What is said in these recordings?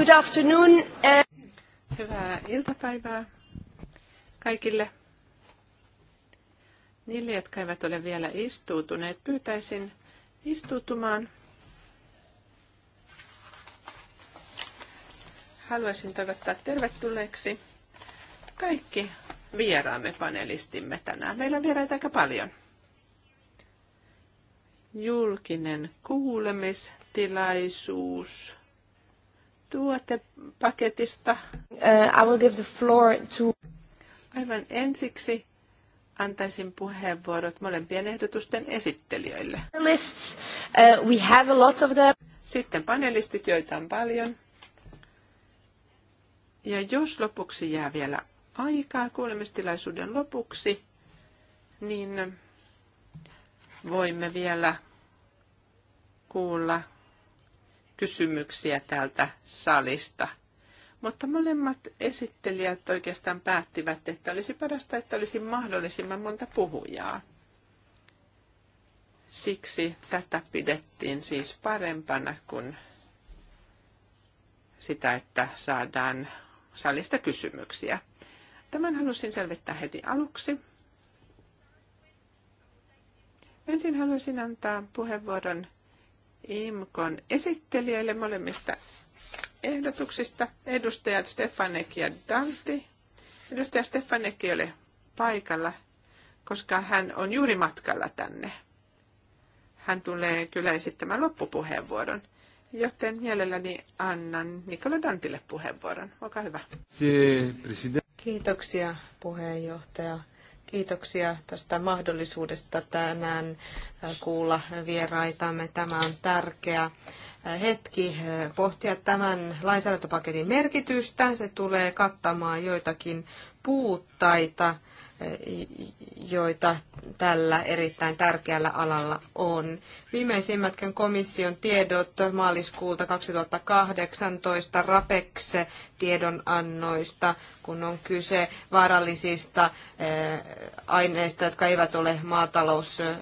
good afternoon. Eh. Hyvää iltapäivää kaikille. Niille, jotka eivät ole vielä istuutuneet, pyytäisin istuutumaan. Haluaisin toivottaa tervetulleeksi kaikki vieraamme panelistimme tänään. Meillä on vieraita aika paljon. Julkinen kuulemistilaisuus tuotepaketista. Uh, I will give the floor to... Aivan ensiksi antaisin puheenvuorot molempien ehdotusten esittelijöille. Lists, uh, we have a lot of them. Sitten panelistit, joita on paljon. Ja jos lopuksi jää vielä aikaa kuulemistilaisuuden lopuksi, niin voimme vielä kuulla kysymyksiä täältä salista. Mutta molemmat esittelijät oikeastaan päättivät, että olisi parasta, että olisi mahdollisimman monta puhujaa. Siksi tätä pidettiin siis parempana kuin sitä, että saadaan salista kysymyksiä. Tämän halusin selvittää heti aluksi. Ensin haluaisin antaa puheenvuoron IMKon esittelijöille molemmista ehdotuksista. Edustajat Stefanek ja Danti. Edustaja Stefanek ei ole paikalla, koska hän on juuri matkalla tänne. Hän tulee kyllä esittämään loppupuheenvuoron, joten mielelläni annan Nikola Dantille puheenvuoron. Olkaa hyvä. Kiitoksia puheenjohtaja. Kiitoksia tästä mahdollisuudesta tänään kuulla vieraitamme. Tämä on tärkeä hetki pohtia tämän lainsäädäntöpaketin merkitystä. Se tulee kattamaan joitakin puuttaita joita tällä erittäin tärkeällä alalla on. Viimeisimmätkin komission tiedot maaliskuulta 2018 RAPEX-tiedonannoista, kun on kyse vaarallisista eh, aineista, jotka eivät ole maatalous eh,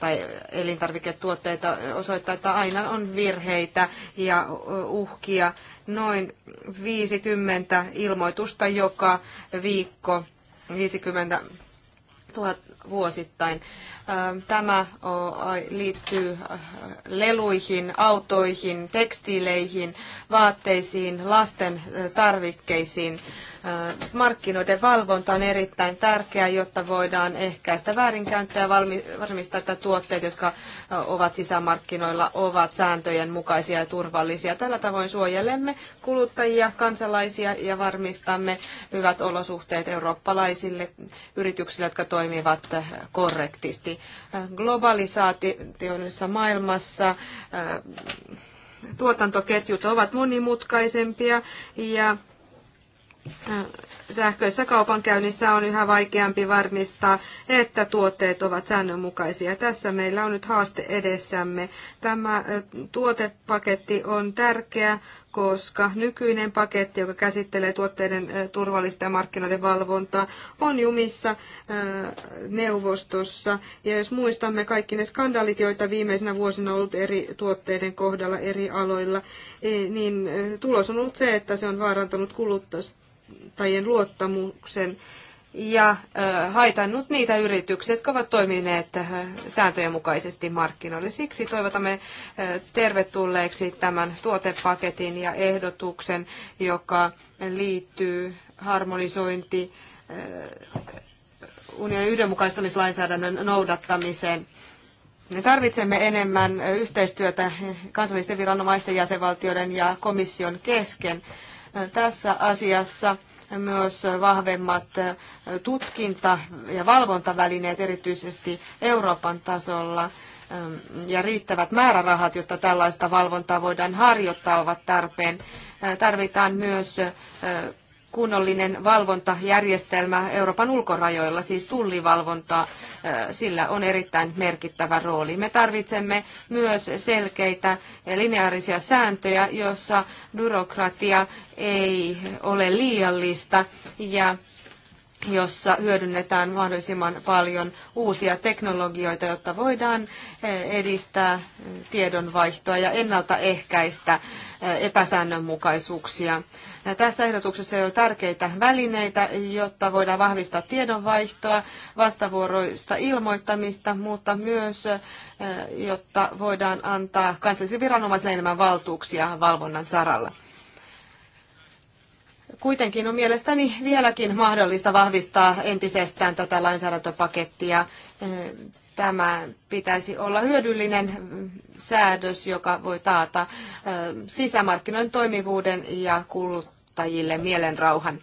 tai elintarviketuotteita osoittaa, että aina on virheitä ja eh, uhkia. Noin 50 ilmoitusta joka viikko 50 000 vuosittain. Tämä liittyy leluihin, autoihin, tekstiileihin, vaatteisiin, lasten tarvikkeisiin. Markkinoiden valvonta on erittäin tärkeää, jotta voidaan ehkäistä väärinkäyttöä ja varmistaa, että tuotteet, jotka ovat sisämarkkinoilla, ovat sääntöjen mukaisia ja turvallisia. Tällä tavoin suojelemme kuluttajia, kansalaisia ja varmistamme hyvät olosuhteet eurooppalaisille yrityksille, jotka toimivat korrektisti. Globalisaatioissa maailmassa tuotantoketjut ovat monimutkaisempia ja Sähköisessä kaupankäynnissä on yhä vaikeampi varmistaa, että tuotteet ovat säännönmukaisia. Tässä meillä on nyt haaste edessämme. Tämä tuotepaketti on tärkeä, koska nykyinen paketti, joka käsittelee tuotteiden turvallista ja markkinoiden valvontaa, on jumissa neuvostossa. Ja jos muistamme kaikki ne skandaalit, joita viimeisinä vuosina on ollut eri tuotteiden kohdalla eri aloilla, e, niin tulos on ollut se, että se on vaarantanut kuluttajien luottamuksen ja haitannut niitä yrityksiä, jotka ovat toimineet sääntöjen mukaisesti markkinoille. Siksi toivotamme tervetulleeksi tämän tuotepaketin ja ehdotuksen, joka liittyy harmonisointi unionin yhdenmukaistamislainsäädännön noudattamiseen. Me tarvitsemme enemmän yhteistyötä kansallisten viranomaisten jäsenvaltioiden ja komission kesken tässä asiassa myös vahvemmat tutkinta- ja valvontavälineet erityisesti Euroopan tasolla ja riittävät määrärahat, jotta tällaista valvontaa voidaan harjoittaa, ovat tarpeen. Tarvitaan myös kunnollinen valvontajärjestelmä Euroopan ulkorajoilla, siis tullivalvontaa, sillä on erittäin merkittävä rooli. Me tarvitsemme myös selkeitä lineaarisia sääntöjä, jossa byrokratia ei ole liiallista ja jossa hyödynnetään mahdollisimman paljon uusia teknologioita, jotta voidaan edistää tiedonvaihtoa ja ennaltaehkäistä epäsäännönmukaisuuksia. Tässä ehdotuksessa on tärkeitä välineitä, jotta voidaan vahvistaa tiedonvaihtoa, vastavuoroista ilmoittamista, mutta myös eh, jotta voidaan antaa kansallisille viranomaisille enemmän valtuuksia valvonnan saralla. Kuitenkin on mielestäni vieläkin mahdollista vahvistaa entisestään tätä lainsäädäntöpakettia. Eh, tämä pitäisi olla hyödyllinen mm, säädös, joka voi taata eh, sisämarkkinoiden toimivuuden ja kulut mielenosoittajille mielenrauhan.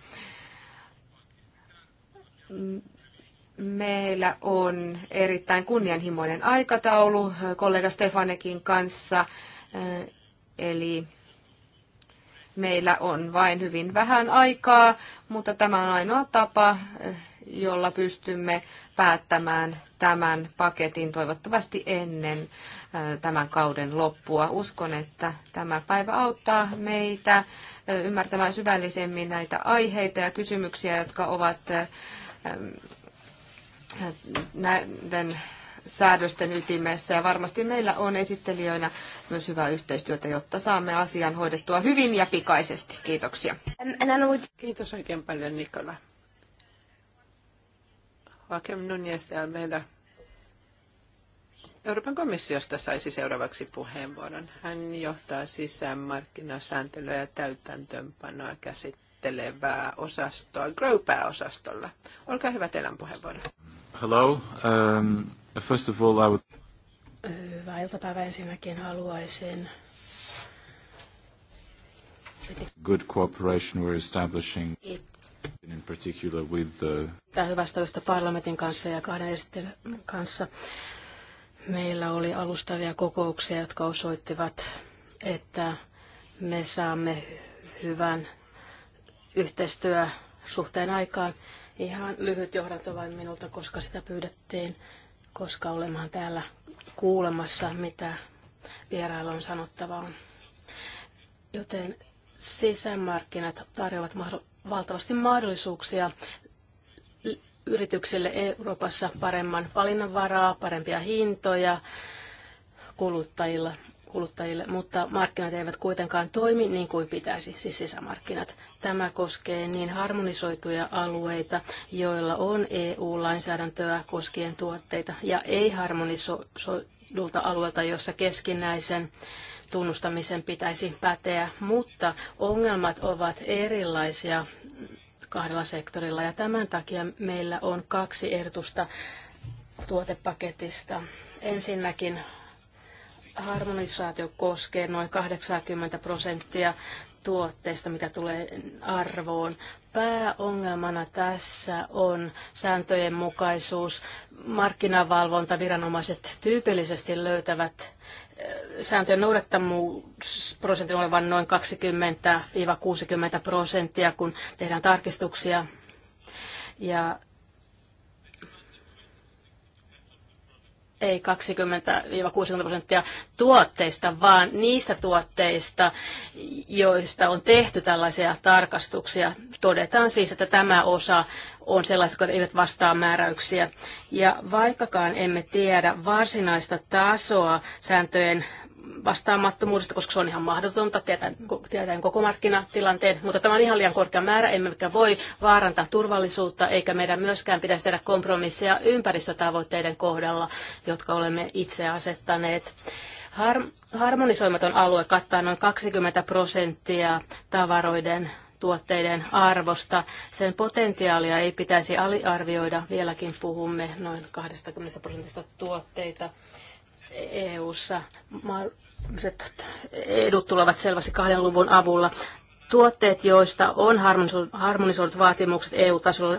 Meillä on erittäin kunnianhimoinen aikataulu kollega Stefanekin kanssa, eli meillä on vain hyvin vähän aikaa, mutta tämä on ainoa tapa, jolla pystymme päättämään tämän paketin toivottavasti ennen tämän kauden loppua. Uskon, että tämä päivä auttaa meitä ymmärtämään syvällisemmin näitä aiheita ja kysymyksiä, jotka ovat ähm, näiden säädösten ytimessä ja varmasti meillä on esittelijöinä myös hyvää yhteistyötä, jotta saamme asian hoidettua hyvin ja pikaisesti. Kiitoksia. Kiitos oikein paljon Nikola. Hakem Nunez de Euroopan komissiosta saisi seuraavaksi puheenvuoron. Hän johtaa sisämarkkinasääntelyä ja täytäntöönpanoa käsittelevää osastoa Grow-pääosastolla. Olkaa hyvä, teillä on puheenvuoro. Hello. Um, first of all, I would... Hyvää iltapäivää ensinnäkin haluaisin Good cooperation we're establishing in particular with the... hyvästä ystä parlamentin kanssa ja kahden esittelyn kanssa Meillä oli alustavia kokouksia, jotka osoittivat, että me saamme hyvän yhteistyösuhteen aikaan. Ihan lyhyt johdanto vain minulta, koska sitä pyydettiin, koska olemaan täällä kuulemassa, mitä vierailla on sanottavaa. Joten sisämarkkinat tarjoavat valtavasti mahdollisuuksia yrityksille Euroopassa paremman valinnanvaraa, parempia hintoja kuluttajilla, kuluttajille, mutta markkinat eivät kuitenkaan toimi niin kuin pitäisi, siis sisämarkkinat. Tämä koskee niin harmonisoituja alueita, joilla on EU-lainsäädäntöä koskien tuotteita, ja ei-harmonisoidulta alueelta, jossa keskinäisen tunnustamisen pitäisi päteä, mutta ongelmat ovat erilaisia kahdella sektorilla. Ja tämän takia meillä on kaksi ehdotusta tuotepaketista. Ensinnäkin harmonisaatio koskee noin 80 prosenttia tuotteista, mitä tulee arvoon. Pääongelmana tässä on sääntöjen mukaisuus. Markkinavalvontaviranomaiset tyypillisesti löytävät sääntöjen on olevan noin 20-60 prosenttia, kun tehdään tarkistuksia. Ja ei 20-60 prosenttia tuotteista, vaan niistä tuotteista, joista on tehty tällaisia tarkastuksia. Todetaan siis, että tämä osa on sellaiset, jotka eivät vastaa määräyksiä. Ja vaikkakaan emme tiedä varsinaista tasoa sääntöjen vastaamattomuudesta, koska se on ihan mahdotonta, tietää tietäen koko markkinatilanteen, mutta tämä on ihan liian korkea määrä, emmekä voi vaarantaa turvallisuutta, eikä meidän myöskään pitäisi tehdä kompromisseja ympäristötavoitteiden kohdalla, jotka olemme itse asettaneet. Har- harmonisoimaton alue kattaa noin 20 prosenttia tavaroiden tuotteiden arvosta. Sen potentiaalia ei pitäisi aliarvioida. Vieläkin puhumme noin 20 prosentista tuotteita EU-ssa. E-, e-, edut tulevat selvästi kahden luvun avulla. Tuotteet, joista on harmonisoidut vaatimukset EU-tasolla,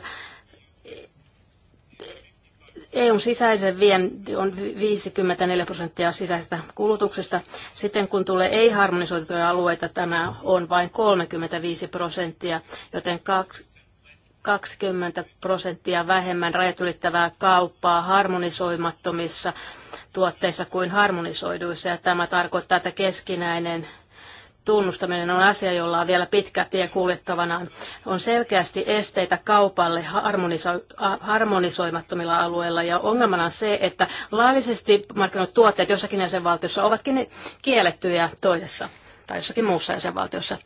EUn sisäisen vien on 54 prosenttia sisäisestä kulutuksesta. Sitten kun tulee ei-harmonisoituja alueita, tämä on vain 35 prosenttia, joten kaksi, 20 prosenttia vähemmän rajat ylittävää kauppaa harmonisoimattomissa tuotteissa kuin harmonisoiduissa. Ja tämä tarkoittaa, että keskinäinen tunnustaminen on asia, jolla on vielä pitkä tie kuljettavanaan. On selkeästi esteitä kaupalle harmoniso- harmonisoimattomilla alueilla ja ongelmana on se, että laillisesti markkinoit tuotteet jossakin jäsenvaltiossa ovatkin kiellettyjä toisessa tai jossakin muussa jäsenvaltiossa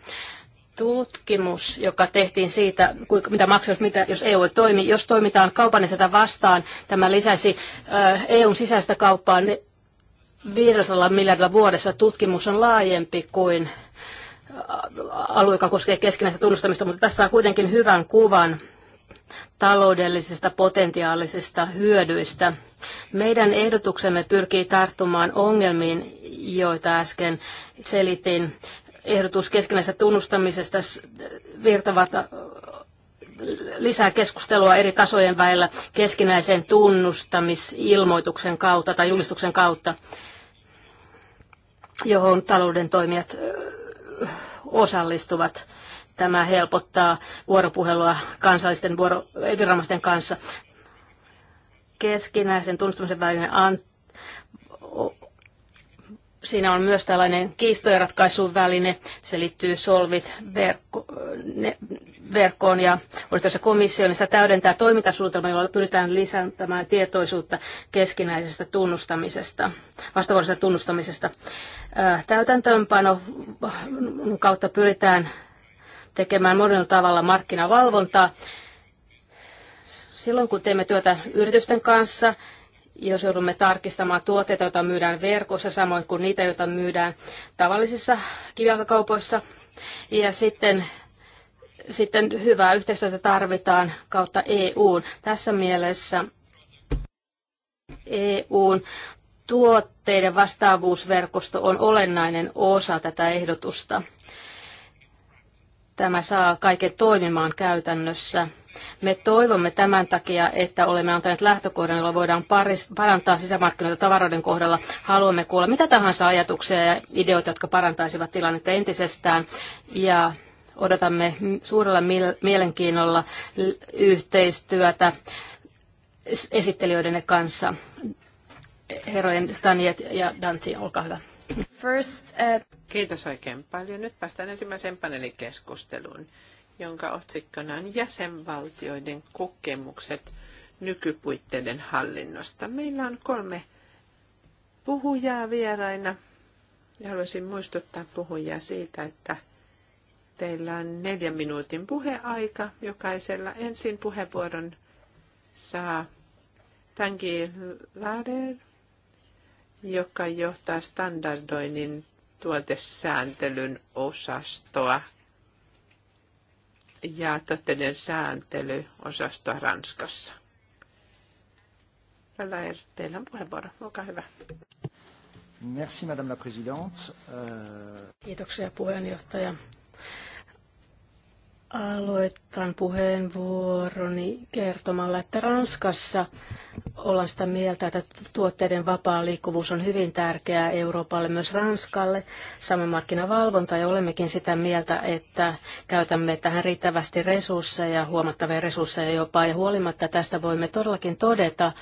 tutkimus, joka tehtiin siitä, mitä maksaisi, jos, mitä, jos EU ei toimi. Jos toimitaan kaupan niin vastaan, tämä lisäisi EUn sisäistä kauppaa 500 miljardilla vuodessa. Tutkimus on laajempi kuin alue, joka koskee keskinäistä tunnustamista, mutta tässä on kuitenkin hyvän kuvan taloudellisista potentiaalisista hyödyistä. Meidän ehdotuksemme pyrkii tarttumaan ongelmiin, joita äsken selitin ehdotus keskinäisestä tunnustamisesta virtavat lisää keskustelua eri tasojen välillä keskinäisen tunnustamisilmoituksen kautta tai julistuksen kautta, johon talouden toimijat osallistuvat. Tämä helpottaa vuoropuhelua kansallisten vuoro- viranomaisten kanssa. Keskinäisen tunnustamisen välinen siinä on myös tällainen kiistojen ratkaisuväline. Se liittyy solvit verkko, ne, verkkoon ja oikeassa komissio, niin sitä täydentää toimintasuunnitelma, jolla pyritään lisäämään tietoisuutta keskinäisestä tunnustamisesta, vastavuoroisesta tunnustamisesta. Täytäntöönpano kautta pyritään tekemään monella tavalla markkinavalvontaa. Silloin kun teemme työtä yritysten kanssa, jos joudumme tarkistamaan tuotteita, joita myydään verkossa, samoin kuin niitä, joita myydään tavallisissa kivijalkakaupoissa. Ja sitten, sitten hyvää yhteistyötä tarvitaan kautta EUn. Tässä mielessä EUn tuotteiden vastaavuusverkosto on olennainen osa tätä ehdotusta. Tämä saa kaiken toimimaan käytännössä me toivomme tämän takia, että olemme antaneet lähtökohdan, jolla voidaan parantaa sisämarkkinoita tavaroiden kohdalla. Haluamme kuulla mitä tahansa ajatuksia ja ideoita, jotka parantaisivat tilannetta entisestään. Ja odotamme suurella mielenkiinnolla yhteistyötä esittelijöiden kanssa. Herrojen Staniet ja Danti, olkaa hyvä. First, uh... Kiitos oikein paljon. Nyt päästään ensimmäiseen paneelikeskusteluun jonka otsikkona on jäsenvaltioiden kokemukset nykypuitteiden hallinnosta. Meillä on kolme puhujaa vieraina ja haluaisin muistuttaa puhujaa siitä, että teillä on neljän minuutin puheaika jokaisella. Ensin puheenvuoron saa Tanki Lader, joka johtaa standardoinnin tuotesääntelyn osastoa ja toteiden sääntelyosastoa Ranskassa. Rallaer, teillä on puheenvuoro. Olkaa hyvä. Merci, Madame la Présidente. Euh, Kiitoksia puheenjohtaja. Aloitan puheenvuoroni kertomalla, että Ranskassa ollaan sitä mieltä, että tuotteiden vapaa liikkuvuus on hyvin tärkeää Euroopalle, myös Ranskalle. Samoin markkinavalvonta ja olemmekin sitä mieltä, että käytämme tähän riittävästi resursseja, huomattavia resursseja jopa. Ja huolimatta tästä voimme todellakin todeta,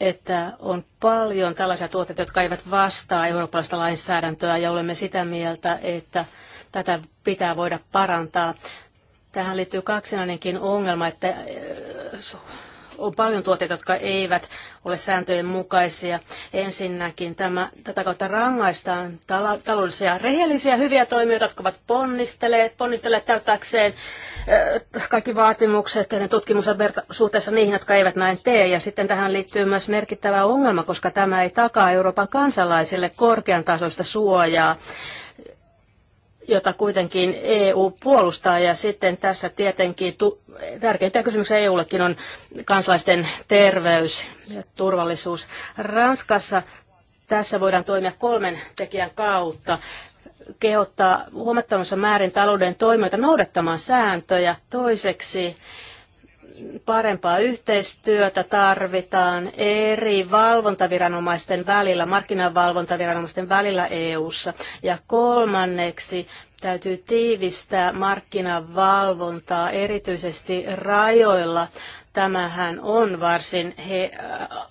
että on paljon tällaisia tuotteita, jotka eivät vastaa eurooppalaista lainsäädäntöä ja olemme sitä mieltä, että tätä pitää voida parantaa. Tähän liittyy kaksinainenkin ongelma, että äh, on paljon tuotteita, jotka eivät ole sääntöjen mukaisia. Ensinnäkin tämä, tätä kautta rangaistaan taloudellisia rehellisiä hyviä toimijoita, jotka ovat ponnistelleet, ponnistelleet täyttääkseen äh, kaikki vaatimukset ja tutkimuksen verta, suhteessa niihin, jotka eivät näin tee. Ja sitten tähän liittyy myös merkittävä ongelma, koska tämä ei takaa Euroopan kansalaisille korkean tasoista suojaa jota kuitenkin EU puolustaa. Ja sitten tässä tietenkin tu- tärkeintä kysymys EUllekin on kansalaisten terveys ja turvallisuus. Ranskassa tässä voidaan toimia kolmen tekijän kautta kehottaa huomattavassa määrin talouden toimijoita noudattamaan sääntöjä. Toiseksi parempaa yhteistyötä tarvitaan eri valvontaviranomaisten välillä, markkinavalvontaviranomaisten välillä EU:ssa. Ja kolmanneksi täytyy tiivistää markkinavalvontaa erityisesti rajoilla. Tämähän on varsin he,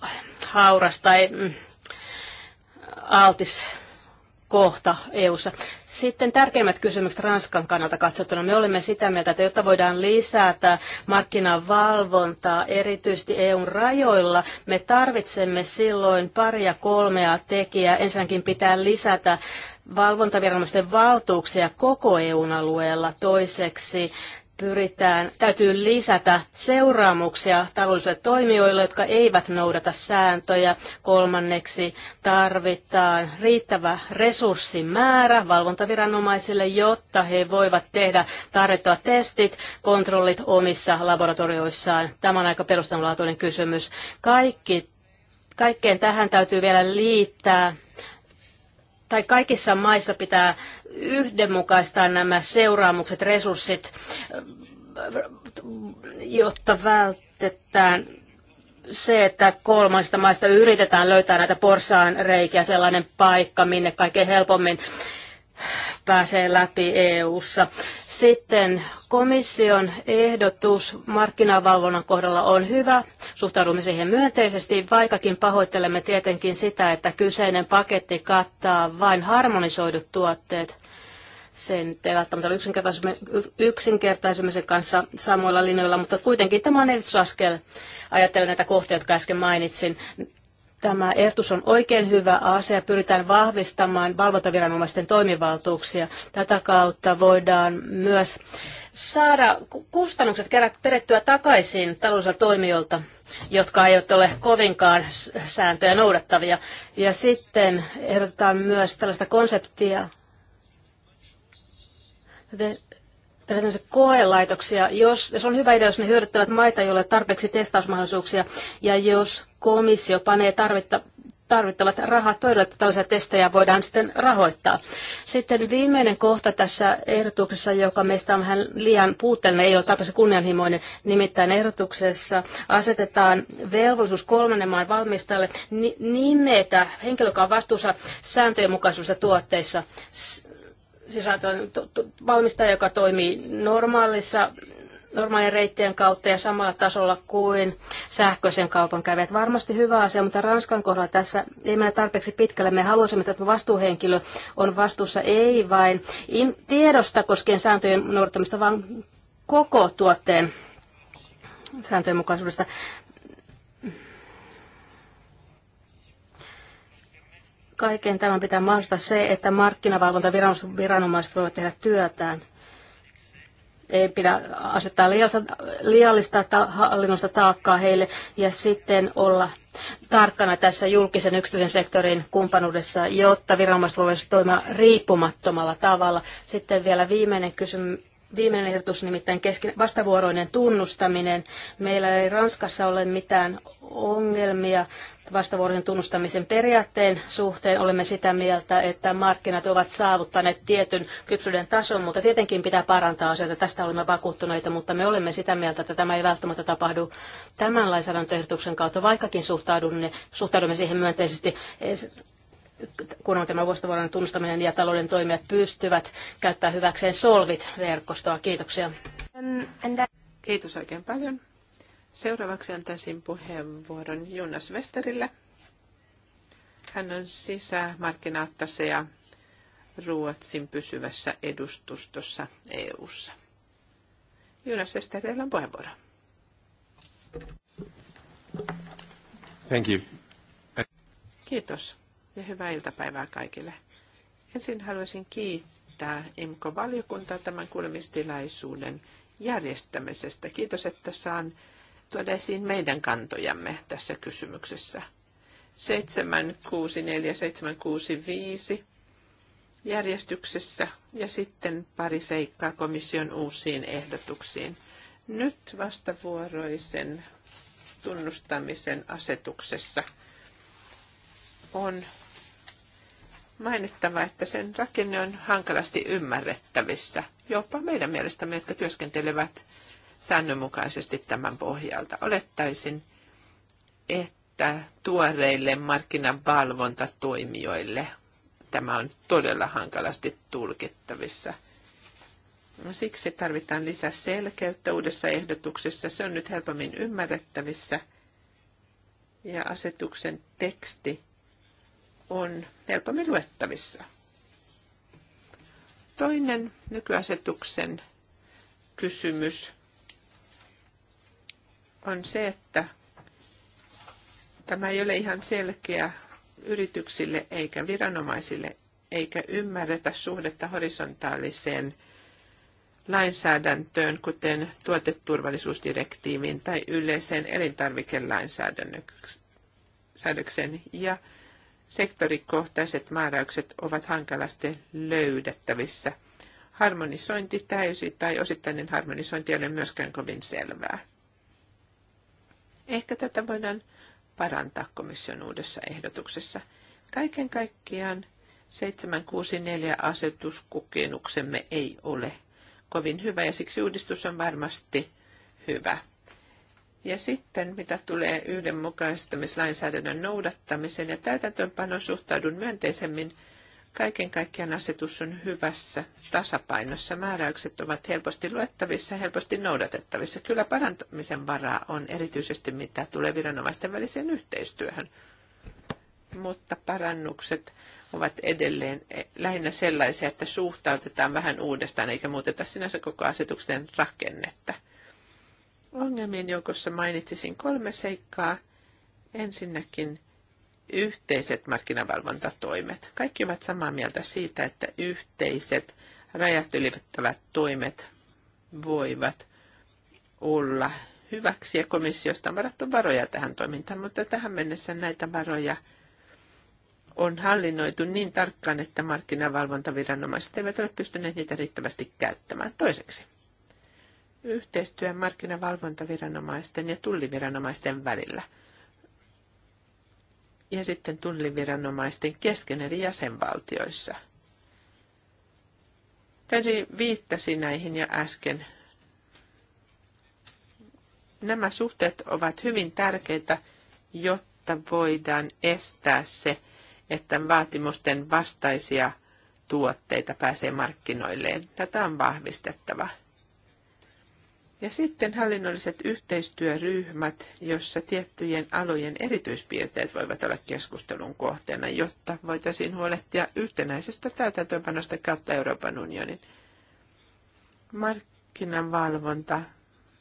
äh, hauras tai äh, altis kohta EU:ssa. Sitten tärkeimmät kysymykset Ranskan kannalta katsottuna. Me olemme sitä mieltä, että jotta voidaan lisätä markkinavalvontaa erityisesti EUn rajoilla, me tarvitsemme silloin paria kolmea tekijää. Ensinnäkin pitää lisätä valvontaviranomaisten valtuuksia koko EUn alueella. Toiseksi pyritään, täytyy lisätä seuraamuksia taloudellisille toimijoille, jotka eivät noudata sääntöjä. Kolmanneksi tarvitaan riittävä resurssimäärä valvontaviranomaisille, jotta he voivat tehdä tarvittavat testit, kontrollit omissa laboratorioissaan. Tämä on aika perustanlaatuinen kysymys. Kaikki, kaikkeen tähän täytyy vielä liittää, tai kaikissa maissa pitää yhdenmukaistaa nämä seuraamukset, resurssit, jotta vältetään se, että kolmansista maista yritetään löytää näitä porsaan reikiä, sellainen paikka, minne kaikkein helpommin pääsee läpi EU-ssa. Sitten komission ehdotus markkinavalvonnan kohdalla on hyvä. Suhtaudumme siihen myönteisesti, vaikkakin pahoittelemme tietenkin sitä, että kyseinen paketti kattaa vain harmonisoidut tuotteet se nyt ei välttämättä ole yksinkertaisemmin kanssa samoilla linjoilla, mutta kuitenkin tämä on edistysaskel. Ajattelen näitä kohtia, jotka äsken mainitsin. Tämä ehdotus on oikein hyvä asia. Pyritään vahvistamaan valvontaviranomaisten toimivaltuuksia. Tätä kautta voidaan myös saada kustannukset perettyä takaisin taloudellisilta toimijoilta, jotka eivät ole kovinkaan sääntöjä noudattavia. Ja sitten ehdotetaan myös tällaista konseptia, tällaisia koelaitoksia, jos, jos on hyvä idea, jos ne hyödyttävät maita, joille tarpeeksi testausmahdollisuuksia, ja jos komissio panee tarvitta, tarvittavat rahat pöydälle, että tällaisia testejä voidaan sitten rahoittaa. Sitten viimeinen kohta tässä ehdotuksessa, joka meistä on vähän liian puutteellinen, ei ole tarpeeksi kunnianhimoinen, nimittäin ehdotuksessa asetetaan velvollisuus kolmannen maan valmistajalle nimetä henkilö, joka on vastuussa sääntöjen mukaisuudessa tuotteissa sisältöön valmistaja, joka toimii normaalissa normaalien reittien kautta ja samalla tasolla kuin sähköisen kaupan kävijät. Varmasti hyvä asia, mutta Ranskan kohdalla tässä ei mene tarpeeksi pitkälle. Me haluaisimme, että vastuuhenkilö on vastuussa ei vain tiedosta koskien sääntöjen noudattamista, vaan koko tuotteen sääntöjen mukaisuudesta. Kaiken tämän pitää mahdollista se, että markkinavalvontaviranomaiset voivat tehdä työtään. Ei pidä asettaa liiallista, liiallista ta- hallinnosta taakkaa heille ja sitten olla tarkkana tässä julkisen yksityisen sektorin kumppanuudessa, jotta viranomaiset voivat toimia riippumattomalla tavalla. Sitten vielä viimeinen kysymys Viimeinen ehdotus nimittäin kesken, vastavuoroinen tunnustaminen. Meillä ei Ranskassa ole mitään ongelmia vastavuoroisen tunnustamisen periaatteen suhteen. Olemme sitä mieltä, että markkinat ovat saavuttaneet tietyn kypsyyden tason, mutta tietenkin pitää parantaa asioita. Tästä olemme vakuuttuneita, mutta me olemme sitä mieltä, että tämä ei välttämättä tapahdu tämän lainsäädäntöehdotuksen kautta, vaikkakin suhtaudumme, suhtaudumme siihen myönteisesti kun on tämä vuostovuoron tunnustaminen ja talouden toimijat pystyvät käyttämään hyväkseen Solvit-verkostoa. Kiitoksia. Kiitos oikein paljon. Seuraavaksi antaisin puheenvuoron Jonas Westerille. Hän on sisämarkkinaattase ja Ruotsin pysyvässä edustustossa EU:ssa. Jonas Wester, teillä on puheenvuoro. Thank you. Kiitos ja hyvää iltapäivää kaikille. Ensin haluaisin kiittää IMKO-valiokuntaa tämän kuulemistilaisuuden järjestämisestä. Kiitos, että saan tuoda esiin meidän kantojamme tässä kysymyksessä. 764765 järjestyksessä ja sitten pari seikkaa komission uusiin ehdotuksiin. Nyt vastavuoroisen tunnustamisen asetuksessa on mainittava, että sen rakenne on hankalasti ymmärrettävissä, jopa meidän mielestämme, jotka työskentelevät säännönmukaisesti tämän pohjalta. Olettaisin, että tuoreille markkinavalvontatoimijoille tämä on todella hankalasti tulkittavissa. Siksi tarvitaan lisää selkeyttä uudessa ehdotuksessa. Se on nyt helpommin ymmärrettävissä. Ja asetuksen teksti on helpommin luettavissa. Toinen nykyasetuksen kysymys on se, että tämä ei ole ihan selkeä yrityksille eikä viranomaisille, eikä ymmärretä suhdetta horisontaaliseen lainsäädäntöön, kuten tuoteturvallisuusdirektiiviin tai yleiseen elintarvikelainsäädännökseen. Ja sektorikohtaiset määräykset ovat hankalasti löydettävissä. Harmonisointi täysi tai osittainen harmonisointi ei ole myöskään kovin selvää. Ehkä tätä voidaan parantaa komission uudessa ehdotuksessa. Kaiken kaikkiaan 764-asetuskokemuksemme ei ole kovin hyvä ja siksi uudistus on varmasti hyvä. Ja sitten, mitä tulee yhdenmukaistamislainsäädännön noudattamiseen ja täytäntöönpanon, suhtaudun myönteisemmin. Kaiken kaikkiaan asetus on hyvässä tasapainossa. Määräykset ovat helposti luettavissa, helposti noudatettavissa. Kyllä parantamisen varaa on erityisesti mitä tulee viranomaisten väliseen yhteistyöhön. Mutta parannukset ovat edelleen lähinnä sellaisia, että suhtautetaan vähän uudestaan eikä muuteta sinänsä koko asetuksen rakennetta – Ongelmien joukossa mainitsisin kolme seikkaa. Ensinnäkin yhteiset markkinavalvontatoimet. Kaikki ovat samaa mieltä siitä, että yhteiset rajat ylittävät toimet voivat olla hyväksi ja komissiosta on varattu varoja tähän toimintaan, mutta tähän mennessä näitä varoja on hallinnoitu niin tarkkaan, että markkinavalvontaviranomaiset eivät ole pystyneet niitä riittävästi käyttämään. Toiseksi, yhteistyön markkinavalvontaviranomaisten ja tulliviranomaisten välillä. Ja sitten tulliviranomaisten kesken eri jäsenvaltioissa. Terri viittasi näihin jo äsken. Nämä suhteet ovat hyvin tärkeitä, jotta voidaan estää se, että vaatimusten vastaisia tuotteita pääsee markkinoilleen. Tätä on vahvistettava. Ja sitten hallinnolliset yhteistyöryhmät, jossa tiettyjen alojen erityispiirteet voivat olla keskustelun kohteena, jotta voitaisiin huolehtia yhtenäisestä täytäntöönpanosta kautta Euroopan unionin. Markkinavalvonta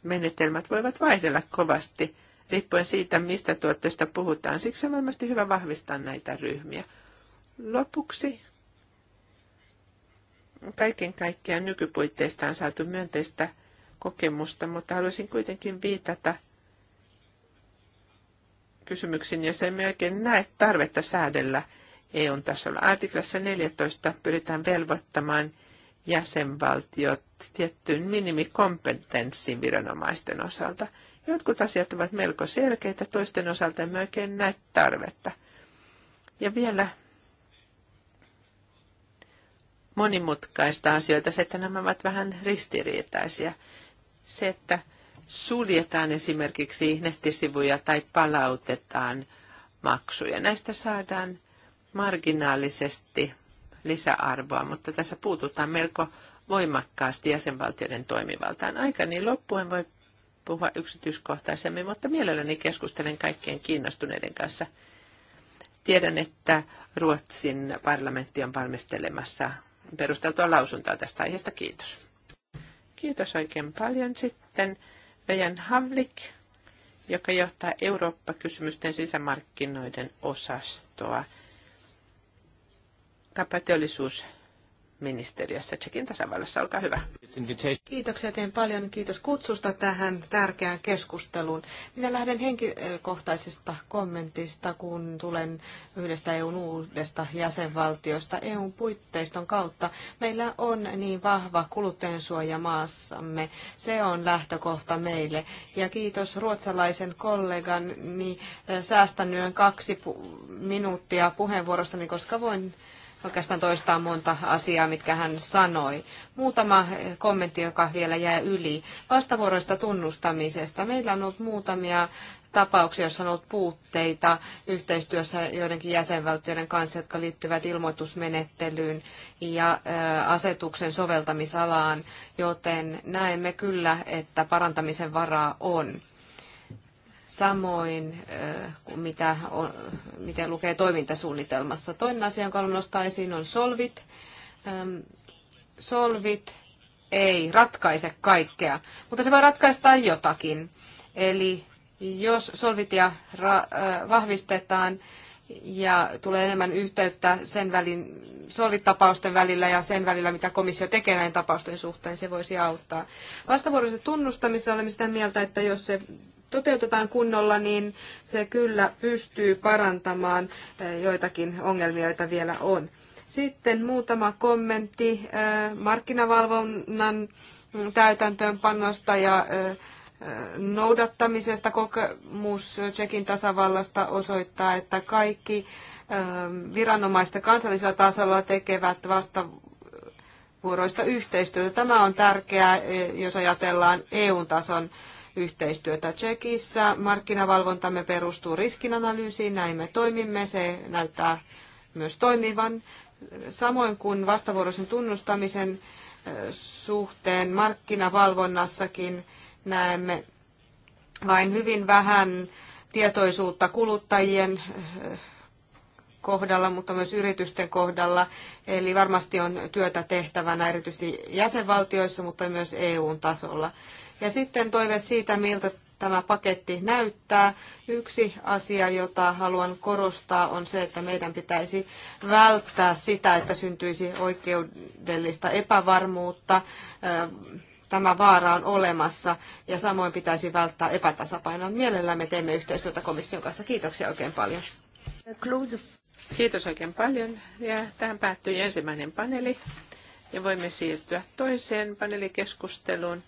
menetelmät voivat vaihdella kovasti riippuen siitä, mistä tuotteesta puhutaan. Siksi on varmasti hyvä vahvistaa näitä ryhmiä. Lopuksi kaiken kaikkiaan nykypuitteista on saatu myönteistä kokemusta, mutta haluaisin kuitenkin viitata kysymyksiin, jos emme oikein näe tarvetta säädellä EUn tasolla. Artiklassa 14 pyritään velvoittamaan jäsenvaltiot tiettyyn minimikompetenssiin viranomaisten osalta. Jotkut asiat ovat melko selkeitä, toisten osalta emme oikein näe tarvetta. Ja vielä monimutkaista asioita, se, että nämä ovat vähän ristiriitaisia. Se, että suljetaan esimerkiksi nettisivuja tai palautetaan maksuja. Näistä saadaan marginaalisesti lisäarvoa, mutta tässä puututaan melko voimakkaasti jäsenvaltioiden toimivaltaan. niin loppuen voi puhua yksityiskohtaisemmin, mutta mielelläni keskustelen kaikkien kiinnostuneiden kanssa. Tiedän, että Ruotsin parlamentti on valmistelemassa perusteltua lausuntoa tästä aiheesta. Kiitos. Kiitos oikein paljon sitten Rejan Havlik, joka johtaa Eurooppa-kysymysten sisämarkkinoiden osastoa. Kapateollisuus ministeriössä Tsekin tasavallassa. Olkaa hyvä. Kiitoksia teidän paljon. Kiitos kutsusta tähän tärkeään keskusteluun. Minä lähden henkilökohtaisesta kommentista, kun tulen yhdestä EUn uudesta jäsenvaltiosta. EUn puitteiston kautta meillä on niin vahva kuluttajansuoja maassamme. Se on lähtökohta meille. Ja kiitos ruotsalaisen kollegan niin säästän kaksi minuuttia puheenvuorostani, koska voin oikeastaan toistaa monta asiaa, mitkä hän sanoi. Muutama kommentti, joka vielä jää yli. Vastavuoroista tunnustamisesta. Meillä on ollut muutamia tapauksia, joissa on ollut puutteita yhteistyössä joidenkin jäsenvaltioiden kanssa, jotka liittyvät ilmoitusmenettelyyn ja asetuksen soveltamisalaan, joten näemme kyllä, että parantamisen varaa on samoin äh, kuin mitä, on, mitä lukee toimintasuunnitelmassa. Toinen asia, jonka haluan nostaa esiin, on solvit. Ähm, solvit ei ratkaise kaikkea, mutta se voi ratkaista jotakin. Eli jos solvitia äh, vahvistetaan ja tulee enemmän yhteyttä sen välin, solvit-tapausten välillä ja sen välillä, mitä komissio tekee näiden tapausten suhteen, se voisi auttaa. Vastavuoroisen tunnustamisessa olemme sitä mieltä, että jos se toteutetaan kunnolla, niin se kyllä pystyy parantamaan eh, joitakin ongelmia, joita vielä on. Sitten muutama kommentti eh, markkinavalvonnan täytäntöönpannosta ja eh, noudattamisesta. Kokemus Tsekin tasavallasta osoittaa, että kaikki viranomaista kansallisella tasolla tekevät vasta vuoroista yhteistyötä. Tämä on tärkeää, jos ajatellaan EU-tason yhteistyötä. Tsekissä markkinavalvontamme perustuu riskinanalyysiin, näin me toimimme, se näyttää myös toimivan. Samoin kuin vastavuoroisen tunnustamisen suhteen markkinavalvonnassakin näemme vain hyvin vähän tietoisuutta kuluttajien kohdalla, mutta myös yritysten kohdalla. Eli varmasti on työtä tehtävänä erityisesti jäsenvaltioissa, mutta myös EUn tasolla. Ja sitten toive siitä, miltä tämä paketti näyttää. Yksi asia, jota haluan korostaa, on se, että meidän pitäisi välttää sitä, että syntyisi oikeudellista epävarmuutta. Tämä vaara on olemassa ja samoin pitäisi välttää epätasapainoa. Mielellämme teemme yhteistyötä komission kanssa. Kiitoksia oikein paljon. Kiitos oikein paljon. Ja tähän päättyi ensimmäinen paneeli. Ja voimme siirtyä toiseen paneelikeskusteluun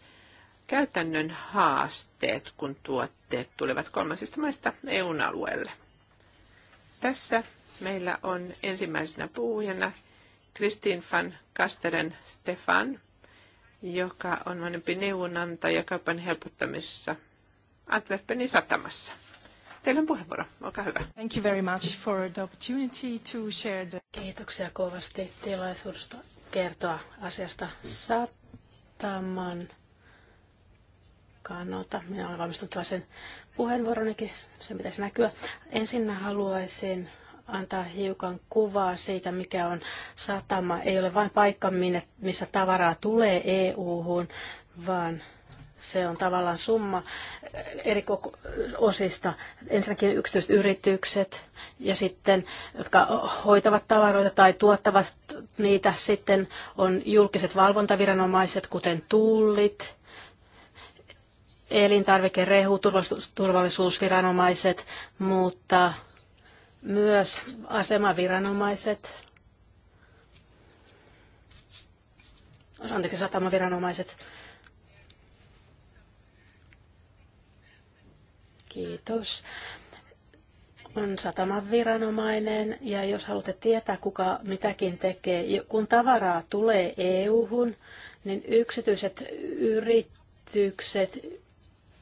käytännön haasteet, kun tuotteet tulevat kolmansista maista EUn alueelle. Tässä meillä on ensimmäisenä puhujana Kristin van Kasteren Stefan, joka on vanhempi neuvonantaja kaupan helpottamisessa Antwerpenin satamassa. Teillä on puheenvuoro. Olkaa hyvä. Thank you very much for the opportunity to share the... Kiitoksia kovasti tilaisuudesta kertoa asiasta sataman kannalta. No, minä olen valmistellut sen puheenvuoronikin, se pitäisi näkyä. Ensin haluaisin antaa hiukan kuvaa siitä, mikä on satama. Ei ole vain paikka, minne, missä tavaraa tulee EU-hun, vaan se on tavallaan summa eri koko- osista. Ensinnäkin yksityiset yritykset, ja sitten, jotka hoitavat tavaroita tai tuottavat niitä. Sitten on julkiset valvontaviranomaiset, kuten tullit, elintarvikerehu, turvallisuusviranomaiset, mutta myös asemaviranomaiset, anteeksi, satamaviranomaiset. Kiitos. On satamaviranomainen ja jos haluatte tietää, kuka mitäkin tekee, kun tavaraa tulee EU-hun, niin yksityiset yritykset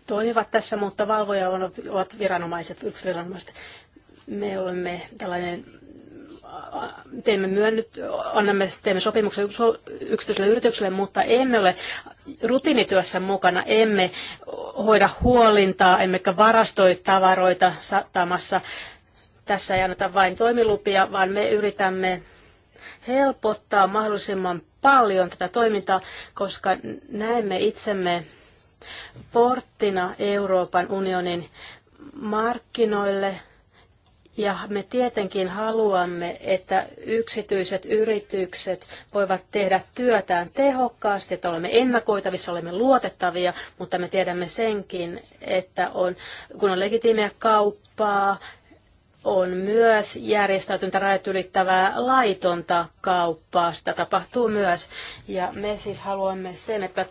toimivat tässä, mutta valvoja ovat viranomaiset, yksilöviranomaiset. Me olemme tällainen teemme myönnyt, annamme, teemme sopimuksen yksityiselle yritykselle, mutta emme ole rutiinityössä mukana, emme hoida huolintaa, emmekä varastoi tavaroita satamassa. Tässä ei anneta vain toimilupia, vaan me yritämme helpottaa mahdollisimman paljon tätä toimintaa, koska näemme itsemme porttina Euroopan unionin markkinoille. Ja me tietenkin haluamme, että yksityiset yritykset voivat tehdä työtään tehokkaasti, että olemme ennakoitavissa, olemme luotettavia, mutta me tiedämme senkin, että on, kun on legitiimiä kauppaa, on myös järjestäytyntä rajat ylittävää laitonta kauppaa. Sitä tapahtuu myös. Ja me siis haluamme sen, että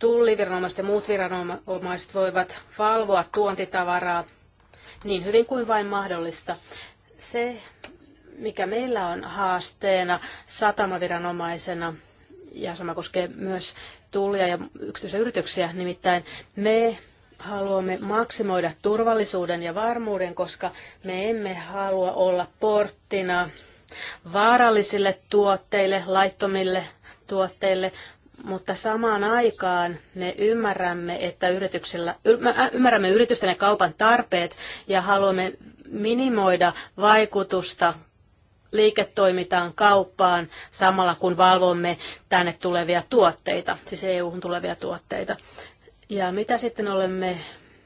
tulliviranomaiset ja muut viranomaiset voivat valvoa tuontitavaraa niin hyvin kuin vain mahdollista. Se, mikä meillä on haasteena satamaviranomaisena, ja sama koskee myös tullia ja yksityisiä yrityksiä, nimittäin me haluamme maksimoida turvallisuuden ja varmuuden, koska me emme halua olla porttina vaarallisille tuotteille, laittomille tuotteille, mutta samaan aikaan me ymmärrämme, että yrityksillä, ymmärrämme yritysten ja kaupan tarpeet ja haluamme minimoida vaikutusta liiketoimintaan, kauppaan, samalla kun valvomme tänne tulevia tuotteita, siis EU-hun tulevia tuotteita. Ja mitä sitten olemme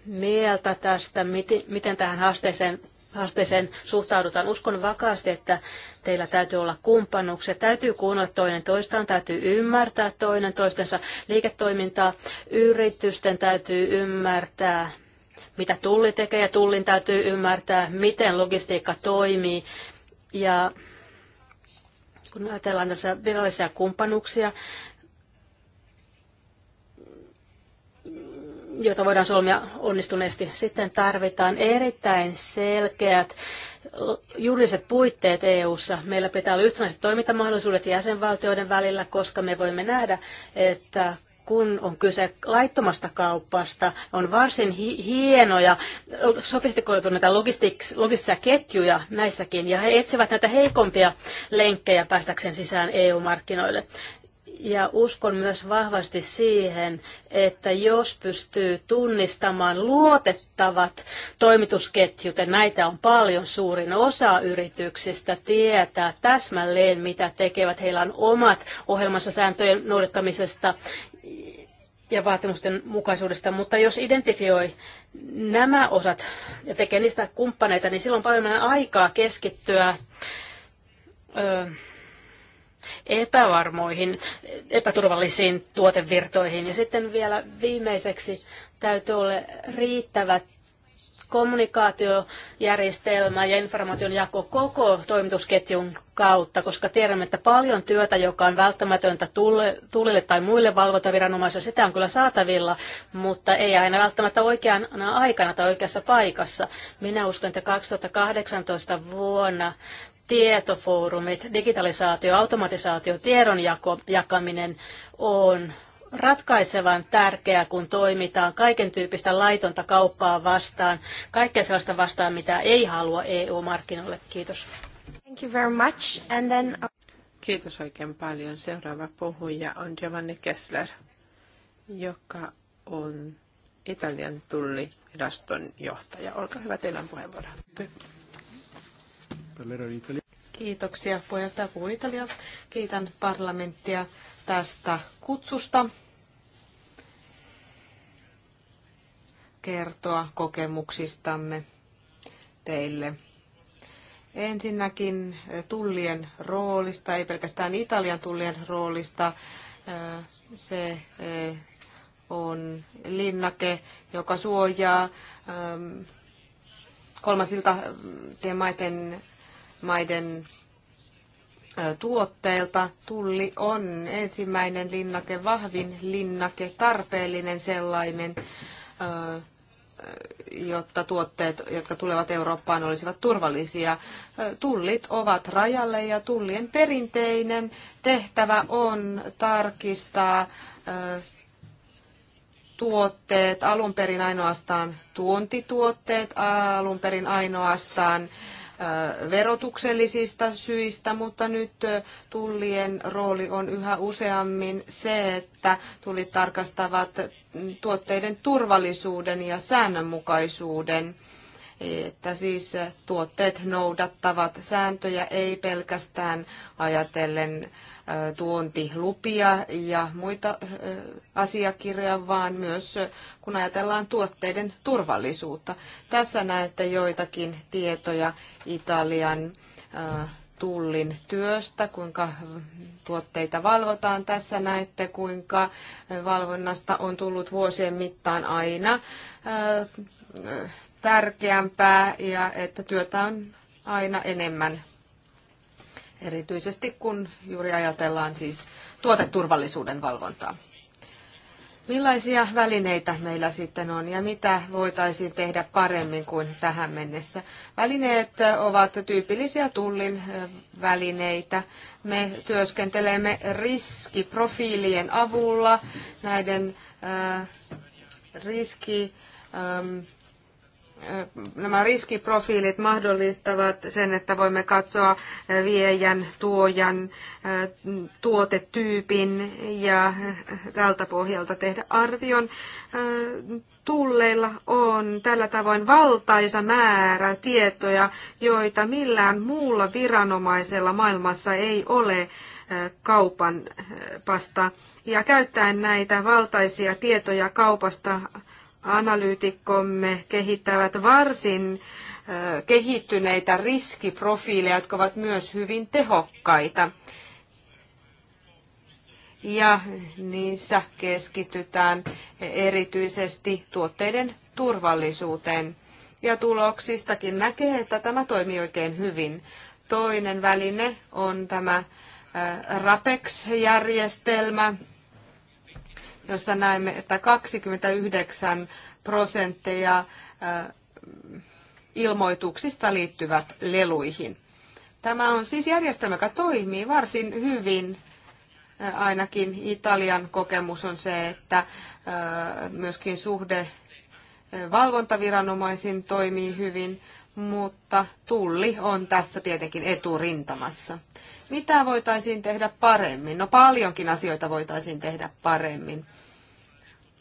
mieltä tästä, miten tähän haasteeseen haasteeseen suhtaudutaan. Uskon vakaasti, että teillä täytyy olla kumppanuksia. Täytyy kuunnella toinen toistaan, täytyy ymmärtää toinen toistensa liiketoimintaa. Yritysten täytyy ymmärtää, mitä tulli tekee ja tullin täytyy ymmärtää, miten logistiikka toimii. Ja kun ajatellaan tässä virallisia kumppanuuksia, jota voidaan solmia onnistuneesti. Sitten tarvitaan erittäin selkeät juridiset puitteet EU:ssa. Meillä pitää olla yhtenäiset toimintamahdollisuudet jäsenvaltioiden välillä, koska me voimme nähdä, että kun on kyse laittomasta kaupasta, on varsin hi- hienoja sofistikoituneita näitä logistisia ketjuja näissäkin, ja he etsivät näitä heikompia lenkkejä päästäkseen sisään EU-markkinoille. Ja uskon myös vahvasti siihen, että jos pystyy tunnistamaan luotettavat toimitusketjut, ja näitä on paljon suurin osa yrityksistä, tietää täsmälleen, mitä tekevät. Heillä on omat ohjelmansa sääntöjen noudattamisesta ja vaatimusten mukaisuudesta, mutta jos identifioi nämä osat ja tekee niistä kumppaneita, niin silloin on paljon aikaa keskittyä epävarmoihin, epäturvallisiin tuotevirtoihin. Ja sitten vielä viimeiseksi täytyy olla riittävät kommunikaatiojärjestelmä ja informaation jako koko toimitusketjun kautta, koska tiedämme, että paljon työtä, joka on välttämätöntä tulille tai muille valvontaviranomaisille, sitä on kyllä saatavilla, mutta ei aina välttämättä oikeana aikana tai oikeassa paikassa. Minä uskon, että 2018 vuonna tietofoorumit, digitalisaatio, automatisaatio, tiedon jakaminen on ratkaisevan tärkeää, kun toimitaan kaiken tyyppistä laitonta kauppaa vastaan, kaikkea sellaista vastaan, mitä ei halua EU-markkinoille. Kiitos. Thank you very much. And then... Uh, Kiitos oikein paljon. Seuraava puhuja on Giovanni Kessler, joka on Italian tulliviraston johtaja. Olkaa hyvä, teillä on puheenvuoro. Kiitoksia puheenjohtaja Puhun Italia. Kiitän parlamenttia tästä kutsusta kertoa kokemuksistamme teille. Ensinnäkin eh, tullien roolista, ei pelkästään Italian tullien roolista. Eh, se eh, on linnake, joka suojaa ehm, kolmasilta maiden maiden tuotteilta. Tulli on ensimmäinen linnake, vahvin linnake, tarpeellinen sellainen, jotta tuotteet, jotka tulevat Eurooppaan, olisivat turvallisia. Tullit ovat rajalle ja tullien perinteinen tehtävä on tarkistaa tuotteet, alun perin ainoastaan tuontituotteet, alun perin ainoastaan äh, verotuksellisista syistä, mutta nyt tullien rooli on yhä useammin se, että tullit tarkastavat tuotteiden turvallisuuden ja säännönmukaisuuden että siis tuotteet noudattavat sääntöjä ei pelkästään ajatellen tuontilupia ja muita asiakirjoja, vaan myös kun ajatellaan tuotteiden turvallisuutta. Tässä näette joitakin tietoja Italian tullin työstä, kuinka tuotteita valvotaan. Tässä näette, kuinka valvonnasta on tullut vuosien mittaan aina tärkeämpää ja että työtä on aina enemmän erityisesti kun juuri ajatellaan siis tuoteturvallisuuden valvontaa. Millaisia välineitä meillä sitten on ja mitä voitaisiin tehdä paremmin kuin tähän mennessä? Välineet ovat tyypillisiä tullin välineitä. Me työskentelemme riskiprofiilien avulla näiden riski nämä riskiprofiilit mahdollistavat sen, että voimme katsoa viejän, tuojan, tuotetyypin ja tältä pohjalta tehdä arvion. Tulleilla on tällä tavoin valtaisa määrä tietoja, joita millään muulla viranomaisella maailmassa ei ole kaupan pasta. Ja käyttäen näitä valtaisia tietoja kaupasta analyytikkomme kehittävät varsin kehittyneitä riskiprofiileja, jotka ovat myös hyvin tehokkaita. Ja niissä keskitytään erityisesti tuotteiden turvallisuuteen. Ja tuloksistakin näkee, että tämä toimii oikein hyvin. Toinen väline on tämä RAPEX-järjestelmä, jossa näemme, että 29 prosenttia ilmoituksista liittyvät leluihin. Tämä on siis järjestelmä, joka toimii varsin hyvin. Ainakin Italian kokemus on se, että myöskin suhde valvontaviranomaisin toimii hyvin, mutta tulli on tässä tietenkin eturintamassa. Mitä voitaisiin tehdä paremmin? No paljonkin asioita voitaisiin tehdä paremmin,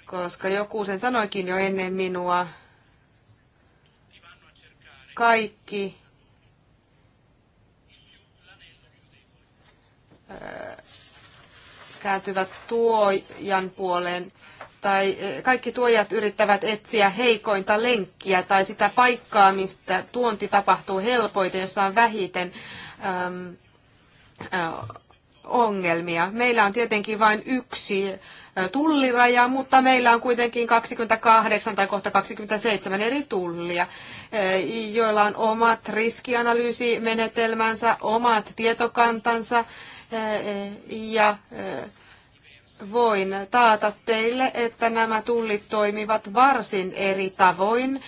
koska joku sen sanoikin jo ennen minua. Kaikki kääntyvät tuojan puoleen tai kaikki tuojat yrittävät etsiä heikointa lenkkiä tai sitä paikkaa, mistä tuonti tapahtuu helpoiten, jossa on vähiten ongelmia. Meillä on tietenkin vain yksi tulliraja, mutta meillä on kuitenkin 28 tai kohta 27 eri tullia, joilla on omat riskianalyysimenetelmänsä, omat tietokantansa ja voin taata teille, että nämä tullit toimivat varsin eri tavoin.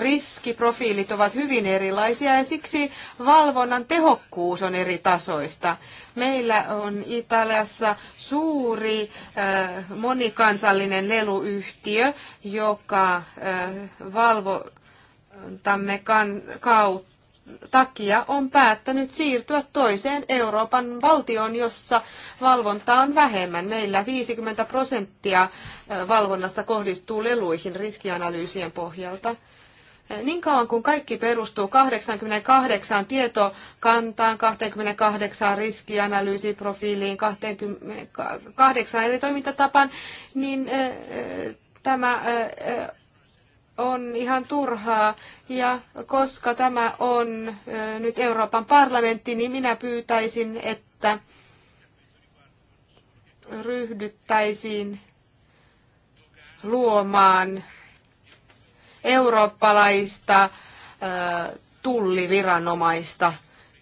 Riskiprofiilit ovat hyvin erilaisia ja siksi valvonnan tehokkuus on eri tasoista. Meillä on Italiassa suuri monikansallinen leluyhtiö, joka valvoo tamme kautta takia on päättänyt siirtyä toiseen Euroopan valtioon, jossa valvontaa on vähemmän. Meillä 50 prosenttia valvonnasta kohdistuu leluihin riskianalyysien pohjalta. Niin kauan kuin kaikki perustuu 88 tietokantaan, 28 riskianalyysiprofiiliin, 28 eri toimintatapaan, niin tämä on ihan turhaa. Ja koska tämä on nyt Euroopan parlamentti, niin minä pyytäisin, että ryhdyttäisiin luomaan eurooppalaista tulliviranomaista.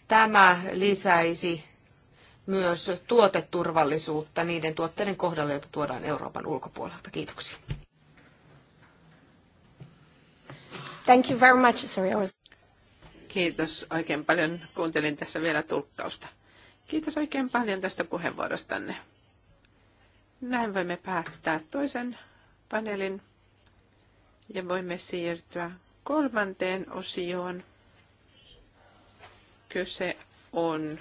Tämä lisäisi myös tuoteturvallisuutta niiden tuotteiden kohdalla, joita tuodaan Euroopan ulkopuolelta. Kiitoksia. Thank you very much. Sorry, I was... Kiitos oikein paljon. Kuuntelin tässä vielä tulkkausta. Kiitos oikein paljon tästä puheenvuorostanne. Näin voimme päättää toisen paneelin ja voimme siirtyä kolmanteen osioon. Kyse on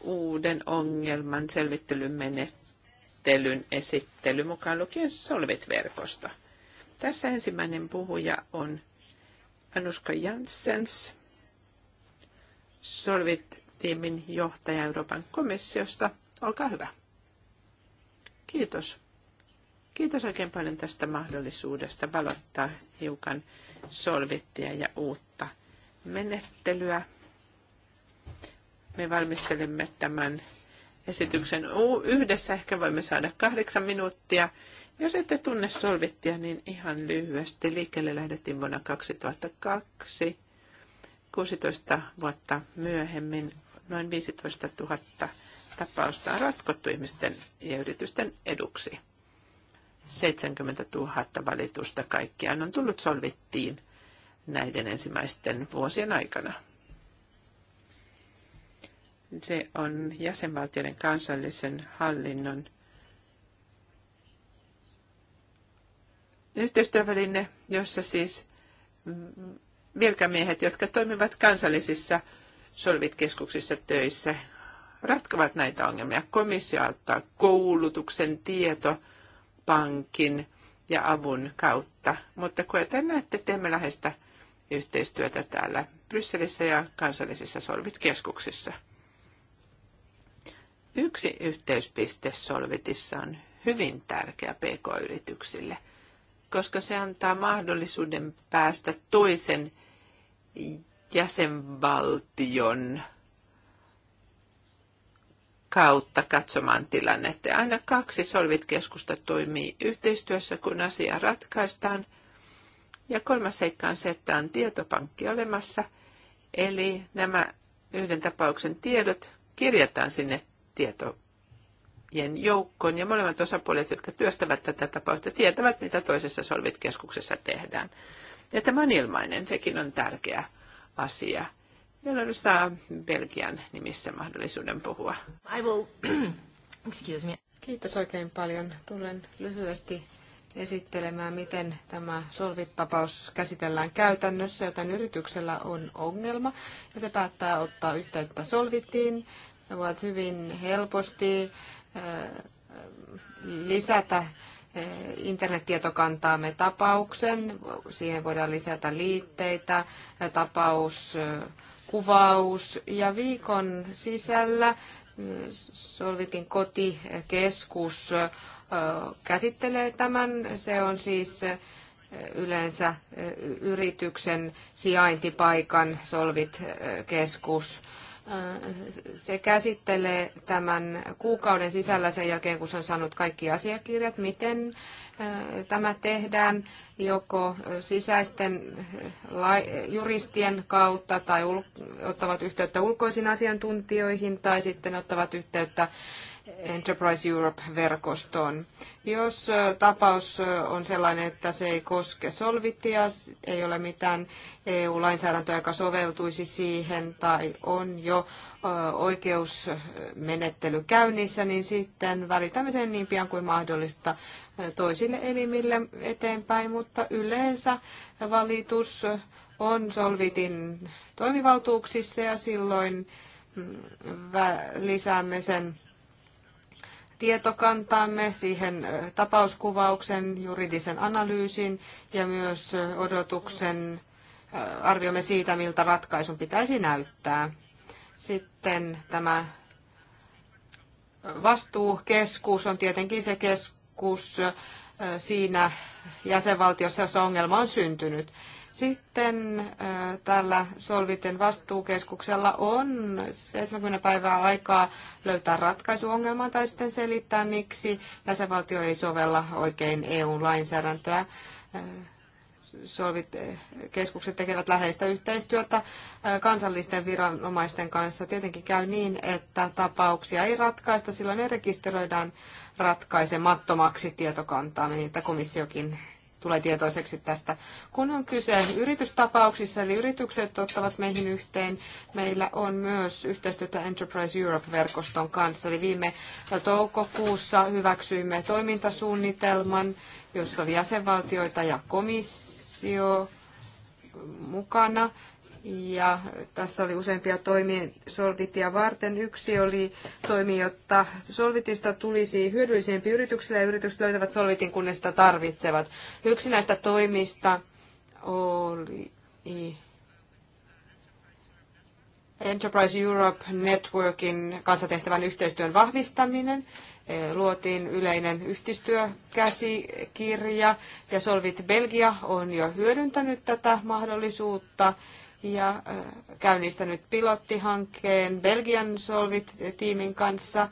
uuden ongelman selvittelymenettelyn esittely mukaan lukien Solvit-verkosto. Tässä ensimmäinen puhuja on Anuska Janssens, Solvit-tiimin johtaja Euroopan komissiosta. Olkaa hyvä. Kiitos. Kiitos oikein paljon tästä mahdollisuudesta valottaa hiukan solvittia ja uutta menettelyä. Me valmistelemme tämän esityksen yhdessä. Ehkä voimme saada kahdeksan minuuttia jos ette tunne solvittia, niin ihan lyhyesti. Liikkeelle lähdettiin vuonna 2002, 16 vuotta myöhemmin noin 15 000 tapausta on ratkottu ihmisten ja yritysten eduksi. 70 000 valitusta kaikkiaan on tullut solvittiin näiden ensimmäisten vuosien aikana. Se on jäsenvaltioiden kansallisen hallinnon yhteistyöväline, jossa siis virkamiehet, jotka toimivat kansallisissa solvitkeskuksissa töissä, ratkovat näitä ongelmia. Komissio auttaa koulutuksen, tietopankin ja avun kautta, mutta kuten näette, teemme läheistä yhteistyötä täällä Brysselissä ja kansallisissa solvitkeskuksissa. Yksi yhteyspiste Solvitissa on hyvin tärkeä PK-yrityksille – koska se antaa mahdollisuuden päästä toisen jäsenvaltion kautta katsomaan tilannetta. Aina kaksi Solvit-keskusta toimii yhteistyössä, kun asia ratkaistaan. Ja kolmas seikka on se, että on tietopankki olemassa, eli nämä yhden tapauksen tiedot kirjataan sinne tietopankkiin jen joukkoon ja molemmat osapuolet, jotka työstävät tätä tapausta, tietävät, mitä toisessa Solvit-keskuksessa tehdään. Ja tämä on ilmainen, sekin on tärkeä asia. Jolloin saa Belgian nimissä mahdollisuuden puhua. I will... Excuse me. Kiitos oikein paljon. Tulen lyhyesti esittelemään, miten tämä solvit-tapaus käsitellään käytännössä, joten yrityksellä on ongelma ja se päättää ottaa yhteyttä solvitiin. Ne ovat hyvin helposti lisätä eh, internettietokantaamme tapauksen. Siihen voidaan lisätä liitteitä, tapaus, eh, kuvaus ja viikon sisällä eh, Solvitin kotikeskus käsittelee tämän. Se on siis yleensä yrityksen sijaintipaikan Solvit-keskus se käsittelee tämän kuukauden sisällä sen jälkeen, kun se on saanut kaikki asiakirjat, miten eh, tämä tehdään joko sisäisten eh, juristien kautta tai ottavat yhteyttä ulkoisiin asiantuntijoihin tai sitten ottavat yhteyttä Enterprise Europe-verkostoon. Jos tapaus on sellainen, että se ei koske solvittia, ei ole mitään EU-lainsäädäntöä, joka soveltuisi siihen tai on jo oikeusmenettely käynnissä, niin sitten välitämme sen niin pian kuin mahdollista toisille elimille eteenpäin, mutta yleensä valitus on solvitin toimivaltuuksissa ja silloin mm, lisäämme sen tietokantaamme, siihen tapauskuvauksen, juridisen analyysin ja myös odotuksen arviomme siitä, miltä ratkaisun pitäisi näyttää. Sitten tämä vastuukeskus on tietenkin se keskus siinä jäsenvaltiossa, jossa ongelma on syntynyt. Sitten tällä Solviten vastuukeskuksella on 70 päivää aikaa löytää ratkaisu ongelmaan tai sitten selittää, miksi jäsenvaltio ei sovella oikein EU-lainsäädäntöä. Solvit-keskukset tekevät läheistä yhteistyötä kansallisten viranomaisten kanssa. Tietenkin käy niin, että tapauksia ei ratkaista, silloin ne rekisteröidään ratkaisemattomaksi tietokantaa, niin että komissiokin tulee tietoiseksi tästä. Kun on kyse yritystapauksissa, eli yritykset ottavat meihin yhteen, meillä on myös yhteistyötä Enterprise Europe-verkoston kanssa. Eli viime toukokuussa hyväksyimme toimintasuunnitelman, jossa oli jäsenvaltioita ja komissio mukana. Ja tässä oli useampia toimia solvitia varten. Yksi oli toimi, jotta solvitista tulisi hyödyllisempi yrityksille ja yritykset löytävät solvitin, kun ne sitä tarvitsevat. Yksi näistä toimista oli Enterprise Europe Networkin kanssa tehtävän yhteistyön vahvistaminen. Luotiin yleinen yhteistyökäsikirja ja Solvit Belgia on jo hyödyntänyt tätä mahdollisuutta ja käynnistänyt pilottihankkeen Belgian Solvit-tiimin kanssa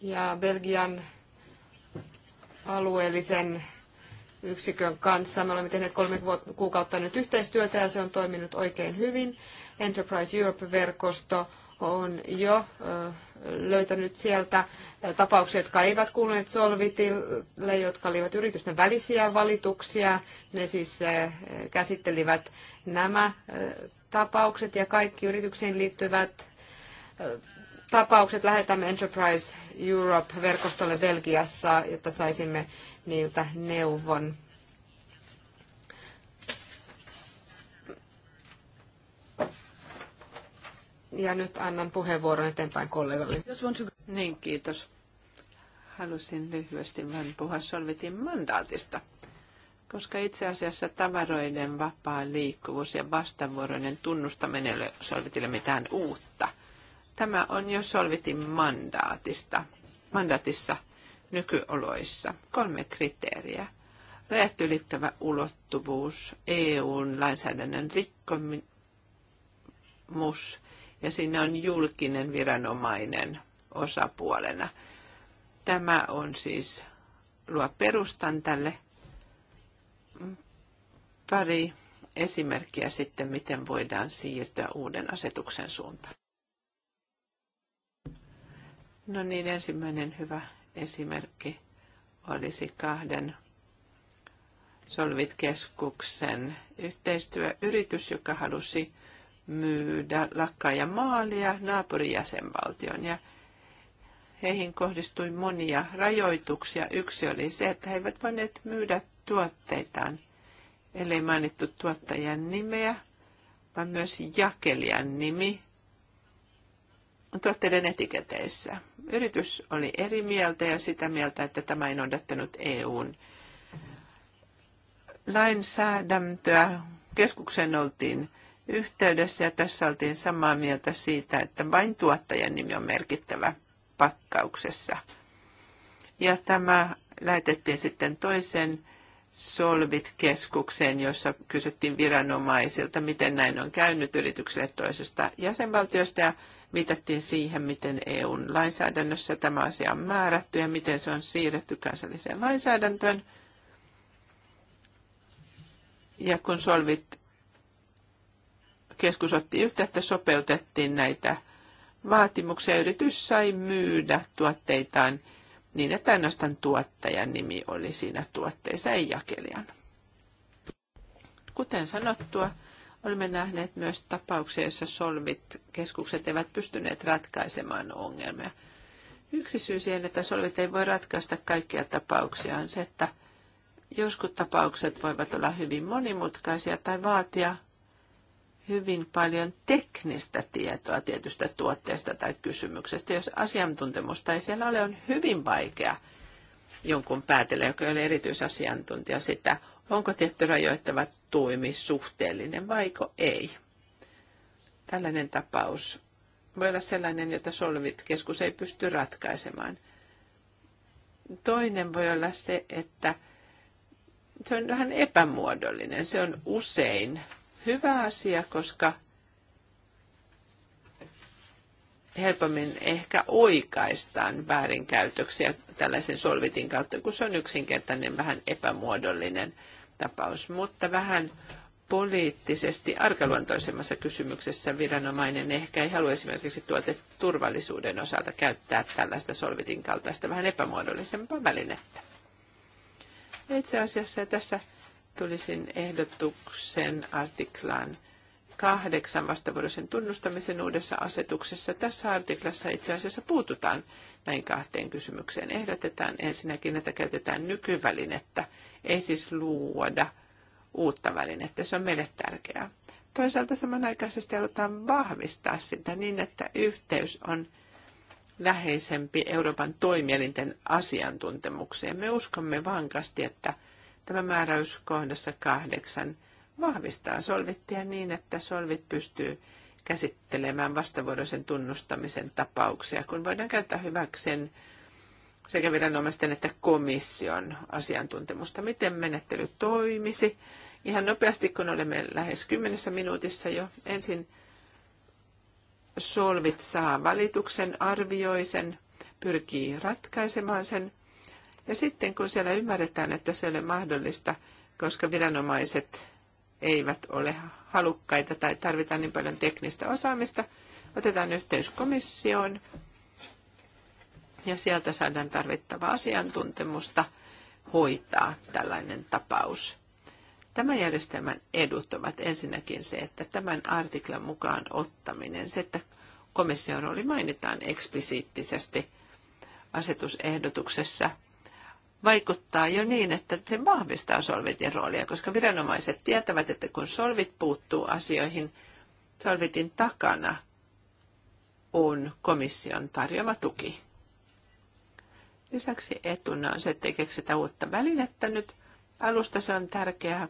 ja Belgian alueellisen yksikön kanssa. Me olemme tehneet kolme kuukautta nyt yhteistyötä ja se on toiminut oikein hyvin. Enterprise Europe-verkosto on jo löytänyt sieltä tapauksia, jotka eivät kuuluneet Solvitille, jotka olivat yritysten välisiä valituksia. Ne siis eh, käsittelivät nämä eh, tapaukset ja kaikki yrityksiin liittyvät eh, tapaukset lähetämme Enterprise Europe-verkostolle Belgiassa, jotta saisimme niiltä neuvon. Ja nyt annan puheenvuoron eteenpäin kollegalle. Niin, kiitos. Halusin lyhyesti vain puhua Solvitin mandaatista, koska itse asiassa tavaroiden vapaa liikkuvuus ja vastavuoroinen tunnustaminen ei ole Solvitille mitään uutta. Tämä on jo Solvitin mandaatista, mandaatissa nykyoloissa. Kolme kriteeriä. Rajat ylittävä ulottuvuus, EUn lainsäädännön rikkomus ja siinä on julkinen viranomainen osapuolena. Tämä on siis luo perustan tälle pari esimerkkiä sitten, miten voidaan siirtyä uuden asetuksen suuntaan. No niin, ensimmäinen hyvä esimerkki olisi kahden Solvit-keskuksen yhteistyöyritys, joka halusi myydä lakkaa ja maalia naapurijäsenvaltion. Ja heihin kohdistui monia rajoituksia. Yksi oli se, että he eivät voineet myydä tuotteitaan, ellei mainittu tuottajan nimeä, vaan myös jakelijan nimi tuotteiden etiketeissä. Yritys oli eri mieltä ja sitä mieltä, että tämä ei noudattanut EUn lainsäädäntöä. Keskukseen oltiin yhteydessä ja tässä oltiin samaa mieltä siitä, että vain tuottajan nimi on merkittävä pakkauksessa. Ja tämä lähetettiin sitten toisen Solvit-keskukseen, jossa kysyttiin viranomaisilta, miten näin on käynyt yritykselle toisesta jäsenvaltiosta ja viitattiin siihen, miten EUn lainsäädännössä tämä asia on määrätty ja miten se on siirretty kansalliseen lainsäädäntöön. Ja kun Solvit keskus otti yhteyttä, sopeutettiin näitä vaatimuksia. Yritys sai myydä tuotteitaan niin, että ainoastaan tuottajan nimi oli siinä tuotteessa, ei jakelijan. Kuten sanottua, olemme nähneet myös tapauksia, joissa solvit keskukset eivät pystyneet ratkaisemaan ongelmia. Yksi syy siihen, että solvit ei voi ratkaista kaikkia tapauksia, on se, että joskus tapaukset voivat olla hyvin monimutkaisia tai vaatia hyvin paljon teknistä tietoa tietystä tuotteesta tai kysymyksestä. Jos asiantuntemusta ei siellä ole, on hyvin vaikea jonkun päätellä, joka ei ole erityisasiantuntija, sitä, onko tietty rajoittava tuimi suhteellinen vaiko ei. Tällainen tapaus voi olla sellainen, jota Solvit-keskus ei pysty ratkaisemaan. Toinen voi olla se, että se on vähän epämuodollinen. Se on usein hyvä asia, koska helpommin ehkä oikaistaan väärinkäytöksiä tällaisen solvitin kautta, kun se on yksinkertainen, vähän epämuodollinen tapaus. Mutta vähän poliittisesti arkaluontoisemmassa kysymyksessä viranomainen ehkä ei halua esimerkiksi tuoteturvallisuuden osalta käyttää tällaista solvitin kaltaista vähän epämuodollisempaa välinettä. itse asiassa tässä tulisin ehdotuksen artiklaan kahdeksan vastavuoroisen tunnustamisen uudessa asetuksessa. Tässä artiklassa itse asiassa puututaan näin kahteen kysymykseen. Ehdotetaan ensinnäkin, että käytetään nykyvälinettä, ei siis luoda uutta välinettä. Se on meille tärkeää. Toisaalta samanaikaisesti halutaan vahvistaa sitä niin, että yhteys on läheisempi Euroopan toimielinten asiantuntemukseen. Me uskomme vankasti, että – Tämä määräys kohdassa kahdeksan vahvistaa solvittia niin, että solvit pystyy käsittelemään vastavuoroisen tunnustamisen tapauksia, kun voidaan käyttää hyväkseen sekä viranomaisten että komission asiantuntemusta, miten menettely toimisi. Ihan nopeasti, kun olemme lähes kymmenessä minuutissa jo, ensin Solvit saa valituksen, arvioi sen, pyrkii ratkaisemaan sen, ja sitten kun siellä ymmärretään, että se ei ole mahdollista, koska viranomaiset eivät ole halukkaita tai tarvitaan niin paljon teknistä osaamista, otetaan yhteys komissioon ja sieltä saadaan tarvittavaa asiantuntemusta hoitaa tällainen tapaus. Tämän järjestelmän edut ovat ensinnäkin se, että tämän artiklan mukaan ottaminen, se, että komission rooli mainitaan eksplisiittisesti asetusehdotuksessa – vaikuttaa jo niin, että se vahvistaa solvitin roolia, koska viranomaiset tietävät, että kun solvit puuttuu asioihin, solvitin takana on komission tarjoama tuki. Lisäksi etuna on se, että keksitä uutta välinettä nyt. Alusta se on tärkeää.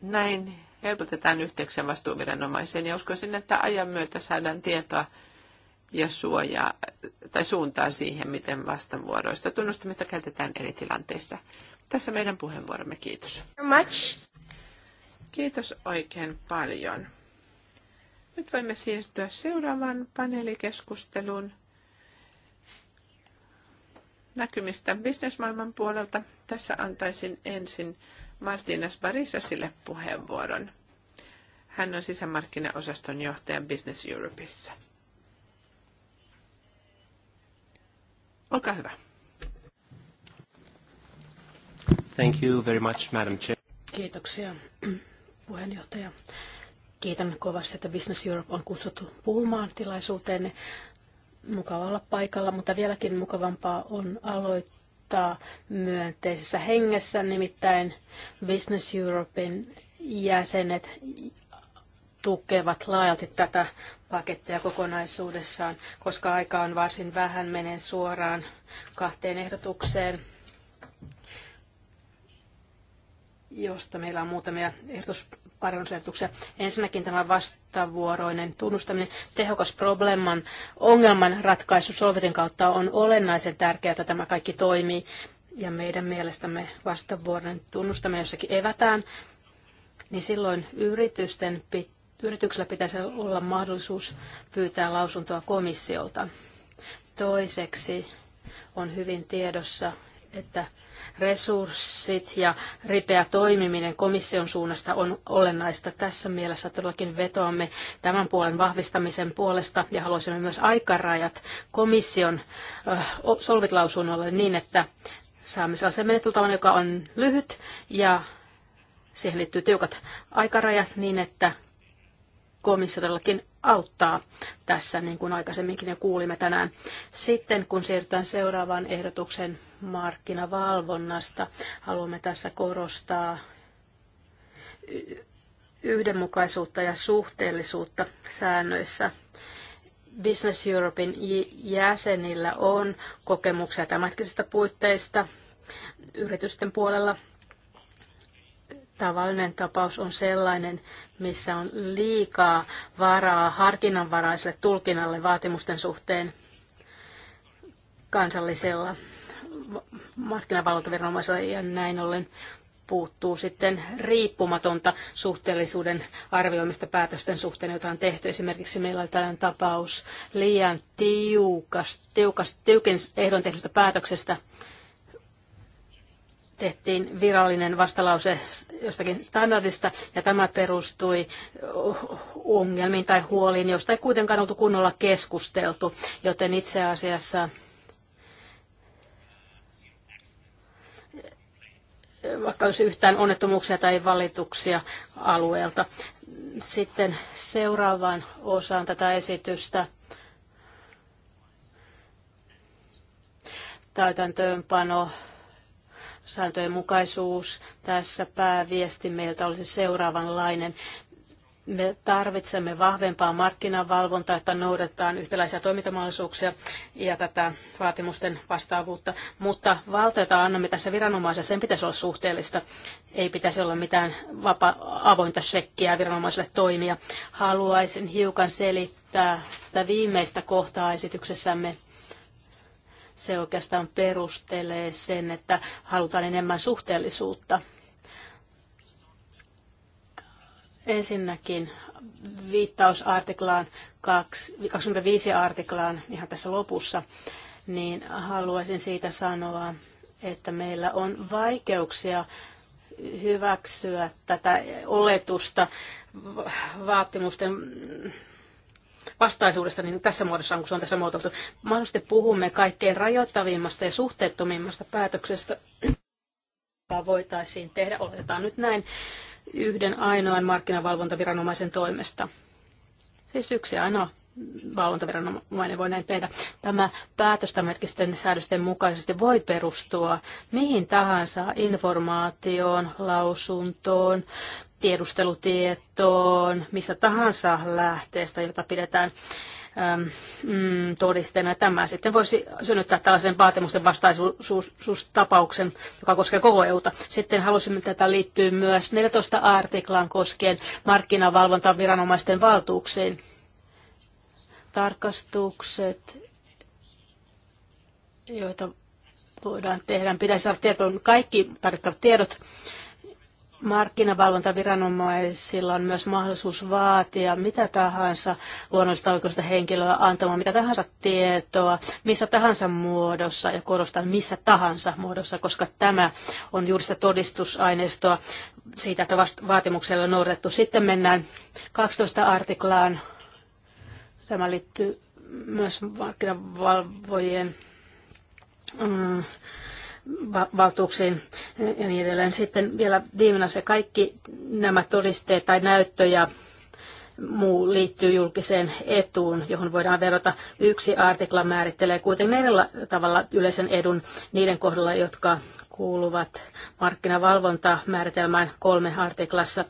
Näin helpotetaan yhteyksiä vastuuviranomaiseen ja uskoisin, että ajan myötä saadaan tietoa ja suojaa tai suuntaa siihen, miten vastavuoroista tunnustamista käytetään eri tilanteissa. Tässä meidän puheenvuoromme. Kiitos. Much. Kiitos oikein paljon. Nyt voimme siirtyä seuraavaan paneelikeskusteluun näkymistä bisnesmaailman puolelta. Tässä antaisin ensin Martinas Barisasille puheenvuoron. Hän on sisämarkkinaosaston johtaja Business Europeissa. Olkaa hyvä. Thank you very much, Madam Chair. Kiitoksia, puheenjohtaja. Kiitän kovasti, että Business Europe on kutsuttu puhumaan tilaisuuteen. Mukava olla paikalla, mutta vieläkin mukavampaa on aloittaa myönteisessä hengessä, nimittäin Business Europein jäsenet tukevat laajalti tätä pakettia kokonaisuudessaan, koska aika on varsin vähän, menen suoraan kahteen ehdotukseen, josta meillä on muutamia ehdotus parannusehdotuksia. Ensinnäkin tämä vastavuoroinen tunnustaminen, tehokas probleman, ongelman ratkaisu solvetin kautta on olennaisen tärkeää, että tämä kaikki toimii. Ja meidän mielestämme vastavuoroinen tunnustaminen jossakin evätään, niin silloin yritysten pitää yrityksellä pitäisi olla mahdollisuus pyytää lausuntoa komissiolta. Toiseksi on hyvin tiedossa, että resurssit ja ripeä toimiminen komission suunnasta on olennaista. Tässä mielessä todellakin vetoamme tämän puolen vahvistamisen puolesta ja haluaisimme myös aikarajat komission äh, solvitlausunnolle niin, että saamme sellaisen menettelytavan, joka on lyhyt ja siihen liittyy tiukat aikarajat niin, että komissio todellakin auttaa tässä, niin kuin aikaisemminkin jo kuulimme tänään. Sitten kun siirrytään seuraavaan ehdotuksen markkinavalvonnasta, haluamme tässä korostaa yhdenmukaisuutta ja suhteellisuutta säännöissä. Business Europein jäsenillä on kokemuksia tämänhetkisistä puitteista yritysten puolella Tavallinen tapaus on sellainen, missä on liikaa varaa harkinnanvaraiselle tulkinnalle vaatimusten suhteen kansallisella markkinavalvontaviranomaisella ja näin ollen puuttuu sitten riippumatonta suhteellisuuden arvioimista päätösten suhteen, joita on tehty. Esimerkiksi meillä oli tällainen tapaus liian tiukas, tiukas, tiukin ehdon tehdystä päätöksestä, tehtiin virallinen vastalause jostakin standardista, ja tämä perustui ongelmiin tai huoliin, josta ei kuitenkaan oltu kunnolla keskusteltu, joten itse asiassa vaikka olisi yhtään onnettomuuksia tai valituksia alueelta. Sitten seuraavaan osaan tätä esitystä täytäntöönpano sääntöjen mukaisuus tässä pääviesti meiltä olisi seuraavanlainen. Me tarvitsemme vahvempaa markkinavalvontaa, että noudatetaan yhtäläisiä toimintamahdollisuuksia ja tätä vaatimusten vastaavuutta. Mutta valta, jota annamme tässä viranomaisessa, sen pitäisi olla suhteellista. Ei pitäisi olla mitään vapa- avointa shekkiä viranomaisille toimia. Haluaisin hiukan selittää tätä viimeistä kohtaa esityksessämme se oikeastaan perustelee sen, että halutaan enemmän suhteellisuutta. Ensinnäkin viittaus artiklaan 25 artiklaan ihan tässä lopussa, niin haluaisin siitä sanoa, että meillä on vaikeuksia hyväksyä tätä oletusta vaatimusten vastaisuudesta, niin tässä muodossa, kun se on tässä muotoiltu, mahdollisesti puhumme kaikkein rajoittavimmasta ja suhteettomimmasta päätöksestä, joka voitaisiin tehdä, oletetaan nyt näin, yhden ainoan markkinavalvontaviranomaisen toimesta. Siis yksi ainoa valvontaviranomainen voi näin tehdä. Tämä päätös tämän säädösten mukaisesti voi perustua mihin tahansa informaatioon, lausuntoon, tiedustelutietoon, missä tahansa lähteestä, jota pidetään mm, todisteena. Tämä sitten voisi synnyttää tällaisen vaatimusten vastaisuustapauksen, joka koskee koko EUta. Sitten halusimme tätä liittyy myös 14 artiklaan koskien markkinavalvontaviranomaisten valtuuksiin tarkastukset, joita voidaan tehdä. Pitäisi saada tietoon kaikki tarvittavat tiedot. Markkinavalvontaviranomaisilla on myös mahdollisuus vaatia mitä tahansa luonnollista oikeudesta henkilöä antamaan mitä tahansa tietoa, missä tahansa muodossa, ja korostan missä tahansa muodossa, koska tämä on juuri sitä todistusaineistoa siitä, että vaatimuksella on noudattu. Sitten mennään 12 artiklaan Tämä liittyy myös markkinavalvojien mm, valtuuksiin ja niin edelleen. Sitten vielä viimeinen se kaikki nämä todisteet tai näyttö ja muu liittyy julkiseen etuun, johon voidaan verrata. Yksi artikla määrittelee kuitenkin erillä tavalla yleisen edun niiden kohdalla, jotka kuuluvat markkinavalvontamääritelmään kolme artiklassa.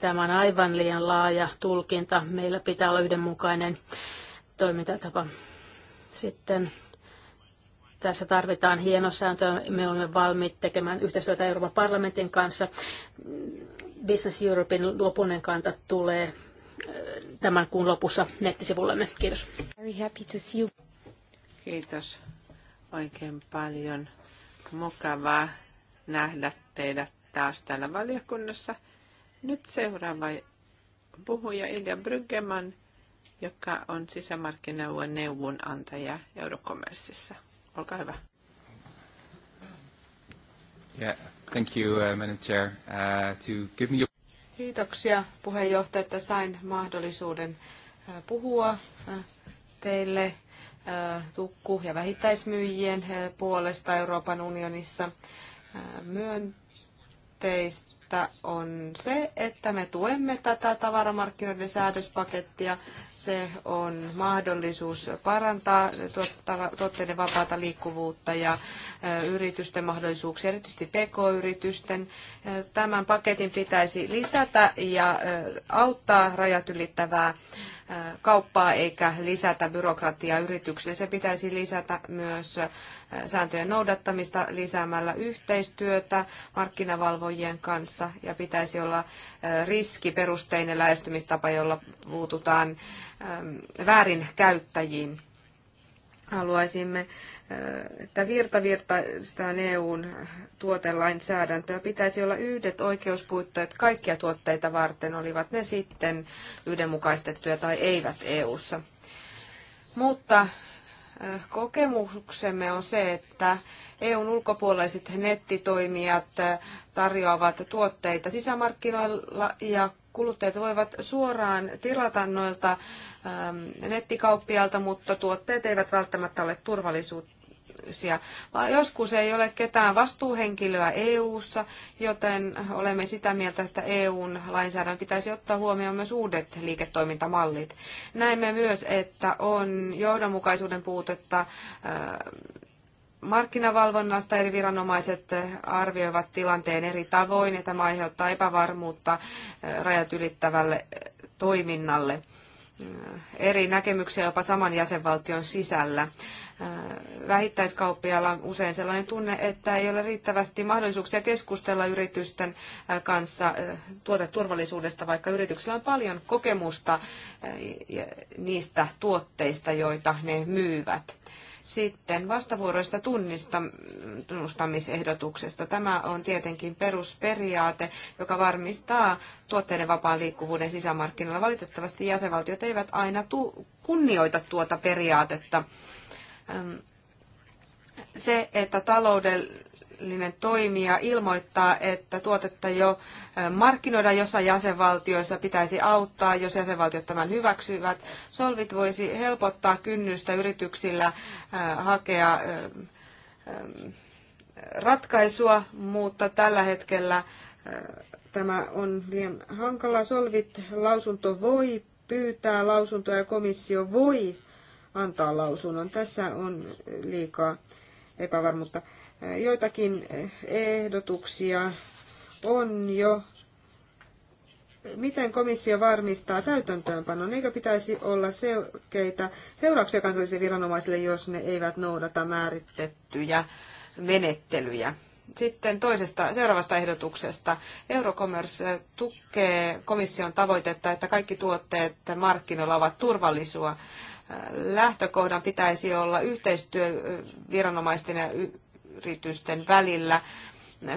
Tämä on aivan liian laaja tulkinta. Meillä pitää olla yhdenmukainen toimintatapa. Sitten tässä tarvitaan hienosääntöä. Me olemme valmiit tekemään yhteistyötä Euroopan parlamentin kanssa. Business Europein lopullinen kanta tulee äh, tämän kuun lopussa nettisivullemme. Kiitos. Very happy to see you. Kiitos oikein paljon. Mukavaa nähdä teidät taas täällä valiokunnassa. Nyt seuraava puhuja Ilja Bryggeman, joka on sisämarkkinaneuvon neuvonantaja Eurocommerceissa. Olkaa hyvä. Yeah, thank you, uh, manager, uh, to give me your... Kiitoksia puheenjohtaja, että sain mahdollisuuden uh, puhua uh, teille uh, tukku- ja vähittäismyyjien puolesta Euroopan unionissa myönteistä että on se, että me tuemme tätä tavaramarkkinoiden säädöspakettia. Se on mahdollisuus parantaa tuotteiden vapaata liikkuvuutta ja yritysten mahdollisuuksia, erityisesti pk-yritysten. Tämän paketin pitäisi lisätä ja auttaa rajat ylittävää kauppaa eikä lisätä byrokratiaa yrityksille. Se pitäisi lisätä myös sääntöjen noudattamista lisäämällä yhteistyötä markkinavalvojien kanssa ja pitäisi olla riskiperusteinen lähestymistapa, jolla puututaan väärinkäyttäjiin. Haluaisimme että virtavirtaistaan EUn tuotelainsäädäntöä pitäisi olla yhdet oikeuspuitteet kaikkia tuotteita varten, olivat ne sitten yhdenmukaistettuja tai eivät EUssa. Mutta eh, kokemuksemme on se, että EUn ulkopuoliset nettitoimijat eh, tarjoavat tuotteita sisämarkkinoilla ja kuluttajat voivat suoraan tilata noilta eh, nettikauppialta, mutta tuotteet eivät välttämättä ole turvallisuutta mahdollisia. Joskus ei ole ketään vastuuhenkilöä EU-ssa, joten olemme sitä mieltä, että EUn lainsäädännön pitäisi ottaa huomioon myös uudet liiketoimintamallit. Näemme myös, että on johdonmukaisuuden puutetta äh, markkinavalvonnasta eri viranomaiset arvioivat tilanteen eri tavoin ja tämä aiheuttaa epävarmuutta äh, rajat ylittävälle äh, toiminnalle. Eri näkemyksiä jopa saman jäsenvaltion sisällä. Äh, vähittäiskauppialla on usein sellainen tunne, että ei ole riittävästi mahdollisuuksia keskustella yritysten äh, kanssa äh, tuoteturvallisuudesta, vaikka yrityksillä on paljon kokemusta niistä tuotteista, joita ne myyvät. Sitten vastavuoroista tunnustamisehdotuksesta. Tämä on tietenkin perusperiaate, joka varmistaa tuotteiden vapaan liikkuvuuden sisämarkkinoilla. Valitettavasti jäsenvaltiot eivät aina kunnioita tuota periaatetta se, että taloudellinen toimija ilmoittaa, että tuotetta jo markkinoidaan jossain jäsenvaltioissa, pitäisi auttaa, jos jäsenvaltiot tämän hyväksyvät. Solvit voisi helpottaa kynnystä yrityksillä hakea ratkaisua, mutta tällä hetkellä tämä on liian hankala. Solvit lausunto voi pyytää lausuntoa ja komissio voi antaa lausunnon. Tässä on liikaa epävarmuutta. Joitakin ehdotuksia on jo. Miten komissio varmistaa täytäntöönpanon? Eikö pitäisi olla selkeitä seurauksia kansallisille viranomaisille, jos ne eivät noudata määritettyjä menettelyjä? Sitten toisesta, seuraavasta ehdotuksesta. Eurocommerce tukee komission tavoitetta, että kaikki tuotteet markkinoilla ovat turvallisia lähtökohdan pitäisi olla yhteistyö viranomaisten ja yritysten välillä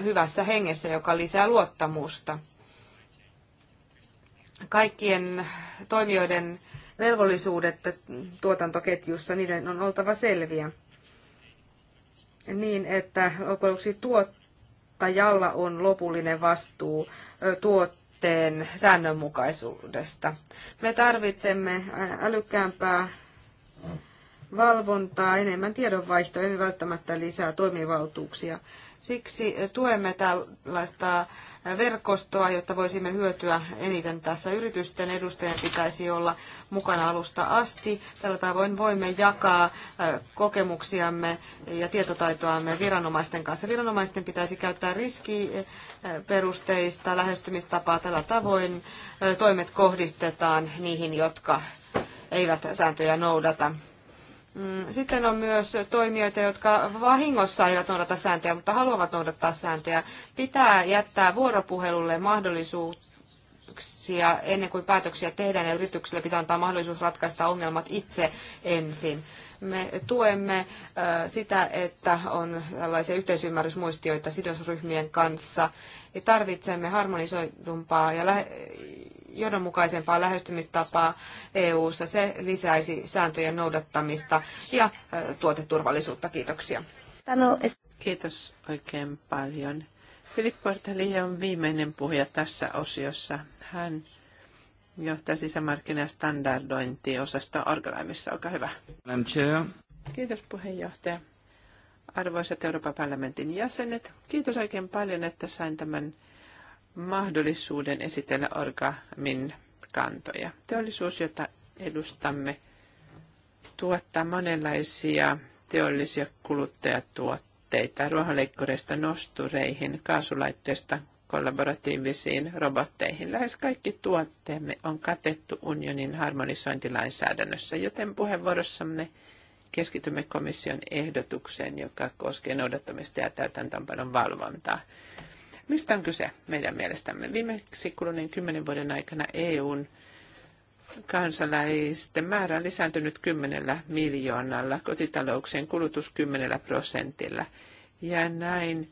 hyvässä hengessä, joka lisää luottamusta. Kaikkien toimijoiden velvollisuudet tuotantoketjussa, niiden on oltava selviä niin, että lopuksi tuottajalla on lopullinen vastuu tuottaa aloitteen säännönmukaisuudesta. Me tarvitsemme älykkäämpää valvontaa, enemmän tiedonvaihtoa, ei välttämättä lisää toimivaltuuksia. Siksi tuemme tällaista verkostoa, jotta voisimme hyötyä eniten tässä. Yritysten edustajien pitäisi olla mukana alusta asti. Tällä tavoin voimme jakaa kokemuksiamme ja tietotaitoamme viranomaisten kanssa. Viranomaisten pitäisi käyttää riskiperusteista lähestymistapaa tällä tavoin. Toimet kohdistetaan niihin, jotka eivät sääntöjä noudata. Mm, sitten on myös toimijoita, jotka vahingossa eivät noudata sääntöjä, mutta haluavat noudattaa sääntöjä. Pitää jättää vuoropuhelulle mahdollisuuksia ennen kuin päätöksiä tehdään ja yrityksille pitää antaa mahdollisuus ratkaista ongelmat itse ensin. Me tuemme sitä, että on tällaisia yhteisymmärrysmuistioita sidosryhmien kanssa. Ja tarvitsemme harmonisoidumpaa ja johdonmukaisempaa lähestymistapaa EU-ssa. Se lisäisi sääntöjen noudattamista ja tuoteturvallisuutta. Kiitoksia. Kiitos oikein paljon. Filippo Portali on viimeinen puhuja tässä osiossa. Hän johtaa standardeentti-osasta Orgalaimissa. Olkaa hyvä. Kiitos puheenjohtaja. Arvoisat Euroopan parlamentin jäsenet, kiitos oikein paljon, että sain tämän mahdollisuuden esitellä orgamin kantoja. Teollisuus, jota edustamme, tuottaa monenlaisia teollisia kuluttajatuotteita ruohonleikkureista nostureihin, kaasulaitteista kollaboratiivisiin robotteihin. Lähes kaikki tuotteemme on katettu unionin harmonisointilainsäädännössä, joten puheenvuorossamme keskitymme komission ehdotukseen, joka koskee noudattamista ja täytäntöönpanon valvontaa. Mistä on kyse meidän mielestämme? Viimeksi kuluneen kymmenen vuoden aikana EUn kansalaisten määrä on lisääntynyt kymmenellä miljoonalla, kotitalouksien kulutus kymmenellä prosentilla. Ja näin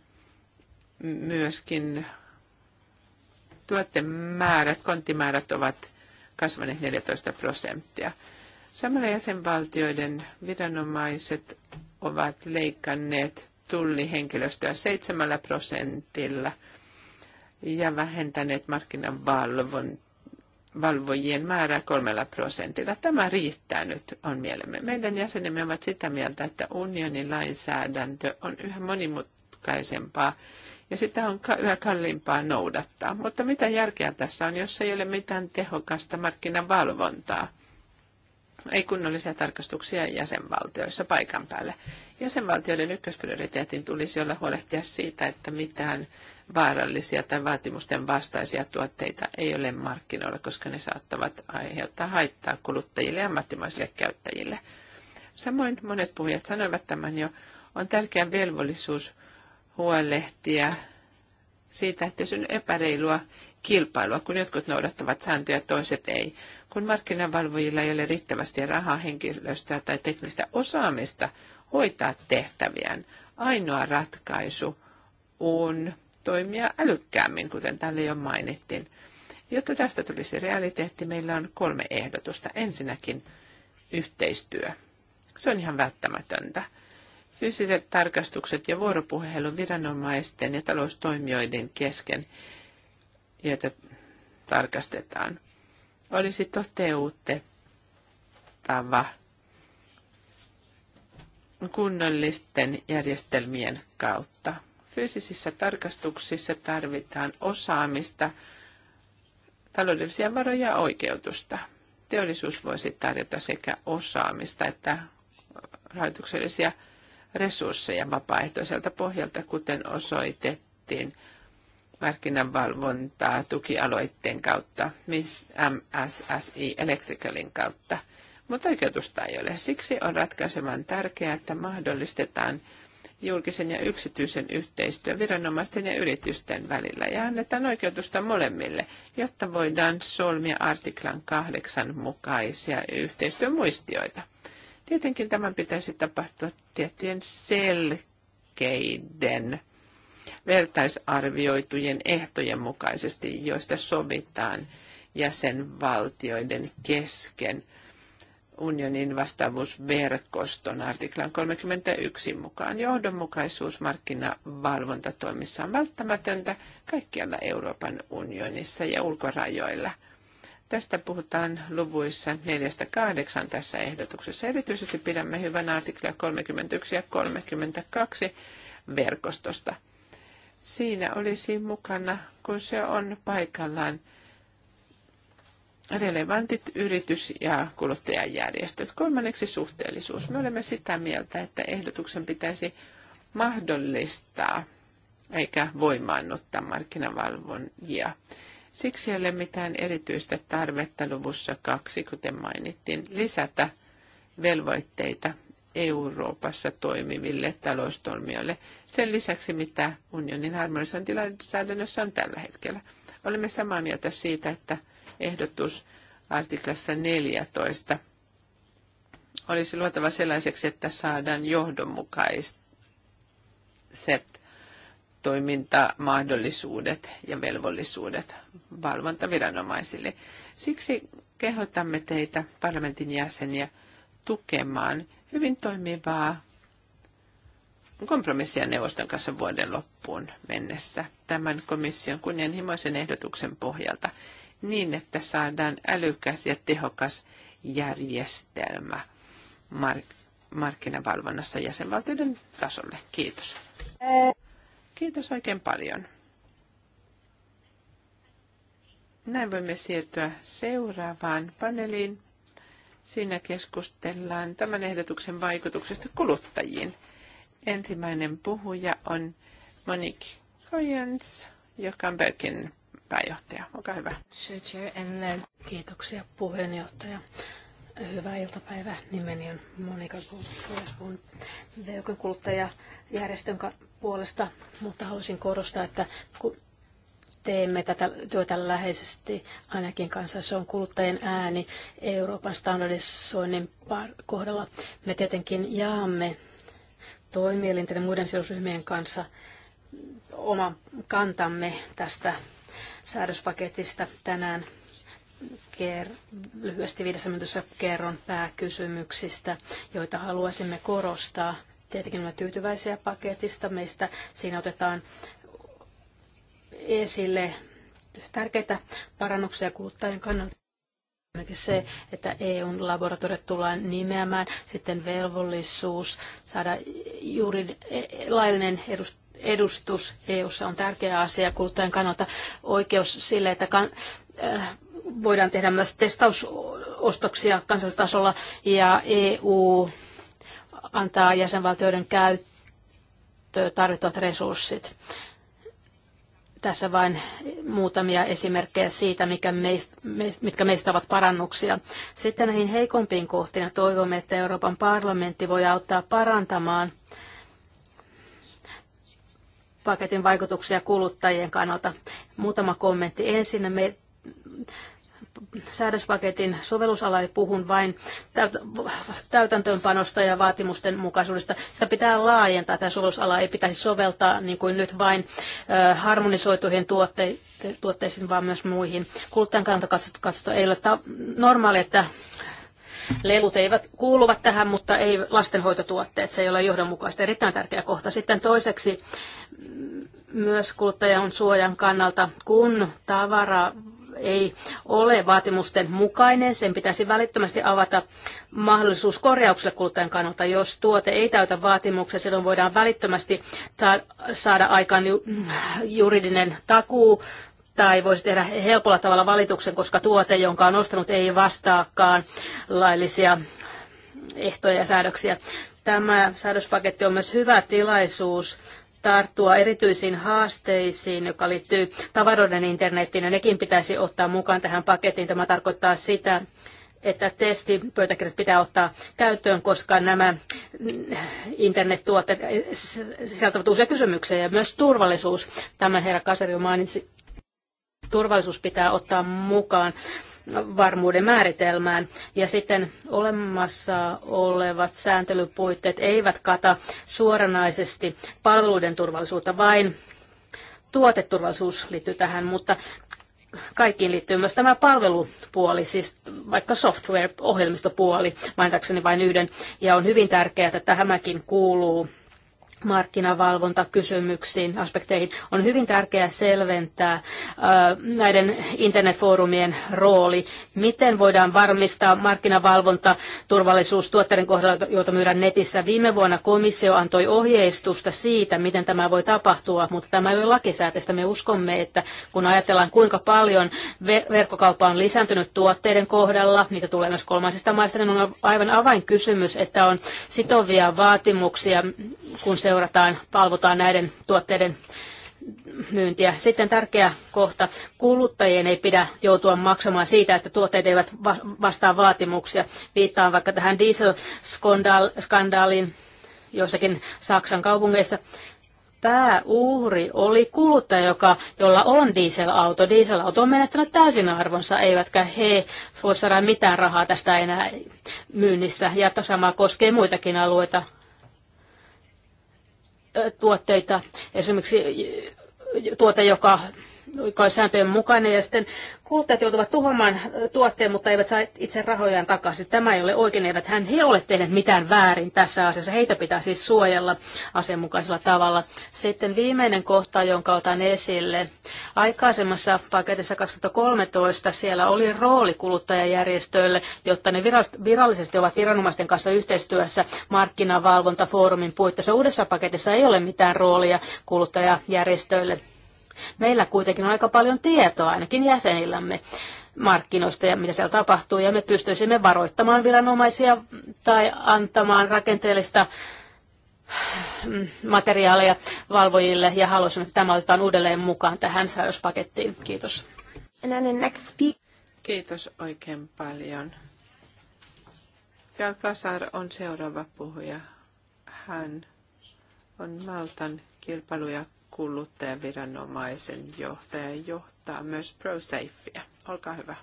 myöskin tuotemäärät, konttimäärät ovat kasvaneet 14 prosenttia. Samalla jäsenvaltioiden viranomaiset ovat leikanneet tullihenkilöstöä seitsemällä prosentilla ja vähentäneet markkinavalvojien määrää kolmella prosentilla. Tämä riittää nyt, on mielemme. Meidän jäsenemme ovat sitä mieltä, että unionin lainsäädäntö on yhä monimutkaisempaa ja sitä on yhä kalliimpaa noudattaa. Mutta mitä järkeä tässä on, jos ei ole mitään tehokasta markkinavalvontaa? ei kunnollisia tarkastuksia jäsenvaltioissa paikan päällä. Jäsenvaltioiden ykkösprioriteetin tulisi olla huolehtia siitä, että mitään vaarallisia tai vaatimusten vastaisia tuotteita ei ole markkinoilla, koska ne saattavat aiheuttaa haittaa kuluttajille ja ammattimaisille käyttäjille. Samoin monet puhujat sanoivat tämän jo, on tärkeä velvollisuus huolehtia siitä, että se on epäreilua kilpailua, kun jotkut noudattavat sääntöjä, toiset ei kun markkinavalvojilla ei ole riittävästi rahaa, henkilöstöä tai teknistä osaamista hoitaa tehtäviään, ainoa ratkaisu on toimia älykkäämmin, kuten tälle jo mainittiin. Jotta tästä tulisi realiteetti, meillä on kolme ehdotusta. Ensinnäkin yhteistyö. Se on ihan välttämätöntä. Fyysiset tarkastukset ja vuoropuhelu viranomaisten ja taloustoimijoiden kesken, joita tarkastetaan olisi toteutettava kunnollisten järjestelmien kautta. Fyysisissä tarkastuksissa tarvitaan osaamista, taloudellisia varoja ja oikeutusta. Teollisuus voisi tarjota sekä osaamista että rahoituksellisia resursseja vapaaehtoiselta pohjalta, kuten osoitettiin – markkinavalvontaa tukialoitteen kautta, Miss MSSI Electricalin kautta, mutta oikeutusta ei ole. Siksi on ratkaisevan tärkeää, että mahdollistetaan julkisen ja yksityisen yhteistyö viranomaisten ja yritysten välillä ja annetaan oikeutusta molemmille, jotta voidaan solmia artiklan kahdeksan mukaisia yhteistyömuistioita. Tietenkin tämän pitäisi tapahtua tiettyjen selkeiden vertaisarvioitujen ehtojen mukaisesti, joista sovitaan jäsenvaltioiden kesken unionin vastaavuusverkoston artiklan 31 mukaan. Johdonmukaisuus markkinavalvontatoimissa on välttämätöntä kaikkialla Euroopan unionissa ja ulkorajoilla. Tästä puhutaan luvuissa 4-8 tässä ehdotuksessa. Erityisesti pidämme hyvän artikla 31 ja 32 verkostosta – siinä olisi mukana, kun se on paikallaan relevantit yritys- ja kuluttajajärjestöt. Kolmanneksi suhteellisuus. Me olemme sitä mieltä, että ehdotuksen pitäisi mahdollistaa eikä voimaannuttaa markkinavalvonjia. Siksi ei ole mitään erityistä tarvetta luvussa kaksi, kuten mainittiin, lisätä velvoitteita Euroopassa toimiville taloustoimijoille, sen lisäksi mitä unionin harmonisointilainsäädännössä on tällä hetkellä. Olemme samaa mieltä siitä, että ehdotus artiklassa 14 olisi luotava sellaiseksi, että saadaan johdonmukaiset toimintamahdollisuudet ja velvollisuudet valvontaviranomaisille. Siksi kehotamme teitä parlamentin jäseniä tukemaan hyvin toimivaa kompromissia neuvoston kanssa vuoden loppuun mennessä tämän komission kunnianhimoisen ehdotuksen pohjalta niin, että saadaan älykäs ja tehokas järjestelmä mark- markkinavalvonnassa jäsenvaltioiden tasolle. Kiitos. Kiitos oikein paljon. Näin voimme siirtyä seuraavaan paneeliin. Siinä keskustellaan tämän ehdotuksen vaikutuksesta kuluttajiin. Ensimmäinen puhuja on Monique Koyens, joka on Berkin pääjohtaja. Olkaa hyvä. Kiitoksia puheenjohtaja. Hyvää iltapäivää. Nimeni on Monika Kuulespuun kuluttajajärjestön puolesta, mutta haluaisin korostaa, että teemme tätä työtä läheisesti ainakin kanssa. Se on kuluttajien ääni Euroopan standardisoinnin kohdalla. Me tietenkin jaamme toimielinten ja muiden sidosryhmien kanssa oman kantamme tästä säädöspaketista tänään. Ker- lyhyesti viidessä minuutissa kerron pääkysymyksistä, joita haluaisimme korostaa. Tietenkin olemme tyytyväisiä paketista. Meistä siinä otetaan esille tärkeitä parannuksia kuluttajien kannalta. Esimerkiksi se, että eu laboratoriot tullaan nimeämään, sitten velvollisuus saada juuri laillinen edustus EUssa on tärkeä asia kuluttajan kannalta. Oikeus sille, että kan, äh, voidaan tehdä myös testausostoksia kansallistasolla ja EU antaa jäsenvaltioiden käyttöön tarvittavat resurssit tässä vain muutamia esimerkkejä siitä, mikä meistä, mitkä meistä ovat parannuksia. Sitten näihin heikompiin kohtiin toivomme, että Euroopan parlamentti voi auttaa parantamaan paketin vaikutuksia kuluttajien kannalta. Muutama kommentti. Ensin me säädöspaketin sovellusala ei puhun vain täytäntöönpanosta ja vaatimusten mukaisuudesta. Sitä pitää laajentaa. Tämä sovellusala ei pitäisi soveltaa niin kuin nyt vain harmonisoituihin tuotte- tuotteisiin, vaan myös muihin. Kuluttajan kannalta katsotaan, katsota, ei ole ta- normaalia, että lelut eivät kuuluvat tähän, mutta ei lastenhoitotuotteet. Se ei ole johdonmukaista. Erittäin tärkeä kohta. Sitten toiseksi myös kuluttajan suojan kannalta, kun tavara ei ole vaatimusten mukainen, sen pitäisi välittömästi avata mahdollisuus korjaukselle kuluttajan kannalta. Jos tuote ei täytä vaatimuksia, silloin voidaan välittömästi saada aikaan juridinen takuu tai voisi tehdä helpolla tavalla valituksen, koska tuote, jonka on ostanut, ei vastaakaan laillisia ehtoja ja säädöksiä. Tämä säädöspaketti on myös hyvä tilaisuus tarttua erityisiin haasteisiin, joka liittyy tavaroiden internettiin, ja nekin pitäisi ottaa mukaan tähän pakettiin. Tämä tarkoittaa sitä, että testipöytäkirjat pitää ottaa käyttöön, koska nämä internettuotteet sisältävät uusia kysymyksiä ja myös turvallisuus. Tämän herra Kaseri mainitsi. Turvallisuus pitää ottaa mukaan varmuuden määritelmään. Ja sitten olemassa olevat sääntelypuitteet eivät kata suoranaisesti palveluiden turvallisuutta, vain tuoteturvallisuus liittyy tähän, mutta kaikkiin liittyy myös tämä palvelupuoli, siis vaikka software-ohjelmistopuoli, mainitakseni vain yhden. Ja on hyvin tärkeää, että tämäkin kuuluu markkinavalvontakysymyksiin, aspekteihin. On hyvin tärkeää selventää näiden internetfoorumien rooli. Miten voidaan varmistaa markkinavalvonta turvallisuus tuotteiden kohdalla, joita myydään netissä? Viime vuonna komissio antoi ohjeistusta siitä, miten tämä voi tapahtua, mutta tämä ei ole lakisääteistä. Me uskomme, että kun ajatellaan, kuinka paljon verkkokauppa on lisääntynyt tuotteiden kohdalla, niitä tulee myös kolmansista maista, niin on aivan avainkysymys, että on sitovia vaatimuksia, kun se seurataan, palvotaan näiden tuotteiden myyntiä. Sitten tärkeä kohta. Kuluttajien ei pidä joutua maksamaan siitä, että tuotteet eivät vastaa vaatimuksia. Viittaan vaikka tähän dieselskandaaliin jossakin Saksan kaupungeissa. Pääuhri oli kuluttaja, joka, jolla on dieselauto. Dieselauto on menettänyt täysin arvonsa, eivätkä he voi saada mitään rahaa tästä enää myynnissä. Ja sama koskee muitakin alueita tuotteita, esimerkiksi tuote, joka sääntöjen mukainen ja sitten kuluttajat joutuvat tuhoamaan äh, tuotteen, mutta eivät saa itse rahojaan takaisin. Tämä ei ole oikein, eivät hän he ole tehneet mitään väärin tässä asiassa. Heitä pitää siis suojella asianmukaisella tavalla. Sitten viimeinen kohta, jonka otan esille. Aikaisemmassa paketissa 2013 siellä oli rooli kuluttajajärjestöille, jotta ne virallisesti ovat viranomaisten kanssa yhteistyössä markkinavalvontafoorumin puitteissa. Uudessa paketissa ei ole mitään roolia kuluttajajärjestöille Meillä kuitenkin on aika paljon tietoa, ainakin jäsenillämme markkinoista ja mitä siellä tapahtuu, ja me pystyisimme varoittamaan viranomaisia tai antamaan rakenteellista mm, materiaaleja valvojille, ja haluaisimme, että tämä otetaan uudelleen mukaan tähän säädöspakettiin. Kiitos. Kiitos oikein paljon. Kalkasar on seuraava puhuja. Hän on Maltan kilpailu- ja kuluttajaviranomaisen johtaja johtaa myös ProSafea. Olkaa hyvä.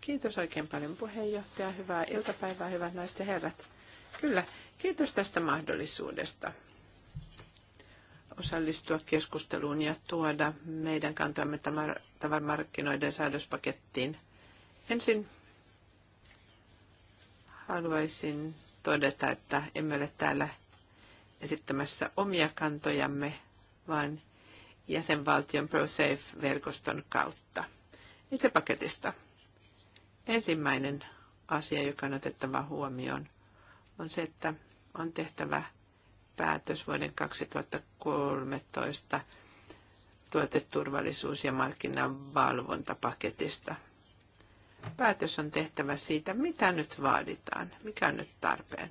Kiitos oikein paljon puheenjohtaja. Hyvää iltapäivää, hyvät naiset ja herrat. Kyllä, kiitos tästä mahdollisuudesta osallistua keskusteluun ja tuoda meidän kantamme tavaramarkkinoiden säädöspakettiin. Ensin haluaisin todeta, että emme ole täällä esittämässä omia kantojamme, vaan jäsenvaltion ProSafe-verkoston kautta. Itse paketista. Ensimmäinen asia, joka on otettava huomioon, on se, että on tehtävä päätös vuoden 2013 tuoteturvallisuus- ja markkinavalvontapaketista. Päätös on tehtävä siitä, mitä nyt vaaditaan, mikä on nyt tarpeen.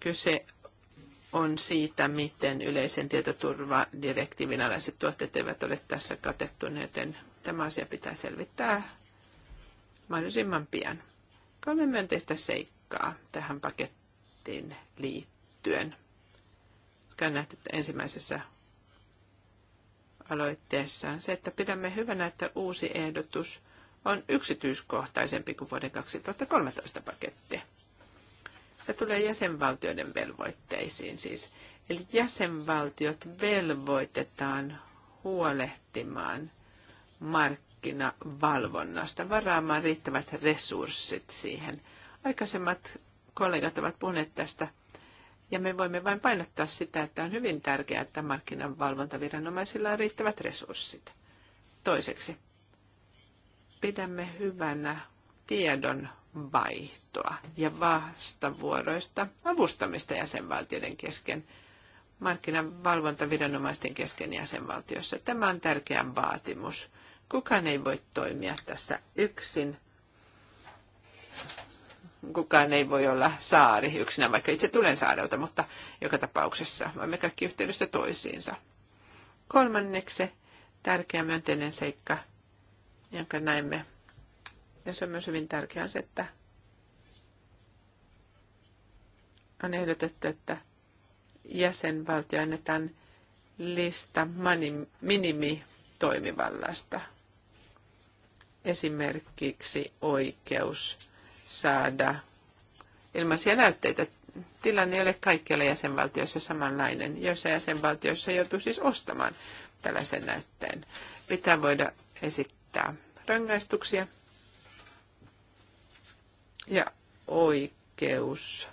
Kyse on siitä, miten yleisen tietoturvadirektiivin alaiset tuotteet eivät ole tässä katettuneet, joten tämä asia pitää selvittää mahdollisimman pian. Kolme myönteistä seikkaa tähän pakettiin liittyen. Jotka että nähty ensimmäisessä aloitteessaan se, että pidämme hyvänä, että uusi ehdotus on yksityiskohtaisempi kuin vuoden 2013 paketti. Se tulee jäsenvaltioiden velvoitteisiin siis. Eli jäsenvaltiot velvoitetaan huolehtimaan markkinavalvonnasta, varaamaan riittävät resurssit siihen. Aikaisemmat kollegat ovat puhuneet tästä, ja me voimme vain painottaa sitä, että on hyvin tärkeää, että markkinavalvontaviranomaisilla on riittävät resurssit. Toiseksi, pidämme hyvänä tiedon vaihtoa ja vastavuoroista avustamista jäsenvaltioiden kesken, markkinavalvontaviranomaisten kesken jäsenvaltiossa. Tämä on tärkeä vaatimus. Kukaan ei voi toimia tässä yksin. Kukaan ei voi olla saari yksinä, vaikka itse tulen saarelta, mutta joka tapauksessa voimme kaikki yhteydessä toisiinsa. Kolmanneksi tärkeä myönteinen seikka, jonka näimme ja se on myös hyvin tärkeää se, että on ehdotettu, että jäsenvaltio annetaan lista minimitoimivallasta. Esimerkiksi oikeus saada ilmaisia näytteitä. Tilanne ei ole kaikkialla jäsenvaltioissa samanlainen. Joissa jäsenvaltioissa joutuu siis ostamaan tällaisen näytteen. Pitää voida esittää rangaistuksia ja oikeus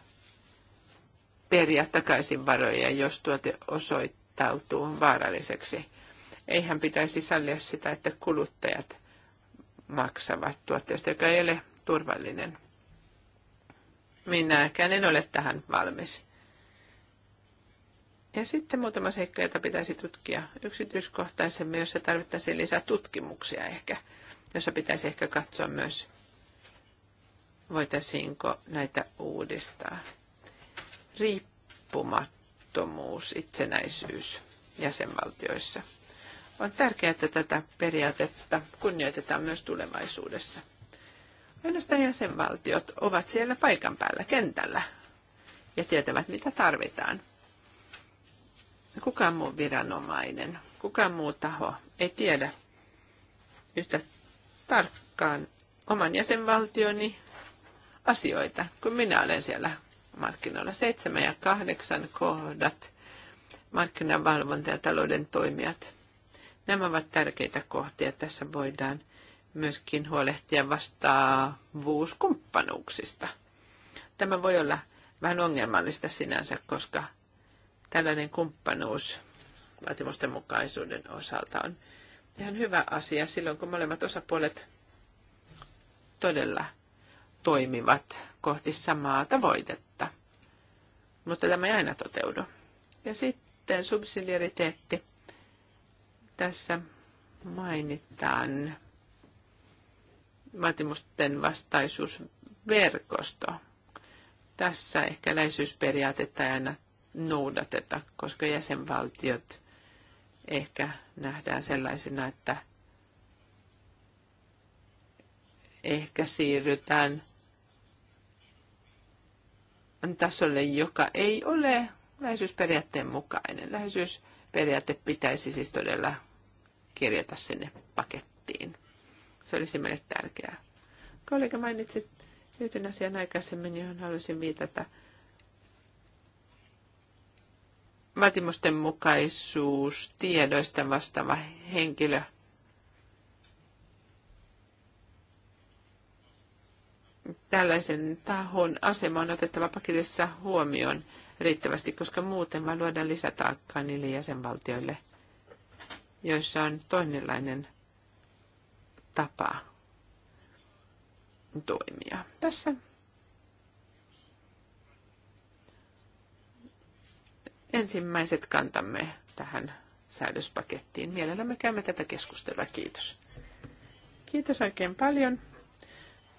periä takaisin varoja, jos tuote osoittautuu vaaralliseksi. Eihän pitäisi sallia sitä, että kuluttajat maksavat tuotteesta, joka ei ole turvallinen. Minäkään en ole tähän valmis. Ja sitten muutama seikka, jota pitäisi tutkia yksityiskohtaisemmin, jossa tarvittaisiin lisää tutkimuksia ehkä, jossa pitäisi ehkä katsoa myös voitaisiinko näitä uudistaa. Riippumattomuus, itsenäisyys jäsenvaltioissa. On tärkeää, että tätä periaatetta kunnioitetaan myös tulevaisuudessa. Ainoastaan jäsenvaltiot ovat siellä paikan päällä kentällä ja tietävät, mitä tarvitaan. Kukaan muu viranomainen, kukaan muu taho ei tiedä yhtä tarkkaan oman jäsenvaltioni asioita, kun minä olen siellä markkinoilla. Seitsemän ja kahdeksan kohdat, markkinavalvonta ja talouden toimijat. Nämä ovat tärkeitä kohtia. Tässä voidaan myöskin huolehtia vastaavuuskumppanuuksista. Tämä voi olla vähän ongelmallista sinänsä, koska tällainen kumppanuus vaatimusten mukaisuuden osalta on ihan hyvä asia silloin, kun molemmat osapuolet todella toimivat kohti samaa tavoitetta. Mutta tämä ei aina toteudu. Ja sitten subsidiariteetti. Tässä mainitaan vaatimusten vastaisuusverkosto. Tässä ehkä läheisyysperiaatetta ei aina noudateta, koska jäsenvaltiot ehkä nähdään sellaisina, että ehkä siirrytään tasolle, joka ei ole läheisyysperiaatteen mukainen. Läheisyysperiaate pitäisi siis todella kirjata sinne pakettiin. Se olisi meille tärkeää. Kollega mainitsi yhden asian aikaisemmin, johon haluaisin viitata. Vaatimusten mukaisuus tiedoista vastaava henkilö – tällaisen tahon asema on otettava paketissa huomioon riittävästi, koska muuten vaan luodaan lisätaakkaa niille jäsenvaltioille, joissa on toinenlainen tapa toimia. Tässä ensimmäiset kantamme tähän säädöspakettiin. Mielellämme käymme tätä keskustelua. Kiitos. Kiitos oikein paljon.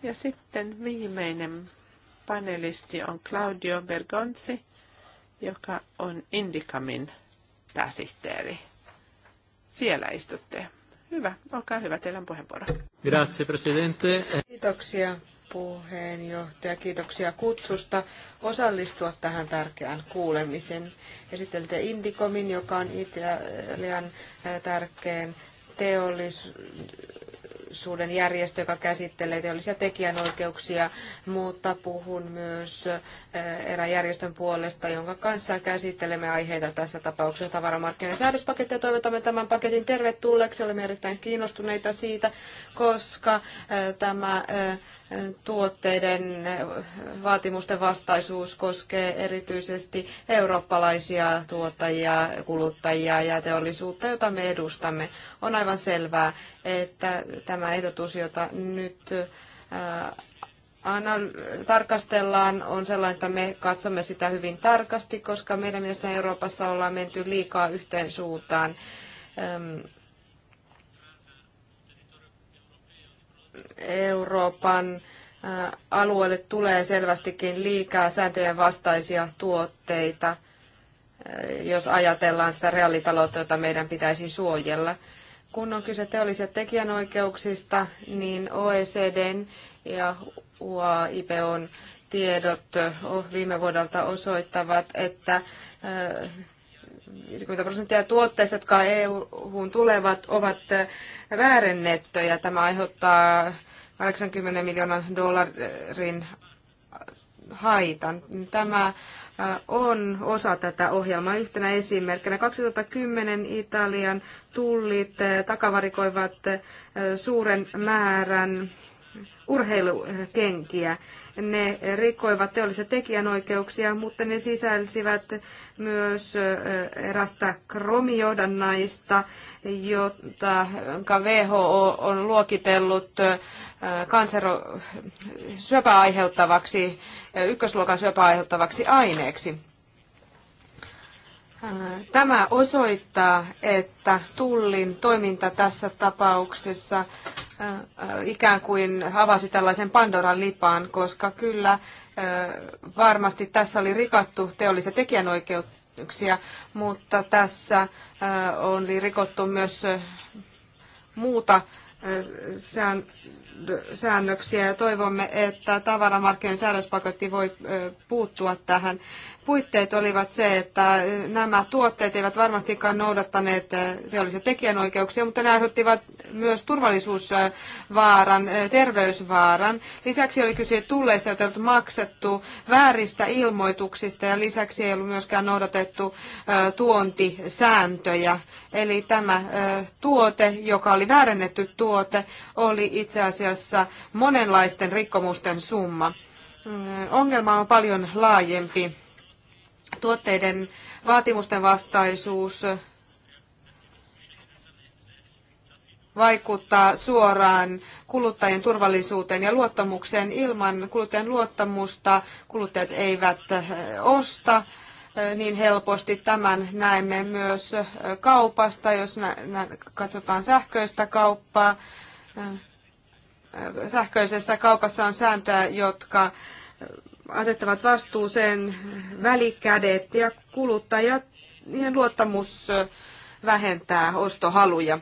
Ja sitten viimeinen panelisti on Claudio Bergonzi, joka on Indicamin pääsihteeri. Siellä istutte. Hyvä, olkaa hyvä, teillä on puheenvuoro. Grazie, presidente. Kiitoksia puheenjohtaja, kiitoksia kutsusta osallistua tähän tärkeään kuulemiseen. Esittelitte Indicomin, joka on Italian tärkeän teollis- teollisuuden järjestö, joka käsittelee teollisia tekijänoikeuksia, mutta puhun myös Eh, erään järjestön puolesta, jonka kanssa käsittelemme aiheita tässä tapauksessa tavaramarkkinoiden säädöspakettia. toivotamme tämän paketin tervetulleeksi. Olemme erittäin kiinnostuneita siitä, koska eh, tämä eh, tuotteiden vaatimusten vastaisuus koskee erityisesti eurooppalaisia tuottajia, kuluttajia ja teollisuutta, jota me edustamme. On aivan selvää, että tämä ehdotus, jota nyt anal- tarkastellaan, on sellainen, että me katsomme sitä hyvin tarkasti, koska meidän mielestä Euroopassa ollaan menty liikaa yhteen suuntaan. Euroopan alueelle tulee selvästikin liikaa sääntöjen vastaisia tuotteita, jos ajatellaan sitä reaalitaloutta, jota meidän pitäisi suojella. Kun on kyse teollisista tekijänoikeuksista, niin OECDn ja UAIPOn tiedot viime vuodelta osoittavat, että 50 prosenttia tuotteista, jotka EU-hun tulevat, ovat väärennettyjä. Tämä aiheuttaa 80 miljoonan dollarin haitan. Tämä on osa tätä ohjelmaa. Yhtenä esimerkkinä 2010 Italian tullit takavarikoivat suuren määrän urheilukenkiä. Ne rikkoivat teollisia tekijänoikeuksia, mutta ne sisälsivät myös erästä kromijohdannaista, jota WHO on luokitellut kansero, syöpäaiheuttavaksi, aiheuttavaksi, ykkösluokan syöpää aiheuttavaksi aineeksi. Tämä osoittaa, että tullin toiminta tässä tapauksessa Äh, äh, ikään kuin avasi tällaisen Pandoran lipaan, koska kyllä äh, varmasti tässä oli rikattu teollisia tekijänoikeuksia, mutta tässä oli rikottu myös muuta säännöksiä ja toivomme, että tavaramarkkinoiden säädöspaketti voi puuttua tähän puitteet olivat se, että äh, nämä tuotteet eivät varmastikaan noudattaneet äh, teollisia tekijänoikeuksia, mutta ne aiheuttivat myös turvallisuusvaaran, äh, terveysvaaran. Lisäksi oli kyse tulleista, joita on maksettu, vääristä ilmoituksista ja lisäksi ei ollut myöskään noudatettu tuontisääntöjä. Eli tämä tuote, joka oli väärennetty tuote, oli itse asiassa monenlaisten rikkomusten summa. Ongelma on paljon laajempi tuotteiden vaatimusten vastaisuus vaikuttaa suoraan kuluttajien turvallisuuteen ja luottamukseen. Ilman kuluttajan luottamusta kuluttajat eivät eh, osta eh, niin helposti. Tämän näemme myös eh, kaupasta, jos katsotaan sähköistä kauppaa. Sähköisessä kaupassa on sääntöjä, jotka asettavat vastuuseen välikädet ja kuluttajien luottamus vähentää ostohaluja.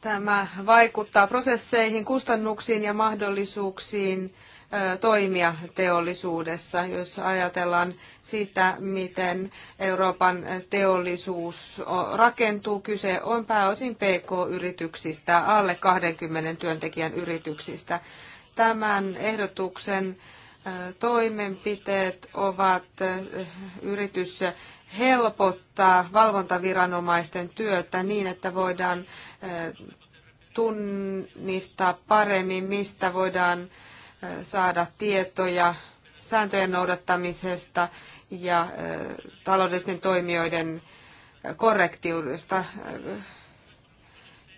Tämä vaikuttaa prosesseihin, kustannuksiin ja mahdollisuuksiin toimia teollisuudessa, jos ajatellaan sitä, miten Euroopan teollisuus rakentuu. Kyse on pääosin PK-yrityksistä, alle 20 työntekijän yrityksistä tämän ehdotuksen toimenpiteet ovat yritys helpottaa valvontaviranomaisten työtä niin, että voidaan tunnistaa paremmin, mistä voidaan saada tietoja sääntöjen noudattamisesta ja taloudellisten toimijoiden korrektiudesta.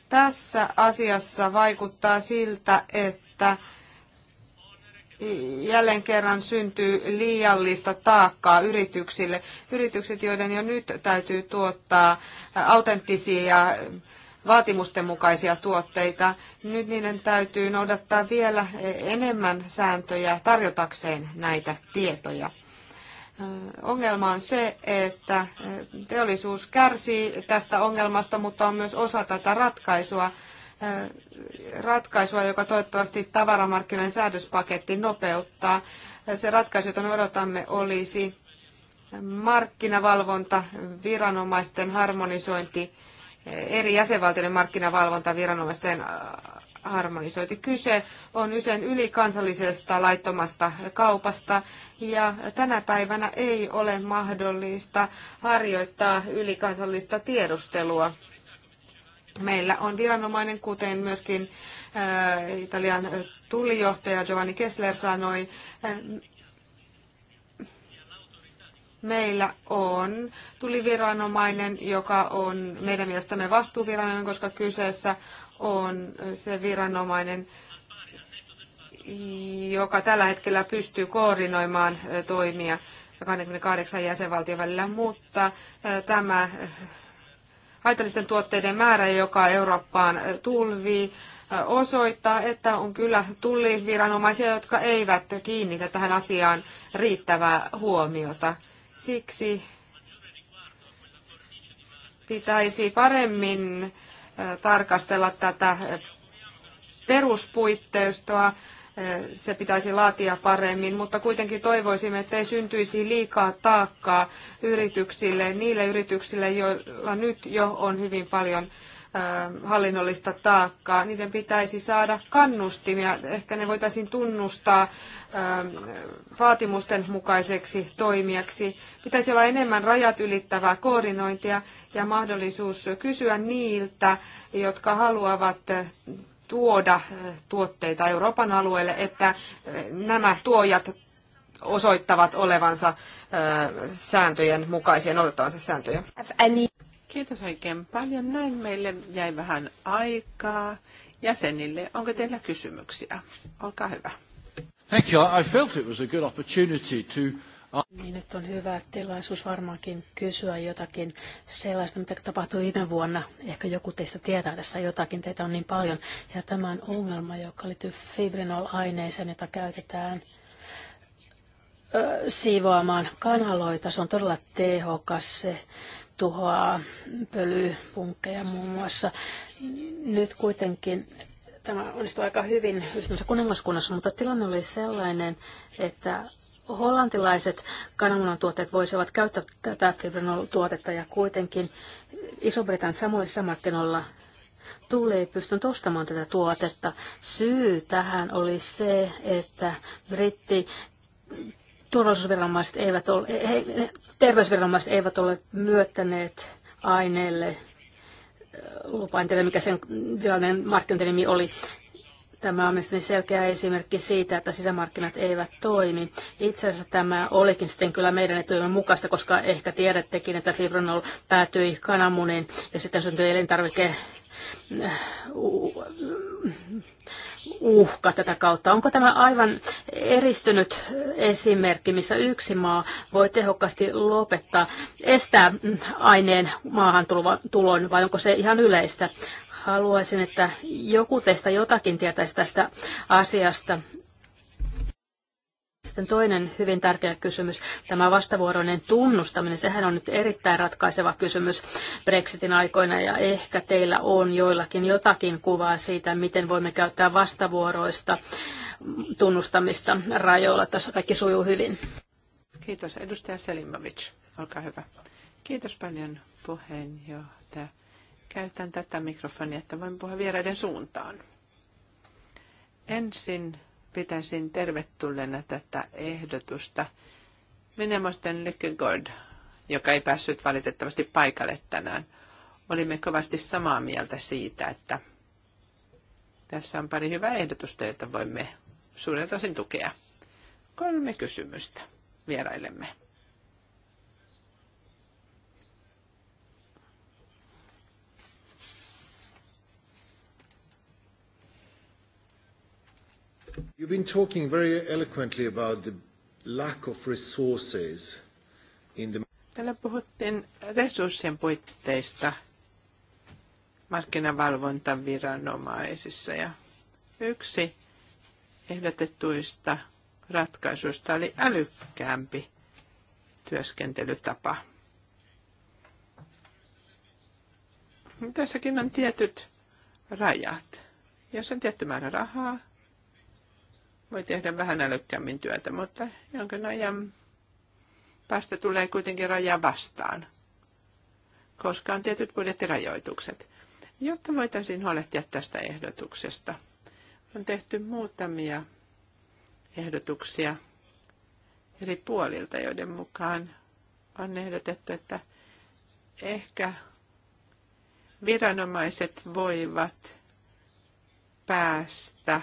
Tässä asiassa vaikuttaa siltä, että jälleen kerran syntyy liiallista taakkaa yrityksille. Yritykset, joiden jo nyt täytyy tuottaa autenttisia vaatimusten mukaisia tuotteita, nyt niiden täytyy noudattaa vielä enemmän sääntöjä tarjotakseen näitä tietoja. Ongelma on se, että teollisuus kärsii tästä ongelmasta, mutta on myös osa tätä ratkaisua ratkaisua, joka toivottavasti tavaramarkkinoiden säädöspaketti nopeuttaa. Se ratkaisu, jota me odotamme, olisi markkinavalvonta, viranomaisten harmonisointi, eri jäsenvaltioiden markkinavalvonta, viranomaisten harmonisointi. Kyse on usein ylikansallisesta laittomasta kaupasta ja tänä päivänä ei ole mahdollista harjoittaa ylikansallista tiedustelua. Meillä on viranomainen, kuten myöskin äh, Italian tullijohtaja Giovanni Kessler sanoi, äh, meillä on tuliviranomainen, joka on meidän mielestämme vastuuviranomainen, koska kyseessä on se viranomainen, joka tällä hetkellä pystyy koordinoimaan äh, toimia 28 jäsenvaltion välillä, mutta tämä haitallisten tuotteiden määrä, joka Eurooppaan tulvii, osoittaa, että on kyllä tulliviranomaisia, jotka eivät kiinnitä tähän asiaan riittävää huomiota. Siksi pitäisi paremmin tarkastella tätä peruspuitteistoa se pitäisi laatia paremmin, mutta kuitenkin toivoisimme, että ei syntyisi liikaa taakkaa yrityksille, niille yrityksille, joilla nyt jo on hyvin paljon hallinnollista taakkaa. Niiden pitäisi saada kannustimia. Ehkä ne voitaisiin tunnustaa vaatimusten mukaiseksi toimijaksi. Pitäisi olla enemmän rajat ylittävää koordinointia ja mahdollisuus kysyä niiltä, jotka haluavat tuoda eh, tuotteita Euroopan alueelle, että eh, nämä tuojat osoittavat olevansa eh, sääntöjen mukaisia, noudattavansa sääntöjä. Kiitos oikein paljon. Näin meille jäi vähän aikaa jäsenille. Onko teillä kysymyksiä? Olkaa hyvä. Thank you. I felt it was a good opportunity to niin nyt on hyvä tilaisuus varmaankin kysyä jotakin sellaista, mitä tapahtui viime vuonna. Ehkä joku teistä tietää tässä jotakin, teitä on niin paljon. Ja tämän ongelma, joka liittyy fibrinol-aineeseen, jota käytetään siivoamaan kanaloita. Se on todella tehokas, se tuhoaa pölypunkkeja muun muassa. Nyt kuitenkin tämä onnistui aika hyvin yhdistämässä kuningaskunnassa, mutta tilanne oli sellainen, että hollantilaiset kananmunan tuotteet voisivat käyttää tätä fibrinol-tuotetta ja kuitenkin Iso-Britannian samoilla markkinoilla Tuuli ei pystynyt ostamaan tätä tuotetta. Syy tähän oli se, että britti turvallisuusviranomaiset eivät ole, he, terveysviranomaiset eivät ole myöttäneet aineelle lupaan tiedä, mikä sen virallinen markkinointinimi oli. Tämä on mielestäni selkeä esimerkki siitä, että sisämarkkinat eivät toimi. Itse asiassa tämä olikin sitten kyllä meidän etujemme mukaista, koska ehkä tiedättekin, että fibronol päätyi kananmuniin ja sitten syntyi elintarvike äh, uh, uhka tätä kautta. Onko tämä aivan eristynyt esimerkki, missä yksi maa voi tehokkaasti lopettaa, estää mm, aineen maahan tulon, vai onko se ihan yleistä? Haluaisin, että joku teistä jotakin tietäisi tästä asiasta. Sitten toinen hyvin tärkeä kysymys, tämä vastavuoroinen tunnustaminen, sehän on nyt erittäin ratkaiseva kysymys Brexitin aikoina ja ehkä teillä on joillakin jotakin kuvaa siitä, miten voimme käyttää vastavuoroista tunnustamista rajoilla. Tässä kaikki sujuu hyvin. Kiitos. Edustaja Selimovic, olkaa hyvä. Kiitos paljon puheenjohtaja. Käytän tätä mikrofonia, että voin puhua vieraiden suuntaan. Ensin pitäisin tervetulleena tätä ehdotusta. Minemosten muistan Lykkegård, joka ei päässyt valitettavasti paikalle tänään. Olimme kovasti samaa mieltä siitä, että tässä on pari hyvää ehdotusta, joita voimme suurelta osin tukea. Kolme kysymystä vierailemme. You've been talking very eloquently about the lack of resources in the... Täällä puhuttiin resurssien puitteista markkinavalvontaviranomaisissa ja yksi ehdotetuista ratkaisuista oli älykkäämpi työskentelytapa. Tässäkin on tietyt rajat. Jos on tietty määrä rahaa, voi tehdä vähän älykkäämmin työtä, mutta jonkin ajan päästä tulee kuitenkin raja vastaan, koska on tietyt budjettirajoitukset. Jotta voitaisiin huolehtia tästä ehdotuksesta, on tehty muutamia ehdotuksia eri puolilta, joiden mukaan on ehdotettu, että ehkä viranomaiset voivat päästä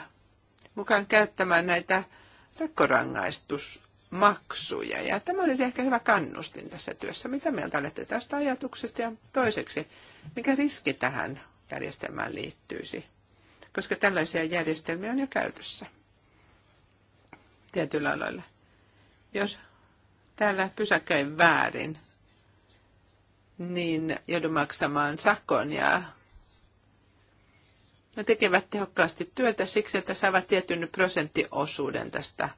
mukaan käyttämään näitä sakkorangaistusmaksuja. Ja tämä olisi ehkä hyvä kannustin tässä työssä. Mitä mieltä olette tästä ajatuksesta? Ja toiseksi, mikä riski tähän järjestelmään liittyisi? Koska tällaisia järjestelmiä on jo käytössä tietyillä aloilla. Jos täällä pysäköin väärin, niin joudun maksamaan sakon ja ne tekevät tehokkaasti työtä siksi, että saavat tietyn prosenttiosuuden tästä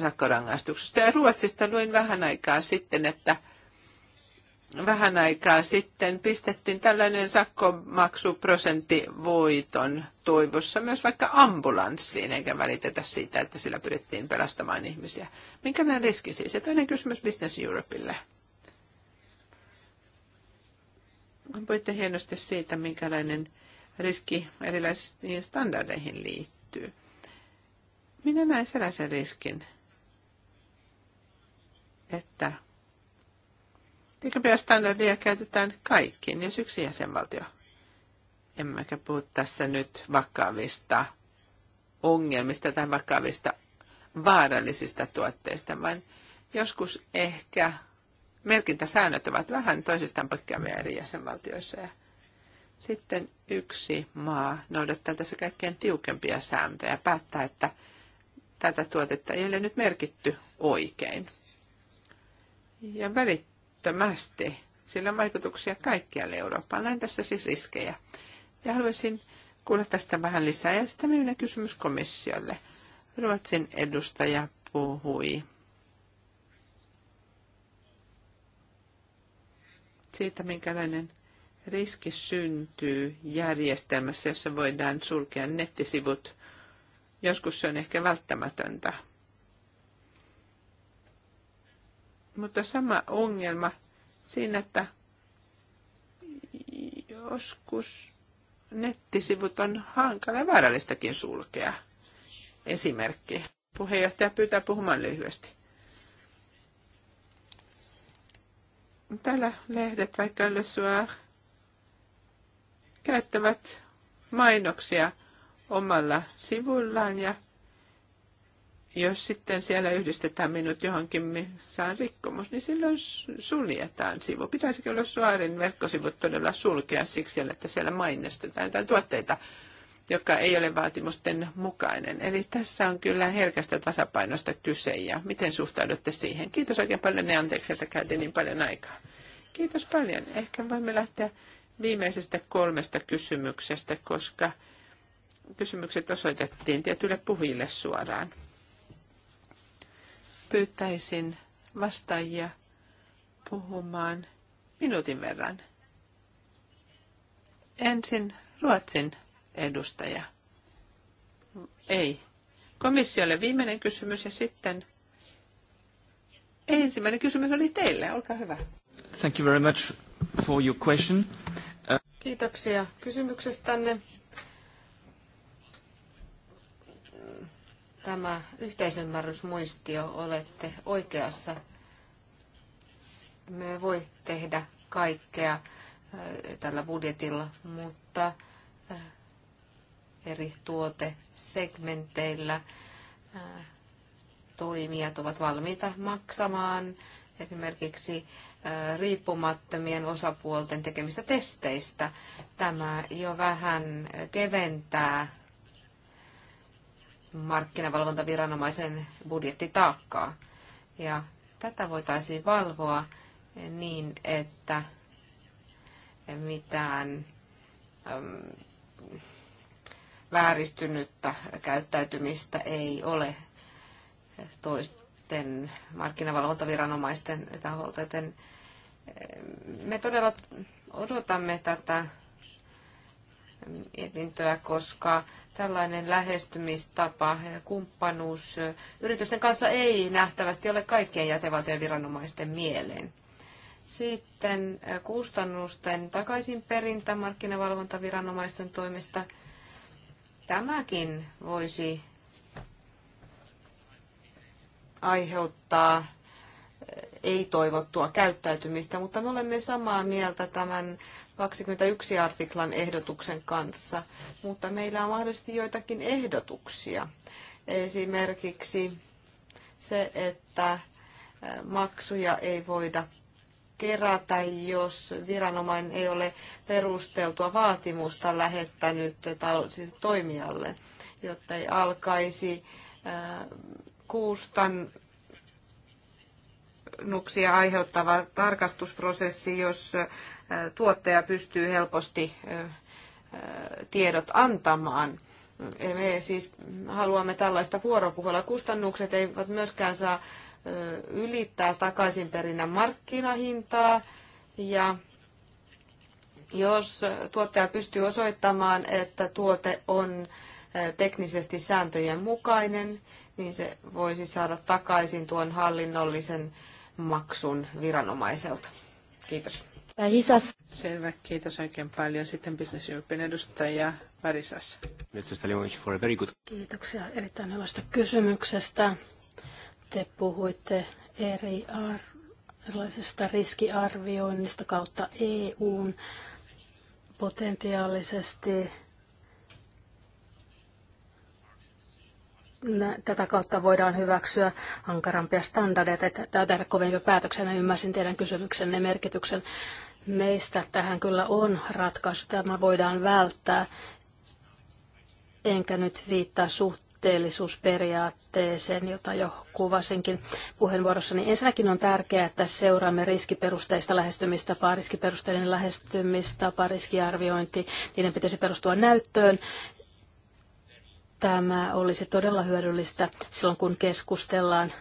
sakkorangaistuksesta. Ja Ruotsista luin vähän aikaa sitten, että vähän aikaa sitten pistettiin tällainen sakkomaksuprosenttivoiton toivossa myös vaikka ambulanssiin, eikä välitetä siitä, että sillä pyrittiin pelastamaan ihmisiä. Minkälainen riski siis? Ja toinen kysymys Business Europeille. puhuitte hienosti siitä, minkälainen riski erilaisiin standardeihin liittyy. Minä näen sellaisen riskin, että Teknologian standardia käytetään kaikkiin, jos yksi jäsenvaltio. Emmekä puhu tässä nyt vakavista ongelmista tai vakavista vaarallisista tuotteista, vaan joskus ehkä merkintäsäännöt ovat vähän toisistaan poikkeavia eri jäsenvaltioissa. Ja sitten yksi maa noudattaa tässä kaikkein tiukempia sääntöjä ja päättää, että tätä tuotetta ei ole nyt merkitty oikein. Ja välittömästi sillä on vaikutuksia kaikkialle Eurooppaan. Näin tässä siis riskejä. Ja haluaisin kuulla tästä vähän lisää. Ja sitten minun kysymys komissiolle. Ruotsin edustaja puhui siitä, minkälainen riski syntyy järjestelmässä, jossa voidaan sulkea nettisivut. Joskus se on ehkä välttämätöntä. Mutta sama ongelma siinä, että joskus nettisivut on hankala ja vaarallistakin sulkea. Esimerkki. Puheenjohtaja pyytää puhumaan lyhyesti. täällä lehdet, vaikka Le Soir, käyttävät mainoksia omalla sivullaan ja jos sitten siellä yhdistetään minut johonkin, missä on rikkomus, niin silloin suljetaan sivu. Pitäisikö olla suorin verkkosivut todella sulkea siksi, että siellä mainostetaan jotain tuotteita, joka ei ole vaatimusten mukainen. Eli tässä on kyllä herkästä tasapainosta kyse ja miten suhtaudutte siihen. Kiitos oikein paljon ja anteeksi, että käytiin niin paljon aikaa. Kiitos paljon. Ehkä voimme lähteä viimeisestä kolmesta kysymyksestä, koska kysymykset osoitettiin tietyille puhujille suoraan. Pyytäisin vastaajia puhumaan minuutin verran. Ensin Ruotsin edustaja. Ei. Komissiolle viimeinen kysymys ja sitten ensimmäinen kysymys oli teille. Olkaa hyvä. Thank you very much for your question. Kiitoksia kysymyksestänne. Tämä yhteisymmärrysmuistio, olette oikeassa. Me voi tehdä kaikkea tällä budjetilla, mutta eri tuotesegmenteillä toimijat ovat valmiita maksamaan esimerkiksi riippumattomien osapuolten tekemistä testeistä. Tämä jo vähän keventää markkinavalvontaviranomaisen budjettitaakkaa. Ja tätä voitaisiin valvoa niin, että mitään vääristynyttä käyttäytymistä ei ole toisten markkinavalvontaviranomaisten taholta, joten eh, me todella odotamme tätä mm, mietintöä, koska tällainen lähestymistapa ja kumppanuus eh, yritysten kanssa ei nähtävästi ole kaikkien jäsenvaltojen viranomaisten mieleen. Sitten eh, kustannusten takaisinperintä markkinavalvontaviranomaisten toimesta – Tämäkin voisi aiheuttaa eh, ei-toivottua käyttäytymistä, mutta me olemme samaa mieltä tämän 21 artiklan ehdotuksen kanssa, mutta meillä on mahdollisesti joitakin ehdotuksia. Esimerkiksi se, että eh, maksuja ei voida kerätä, jos viranomainen ei ole perusteltua vaatimusta lähettänyt taloudelliselle siis toimijalle, jotta ei alkaisi äh, kustannuksia aiheuttava tarkastusprosessi, jos äh, tuottaja pystyy helposti äh, tiedot antamaan. Me siis haluamme tällaista vuoropuhelua. Kustannukset eivät myöskään saa ylittää takaisinperinnän markkinahintaa ja jos tuottaja pystyy osoittamaan, että tuote on teknisesti sääntöjen mukainen, niin se voisi saada takaisin tuon hallinnollisen maksun viranomaiselta. Kiitos. Värisas. Selvä, kiitos oikein paljon. Sitten Business Europein edustaja Värisas. for a very good... Kiitoksia erittäin hyvästä kysymyksestä. Te puhuitte eri ar- erilaisesta riskiarvioinnista kautta EUn potentiaalisesti tätä kautta voidaan hyväksyä ankarampia standardeja tai tehdä kovimpia päätöksiä. Ymmärsin teidän kysymyksenne merkityksen. Meistä tähän kyllä on ratkaisu. Tämä voidaan välttää. Enkä nyt viittaa suht- suhteellisuusperiaatteeseen, jota jo kuvasinkin puheenvuorossani. Ensinnäkin on tärkeää, että seuraamme riskiperusteista lähestymistapaa, riskiperusteinen lähestymistapa, riskiarviointi. Niiden pitäisi perustua näyttöön Tämä olisi todella hyödyllistä silloin, kun keskustellaan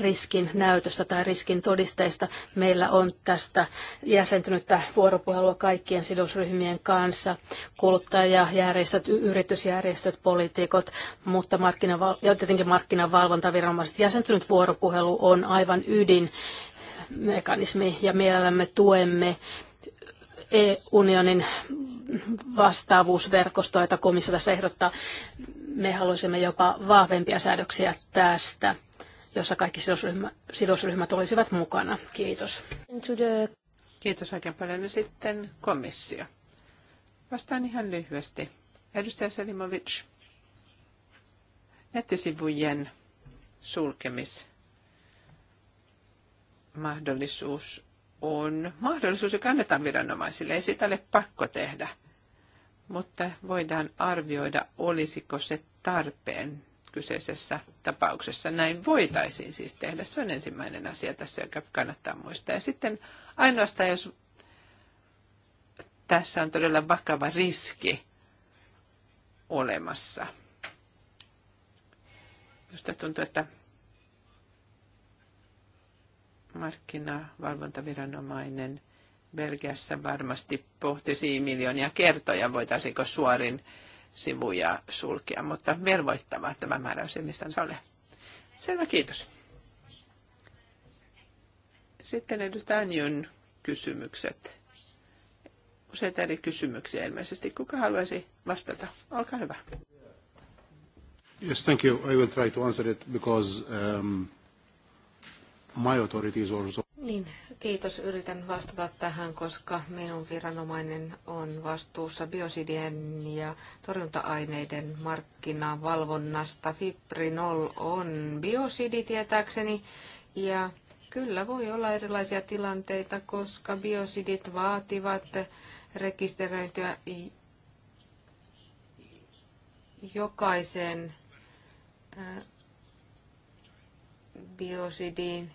riskin näytöstä tai riskin todisteista. Meillä on tästä jäsentynyttä vuoropuhelua kaikkien sidosryhmien kanssa, kuluttajajärjestöt, yritysjärjestöt, poliitikot, mutta markkinaval- ja tietenkin markkinavalvontaviranomaiset. Jäsentynyt vuoropuhelu on aivan ydinmekanismi ja mielellämme tuemme eu unionin vastaavuusverkostoa, jota komissio tässä ehdottaa me haluaisimme jopa vahvempia säädöksiä tästä, jossa kaikki sidosryhmä, sidosryhmät olisivat mukana. Kiitos. Kiitos oikein paljon. sitten komissio. Vastaan ihan lyhyesti. Edustaja Selimovic, nettisivujen sulkemismahdollisuus on mahdollisuus, joka annetaan viranomaisille. Ei sitä ole pakko tehdä mutta voidaan arvioida, olisiko se tarpeen kyseisessä tapauksessa. Näin voitaisiin siis tehdä. Se on ensimmäinen asia tässä, joka kannattaa muistaa. Ja sitten ainoastaan, jos tässä on todella vakava riski olemassa. Minusta tuntuu, että markkinavalvontaviranomainen – Belgiassa varmasti pohtisi miljoonia kertoja, voitaisiinko suorin sivuja sulkea, mutta velvoittava tämä määräys ei mistään ole. Selvä, kiitos. Sitten edustaja Anjun kysymykset. Useita eri kysymyksiä ilmeisesti. Kuka haluaisi vastata? Olkaa hyvä. Yes, thank you. I will try to answer it because um, my authorities also. Niin, kiitos. Yritän vastata tähän, koska minun viranomainen on vastuussa biosidien ja torjunta-aineiden markkinavalvonnasta. Fiprinol on biosidi tietääkseni ja kyllä voi olla erilaisia tilanteita, koska biosidit vaativat rekisteröityä jokaisen biosidiin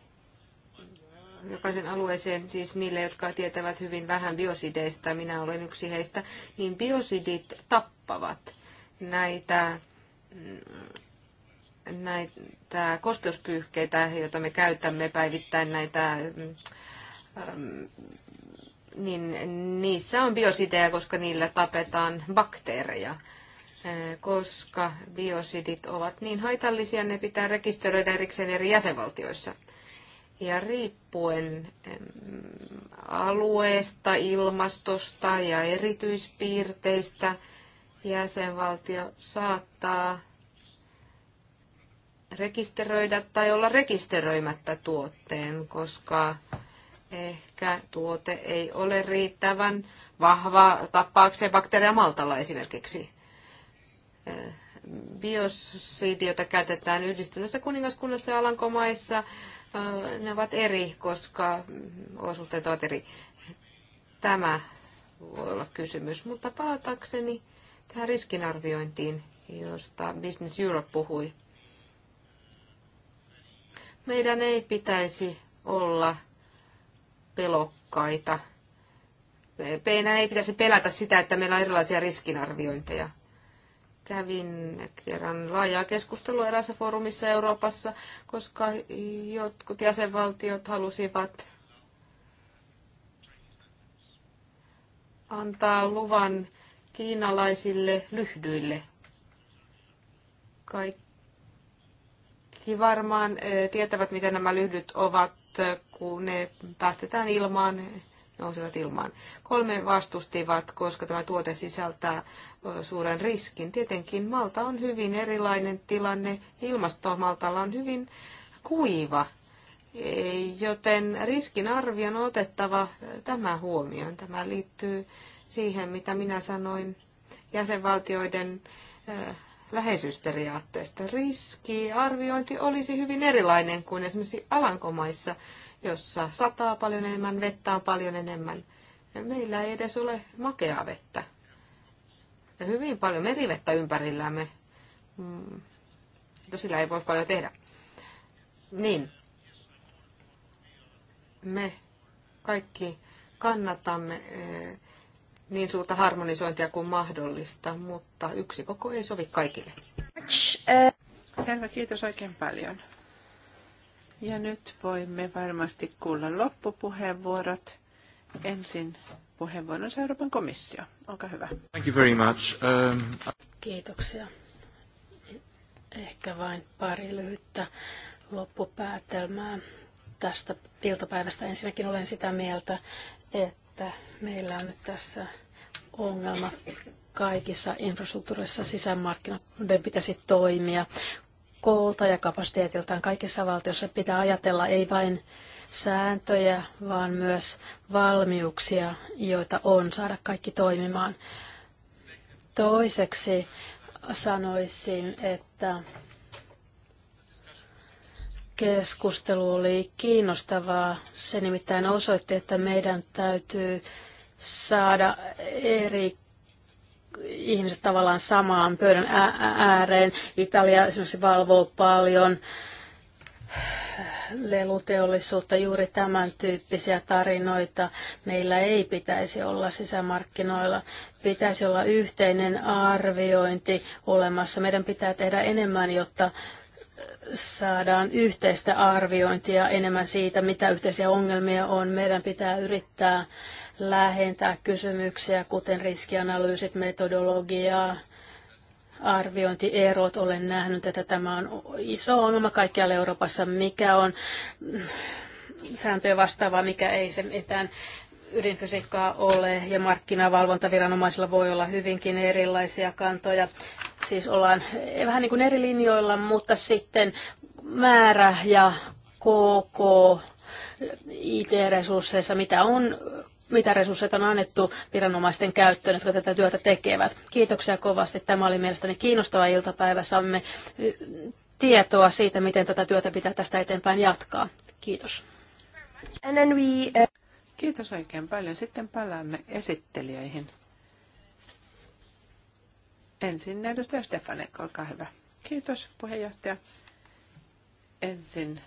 jokaisen alueeseen, siis niille, jotka tietävät hyvin vähän biosideista, minä olen yksi heistä, niin biosidit tappavat näitä, mm, näitä kosteuspyyhkeitä, joita me käytämme päivittäin näitä mm, mm, niin niissä on biosideja, koska niillä tapetaan bakteereja. Koska biosidit ovat niin haitallisia, ne pitää rekisteröidä erikseen eri jäsenvaltioissa. Ja riippuen alueesta, ilmastosta ja erityispiirteistä jäsenvaltio saattaa rekisteröidä tai olla rekisteröimättä tuotteen, koska ehkä tuote ei ole riittävän vahva tappaakseen bakteeria maltalla esimerkiksi. Biosidiota käytetään yhdistyneessä kuningaskunnassa ja Alankomaissa, ne ovat eri, koska olosuhteet ovat eri. Tämä voi olla kysymys, mutta palatakseni tähän riskinarviointiin, josta Business Europe puhui. Meidän ei pitäisi olla pelokkaita. Meidän ei pitäisi pelätä sitä, että meillä on erilaisia riskinarviointeja kävin kerran laajaa keskustelua erässä foorumissa Euroopassa, koska jotkut jäsenvaltiot halusivat antaa luvan kiinalaisille lyhdyille. Kaikki varmaan eh, tietävät, mitä nämä lyhdyt ovat, kun ne päästetään ilmaan nousevat ilmaan. Kolme vastustivat, koska tämä tuote sisältää suuren riskin. Tietenkin Malta on hyvin erilainen tilanne. Ilmasto Maltalla on hyvin kuiva, joten riskinarvio on otettava tämä huomioon. Tämä liittyy siihen, mitä minä sanoin jäsenvaltioiden läheisyysperiaatteesta. Riskiarviointi olisi hyvin erilainen kuin esimerkiksi Alankomaissa, jossa sataa paljon enemmän, vettä on paljon enemmän. Meillä ei edes ole makeaa vettä hyvin paljon merivettä ympärillämme. Mm. sillä ei voi paljon tehdä. Niin. Me kaikki kannatamme eh, niin suurta harmonisointia kuin mahdollista, mutta yksi koko ei sovi kaikille. Selvä, kiitos oikein paljon. Ja nyt voimme varmasti kuulla loppupuheenvuorot. Ensin puheenvuoronsa Euroopan komissio. Olkaa hyvä. Thank you very much. Um... Kiitoksia. Ehkä vain pari lyhyttä loppupäätelmää tästä iltapäivästä. Ensinnäkin olen sitä mieltä, että meillä on nyt tässä ongelma kaikissa infrastruktuurissa sisämarkkinoiden pitäisi toimia koolta ja kapasiteetiltaan kaikissa valtioissa pitää ajatella ei vain sääntöjä, vaan myös valmiuksia, joita on saada kaikki toimimaan. Toiseksi sanoisin, että keskustelu oli kiinnostavaa. Se nimittäin osoitti, että meidän täytyy saada eri ihmiset tavallaan samaan pöydän ääreen. Italia esimerkiksi valvoo paljon leluteollisuutta, juuri tämän tyyppisiä tarinoita meillä ei pitäisi olla sisämarkkinoilla. Pitäisi olla yhteinen arviointi olemassa. Meidän pitää tehdä enemmän, jotta saadaan yhteistä arviointia enemmän siitä, mitä yhteisiä ongelmia on. Meidän pitää yrittää lähentää kysymyksiä, kuten riskianalyysit, metodologiaa, arviointierot. Olen nähnyt, että tämä on iso ongelma kaikkialla Euroopassa, mikä on sääntöjä vastaavaa, mikä ei se mitään ydinfysiikkaa ole, ja markkinavalvontaviranomaisilla voi olla hyvinkin erilaisia kantoja. Siis ollaan vähän niin kuin eri linjoilla, mutta sitten määrä ja koko IT-resursseissa, mitä on mitä resursseja on annettu viranomaisten käyttöön, jotka tätä työtä tekevät. Kiitoksia kovasti. Tämä oli mielestäni kiinnostava iltapäivä. Saamme tietoa siitä, miten tätä työtä pitää tästä eteenpäin jatkaa. Kiitos. Uh, Kiitos oikein paljon. Sitten palaamme esittelijöihin. Ensin edustaja Stefanek, olkaa hyvä. Kiitos puheenjohtaja. Ensin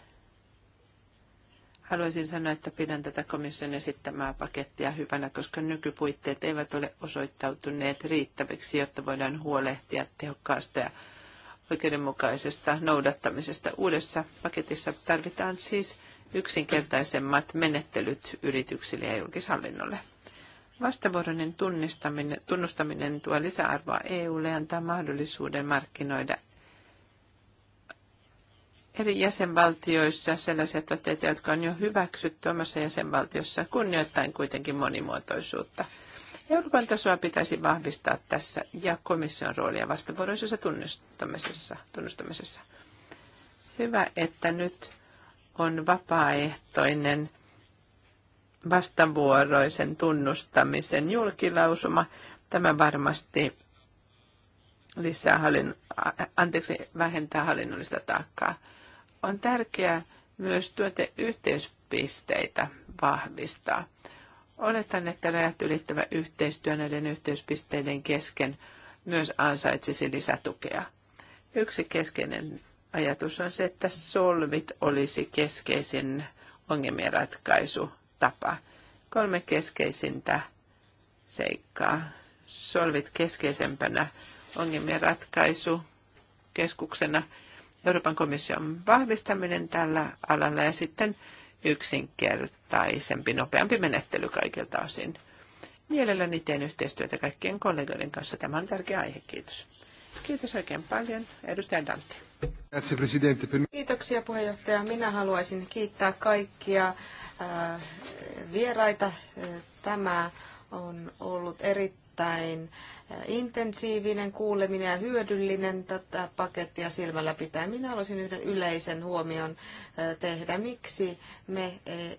Haluaisin sanoa, että pidän tätä komission esittämää pakettia hyvänä, koska nykypuitteet eivät ole osoittautuneet riittäviksi, jotta voidaan huolehtia tehokkaasta ja oikeudenmukaisesta noudattamisesta. Uudessa paketissa tarvitaan siis yksinkertaisemmat menettelyt yrityksille ja julkishallinnolle. Vastavuoroinen tunnustaminen tuo lisäarvoa EUlle ja antaa mahdollisuuden markkinoida eri jäsenvaltioissa sellaisia tuotteita, jotka on jo hyväksytty omassa jäsenvaltiossa, kunnioittain kuitenkin monimuotoisuutta. Euroopan tasoa pitäisi vahvistaa tässä ja komission roolia vastavuoroisessa tunnustamisessa. tunnustamisessa. Hyvä, että nyt on vapaaehtoinen vastavuoroisen tunnustamisen julkilausuma. Tämä varmasti lisää hallin, anteeksi, vähentää hallinnollista taakkaa. On tärkeää myös tuoteyhteyspisteitä vahvistaa. Oletan, että rajat ylittävä yhteistyö näiden yhteyspisteiden kesken myös ansaitsisi lisätukea. Yksi keskeinen ajatus on se, että solvit olisi keskeisin ongelmien ratkaisutapa. Kolme keskeisintä seikkaa. Solvit keskeisempänä ongelmien ratkaisu keskuksena Euroopan komission vahvistaminen tällä alalla ja sitten yksinkertaisempi, nopeampi menettely kaikilta osin. Mielelläni teen yhteistyötä kaikkien kollegoiden kanssa. Tämä on tärkeä aihe. Kiitos. Kiitos oikein paljon. Edustaja Dante. Kiitoksia puheenjohtaja. Minä haluaisin kiittää kaikkia äh, vieraita. Äh, tämä on ollut erittäin intensiivinen kuuleminen ja hyödyllinen tätä pakettia silmällä pitää. Minä haluaisin yhden yleisen huomion tehdä, miksi me e, e,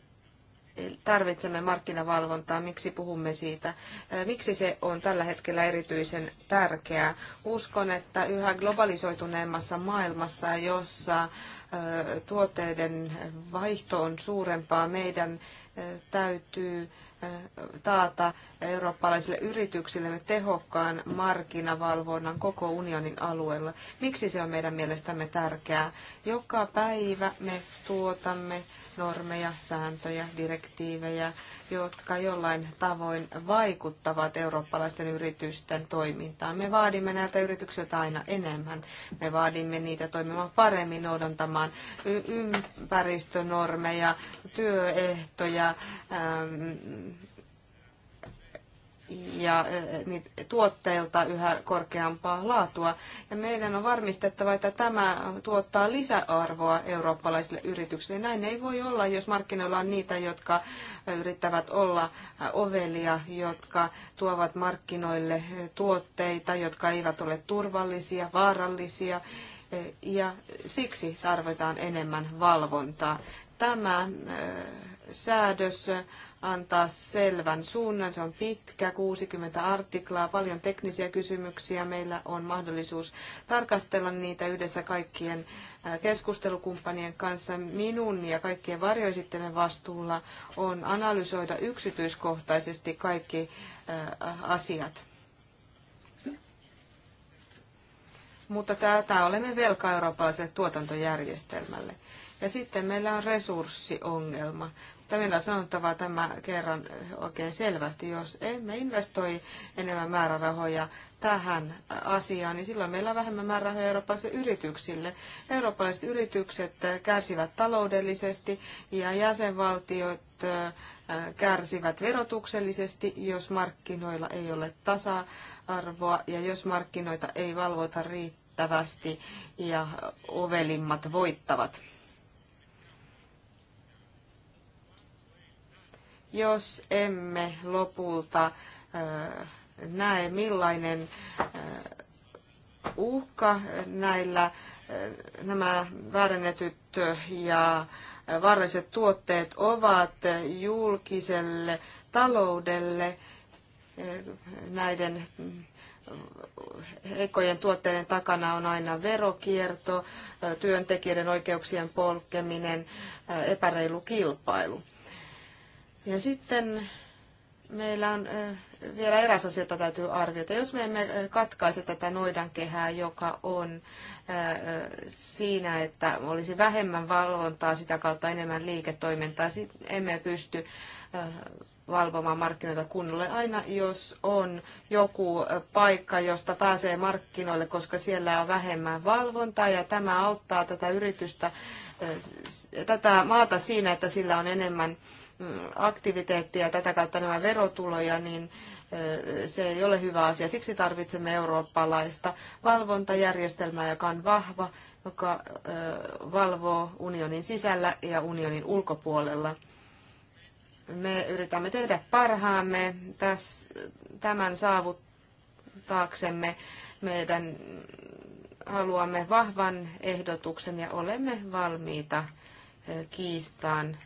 tarvitsemme markkinavalvontaa, miksi puhumme siitä, e, miksi se on tällä hetkellä erityisen tärkeää. Uskon, että yhä globalisoituneemmassa maailmassa, jossa tuotteiden vaihto on suurempaa, meidän täytyy taata eurooppalaisille yrityksille tehokkaan markkinavalvonnan koko unionin alueella. Miksi se on meidän mielestämme tärkeää? Joka päivä me tuotamme normeja, sääntöjä, direktiivejä, jotka jollain tavoin vaikuttavat eurooppalaisten yritysten toimintaan. Me vaadimme näiltä yrityksiltä aina enemmän. Me vaadimme niitä toimimaan paremmin, noudattamaan ympäristönormeja, työehtoja, ja e, e, niin tuotteilta yhä korkeampaa laatua. Ja meidän on varmistettava, että tämä tuottaa lisäarvoa eurooppalaisille yrityksille. Näin ei voi olla, jos markkinoilla on niitä, jotka e, yrittävät olla ovelia, jotka tuovat markkinoille tuotteita, jotka eivät ole turvallisia, vaarallisia. Ja siksi tarvitaan enemmän valvontaa. Tämä säädös antaa selvän suunnan. Se on pitkä, 60 artiklaa, paljon teknisiä kysymyksiä. Meillä on mahdollisuus tarkastella niitä yhdessä kaikkien keskustelukumppanien kanssa. Minun ja kaikkien varjoesittelen vastuulla on analysoida yksityiskohtaisesti kaikki asiat. Mutta tätä olemme velkaa eurooppalaiselle tuotantojärjestelmälle. Ja sitten meillä on resurssiongelma. Tämä meillä on sanottava tämä kerran oikein selvästi. Jos emme investoi enemmän määrärahoja tähän asiaan, niin silloin meillä on vähemmän määrärahoja eurooppalaisille yrityksille. Eurooppalaiset yritykset kärsivät taloudellisesti ja jäsenvaltiot äh, kärsivät verotuksellisesti, jos markkinoilla ei ole tasa-arvoa ja jos markkinoita ei valvota riittävästi ja ovelimmat voittavat. jos emme lopulta äh, näe, millainen äh, uhka näillä äh, nämä väärennetyt ja vaaralliset tuotteet ovat julkiselle taloudelle näiden heikkojen tuotteiden takana on aina verokierto, työntekijöiden oikeuksien polkeminen, epäreilu kilpailu. Ja sitten meillä on vielä eräs asia, jota täytyy arvioida. Jos me emme katkaise tätä noidankehää, joka on siinä, että olisi vähemmän valvontaa, sitä kautta enemmän liiketoimintaa, emme pysty valvomaan markkinoita kunnolle. Aina jos on joku paikka, josta pääsee markkinoille, koska siellä on vähemmän valvontaa ja tämä auttaa tätä yritystä, tätä maata siinä, että sillä on enemmän Mm, aktiviteettia ja tätä kautta nämä verotuloja, niin se ei ole hyvä asia. Siksi tarvitsemme eurooppalaista valvontajärjestelmää, joka on vahva, joka valvoo unionin sisällä ja unionin ulkopuolella. Me yritämme tehdä parhaamme tämän saavuttaaksemme. Meidän haluamme vahvan ehdotuksen ja olemme valmiita kiistaan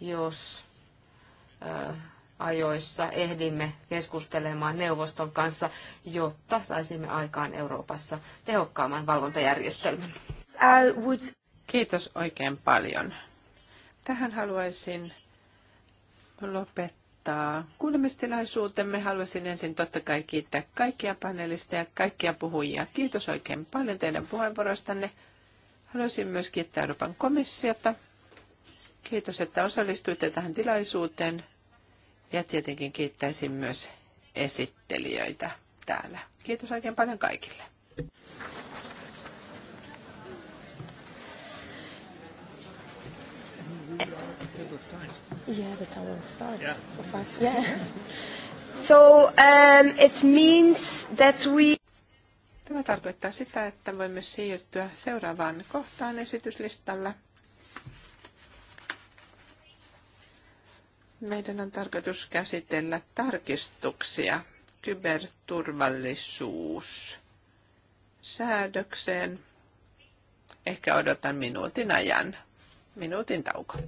jos ajoissa ehdimme keskustelemaan neuvoston kanssa, jotta saisimme aikaan Euroopassa tehokkaamman valvontajärjestelmän. Kiitos oikein paljon. Tähän haluaisin lopettaa kuulemistilaisuutemme. Haluaisin ensin totta kai kiittää kaikkia panelisteja, kaikkia puhujia. Kiitos oikein paljon teidän puheenvuoroistanne. Haluaisin myös kiittää Euroopan komissiota Kiitos, että osallistuitte tähän tilaisuuteen ja tietenkin kiittäisin myös esittelijöitä täällä. Kiitos oikein paljon kaikille. Yeah, start. Yeah. yeah. So um, it means that we... Tämä tarkoittaa sitä, että voimme siirtyä seuraavaan kohtaan esityslistalla. meidän on tarkoitus käsitellä tarkistuksia kyberturvallisuus säädökseen. Ehkä odotan minuutin ajan. Minuutin tauko.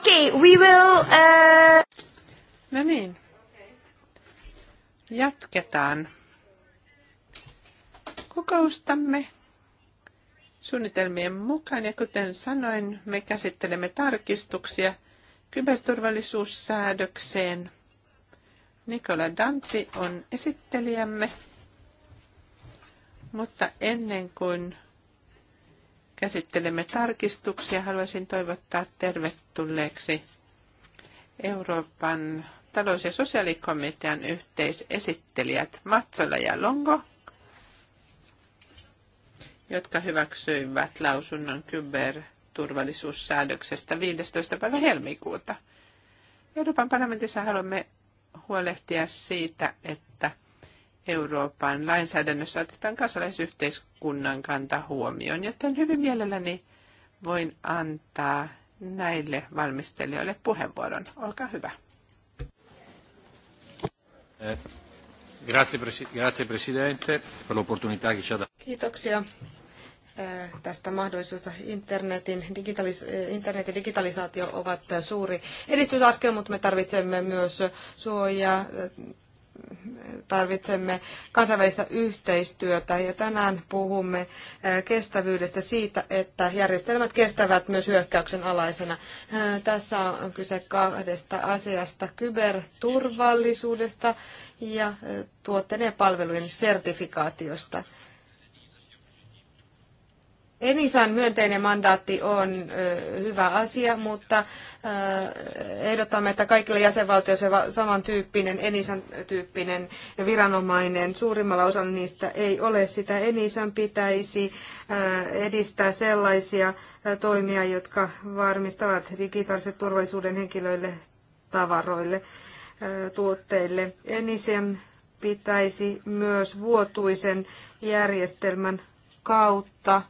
Okay, we will... Uh... No niin. Jatketaan kokoustamme suunnitelmien mukaan ja kuten sanoin, me käsittelemme tarkistuksia kyberturvallisuussäädökseen. Nikola Danti on esittelijämme, mutta ennen kuin käsittelemme tarkistuksia. Haluaisin toivottaa tervetulleeksi Euroopan talous- ja sosiaalikomitean yhteisesittelijät Matsola ja Longo, jotka hyväksyivät lausunnon kyberturvallisuussäädöksestä 15. päivä helmikuuta. Euroopan parlamentissa haluamme huolehtia siitä, että – Euroopan lainsäädännössä otetaan kansalaisyhteiskunnan kanta huomioon, joten hyvin mielelläni voin antaa näille valmistelijoille puheenvuoron. Olkaa hyvä. Eh, grazie, Presidente, per l'opportunità che Kiitoksia eh, tästä mahdollisuutta. Internetin, digitalis- eh, internet ja digitalisaatio ovat suuri edistysaskel, mutta me tarvitsemme myös suojaa tarvitsemme kansainvälistä yhteistyötä ja tänään puhumme kestävyydestä siitä, että järjestelmät kestävät myös hyökkäyksen alaisena. Tässä on kyse kahdesta asiasta, kyberturvallisuudesta ja tuotteiden ja palvelujen sertifikaatiosta. Enisan myönteinen mandaatti on hyvä asia, mutta ehdotamme, että kaikille jäsenvaltioille samantyyppinen Enisan tyyppinen viranomainen. Suurimmalla osalla niistä ei ole sitä. Enisan pitäisi edistää sellaisia toimia, jotka varmistavat digitaalisen turvallisuuden henkilöille, tavaroille, tuotteille. Enisan pitäisi myös vuotuisen järjestelmän kautta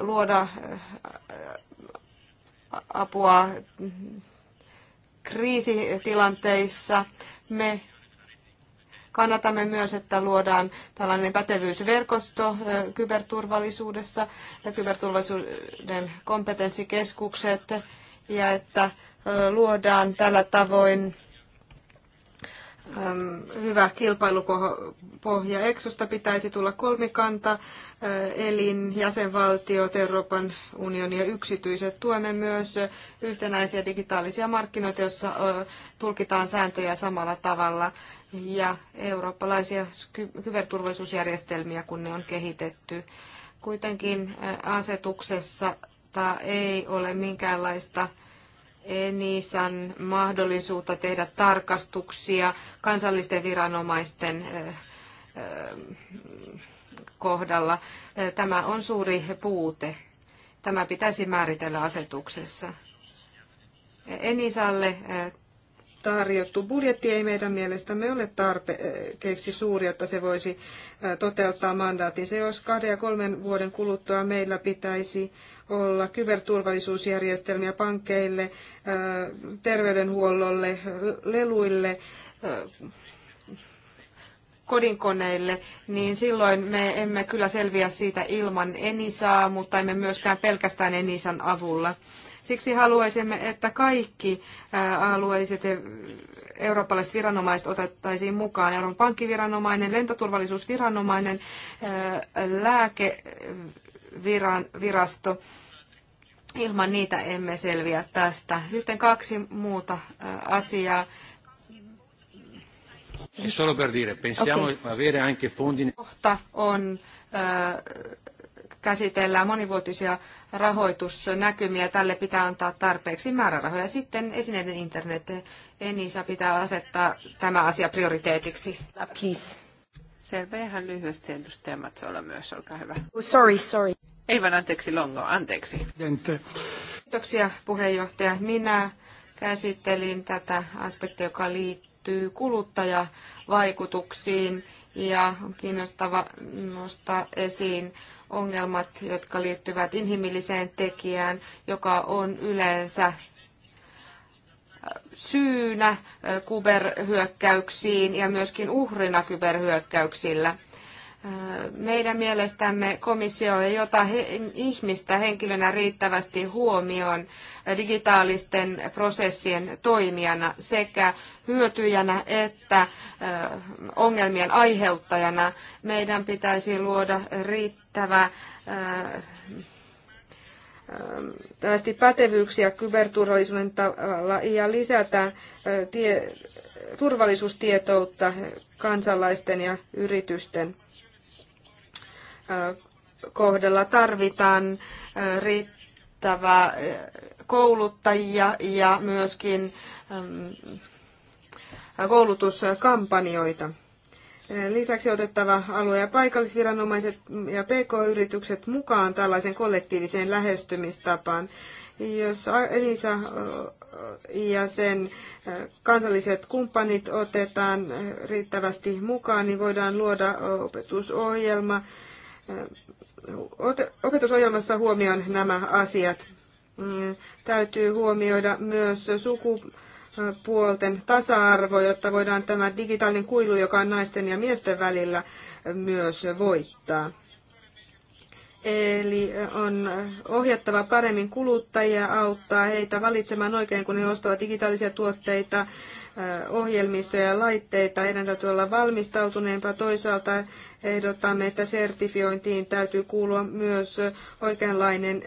luoda äh, äh, apua kriisitilanteissa. Me Kannatamme myös, että luodaan tällainen pätevyysverkosto äh, kyberturvallisuudessa ja kyberturvallisuuden kompetenssikeskukset ja että luodaan tällä tavoin hyvä kilpailupohja. Eksosta pitäisi tulla kolmikanta, elin, jäsenvaltiot, Euroopan unioni ja yksityiset. Tuemme myös yhtenäisiä digitaalisia markkinoita, joissa tulkitaan sääntöjä samalla tavalla ja eurooppalaisia kyberturvallisuusjärjestelmiä, kun ne on kehitetty. Kuitenkin asetuksessa ei ole minkäänlaista Enisan mahdollisuutta tehdä tarkastuksia kansallisten viranomaisten kohdalla. Tämä on suuri puute. Tämä pitäisi määritellä asetuksessa. Enisalle tarjottu budjetti ei meidän mielestämme ole tarpeeksi suuri, jotta se voisi toteuttaa Se, Jos kahden ja kolmen vuoden kuluttua meillä pitäisi olla kyberturvallisuusjärjestelmiä pankeille, terveydenhuollolle, leluille, kodinkoneille, niin silloin me emme kyllä selviä siitä ilman Enisaa, mutta emme myöskään pelkästään Enisan avulla. Siksi haluaisimme, että kaikki alueelliset e- eurooppalaiset viranomaiset otettaisiin mukaan. Euroopan pankkiviranomainen, lentoturvallisuusviranomainen, lääke, viran, virasto. Ilman niitä emme selviä tästä. Sitten kaksi muuta asiaa. solo per dire, pensiamo okay. avere anche fondi... Kohta on käsitellään monivuotisia rahoitusnäkymiä. Tälle pitää antaa tarpeeksi määrärahoja. Sitten esineiden internet. Enisa pitää asettaa tämä asia prioriteetiksi. Please. Selvä, ihan lyhyesti edustaja Matsola myös, olkaa hyvä. Oh, sorry, sorry. Ei vaan anteeksi Longo, anteeksi. Kiitoksia puheenjohtaja. Minä käsittelin tätä aspektia, joka liittyy kuluttajavaikutuksiin ja on kiinnostava nostaa esiin ongelmat, jotka liittyvät inhimilliseen tekijään, joka on yleensä syynä kyberhyökkäyksiin ja myöskin uhrina kyberhyökkäyksillä. Meidän mielestämme komissio ei ota he, ihmistä henkilönä riittävästi huomioon digitaalisten prosessien toimijana sekä hyötyjänä että ongelmien aiheuttajana. Meidän pitäisi luoda riittävä tällaisia pätevyyksiä kyberturvallisuuden tavalla ja lisätään tie, turvallisuustietoutta kansalaisten ja yritysten kohdalla. Tarvitaan riittävää kouluttajia ja myöskin koulutuskampanjoita. Lisäksi otettava alue- ja paikallisviranomaiset ja pk-yritykset mukaan tällaisen kollektiiviseen lähestymistapaan. Jos Elisa ja sen kansalliset kumppanit otetaan riittävästi mukaan, niin voidaan luoda opetusohjelma. Opetusohjelmassa huomioon nämä asiat. Mm, täytyy huomioida myös sukupuolta puolten tasa-arvo, jotta voidaan tämä digitaalinen kuilu, joka on naisten ja miesten välillä, myös voittaa. Eli on ohjattava paremmin kuluttajia, auttaa heitä valitsemaan oikein, kun he ostavat digitaalisia tuotteita, ohjelmistoja ja laitteita. ei näytä tuolla valmistautuneempaa. Toisaalta ehdotamme, että sertifiointiin täytyy kuulua myös oikeanlainen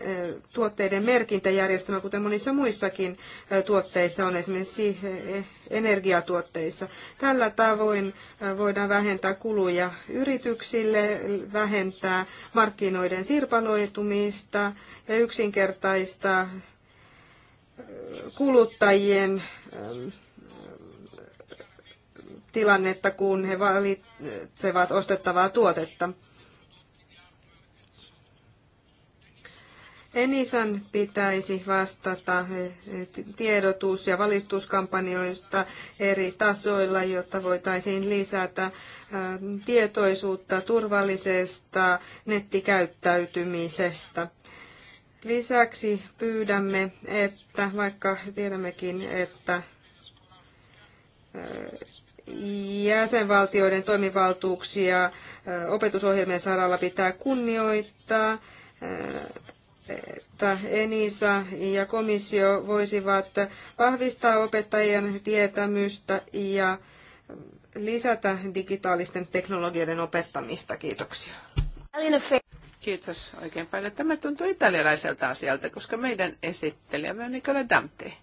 tuotteiden merkintäjärjestelmä, kuten monissa muissakin tuotteissa on, esimerkiksi e, energiatuotteissa. Tällä tavoin voidaan vähentää kuluja yrityksille, vähentää markkinoiden sirpaloitumista ja yksinkertaista kuluttajien tilannetta, kun he valitsevat ostettavaa tuotetta. Enisan pitäisi vastata eh, tiedotus- ja valistuskampanjoista eri tasoilla, jotta voitaisiin lisätä eh, tietoisuutta turvallisesta nettikäyttäytymisestä. Lisäksi pyydämme, että vaikka tiedämmekin, että eh, jäsenvaltioiden toimivaltuuksia opetusohjelmien saralla pitää kunnioittaa, että ENISA ja komissio voisivat vahvistaa opettajien tietämystä ja lisätä digitaalisten teknologioiden opettamista. Kiitoksia. Kiitos oikein paljon. Tämä tuntuu italialaiselta asialta, koska meidän esittelijämme on Nicola Dante.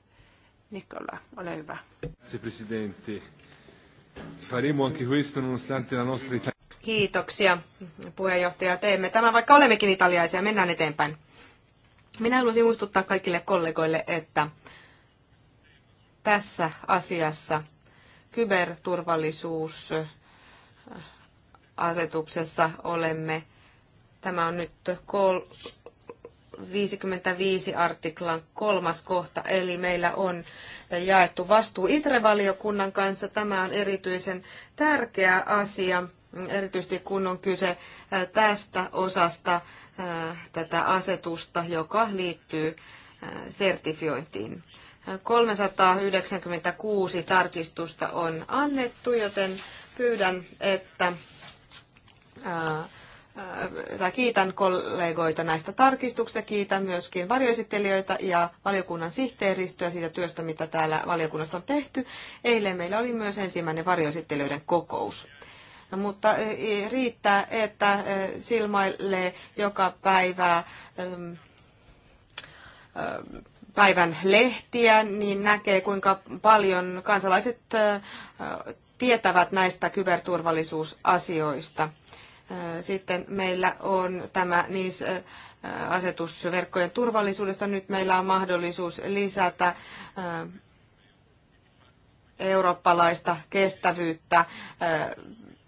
Nicola, ole hyvä. Grazie, Presidente. Faremo anche questo nonostante la nostra Italia. Kiitoksia puheenjohtaja. Teemme tämän, vaikka olemmekin italiaisia. Mennään eteenpäin. Minä haluaisin muistuttaa kaikille kollegoille, että tässä asiassa kyberturvallisuusasetuksessa olemme, tämä on nyt kol- 55 artiklan kolmas kohta, eli meillä on jaettu vastuu ITRE-valiokunnan kanssa. Tämä on erityisen tärkeä asia, erityisesti kun on kyse tästä osasta tätä asetusta, joka liittyy sertifiointiin. 396 tarkistusta on annettu, joten pyydän, että tai äh, kiitän kollegoita näistä tarkistuksista, kiitän myöskin varjoesittelijöitä ja valiokunnan sihteeristöä siitä työstä, mitä täällä valiokunnassa on tehty. Eilen meillä oli myös ensimmäinen varjoesittelijöiden kokous. No, mutta äh, riittää, että äh, silmailee joka päivä ähm, ähm, päivän lehtiä, niin näkee kuinka paljon kansalaiset tietävät näistä kyberturvallisuusasioista. Sitten meillä on tämä niin asetus verkkojen turvallisuudesta. Nyt meillä on mahdollisuus lisätä eurooppalaista kestävyyttä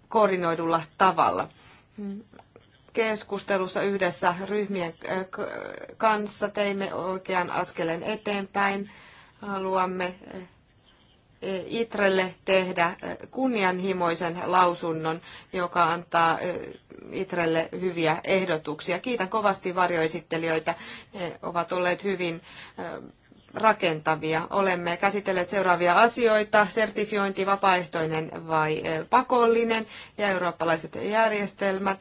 koordinoidulla tavalla. Keskustelussa yhdessä ryhmien kanssa teimme oikean askeleen eteenpäin. Haluamme Itrelle tehdä kunnianhimoisen lausunnon, joka antaa Itrelle hyviä ehdotuksia. Kiitän kovasti varjoesittelijöitä. He ovat olleet hyvin rakentavia. Olemme käsitelleet seuraavia asioita, sertifiointi vapaaehtoinen vai pakollinen ja eurooppalaiset järjestelmät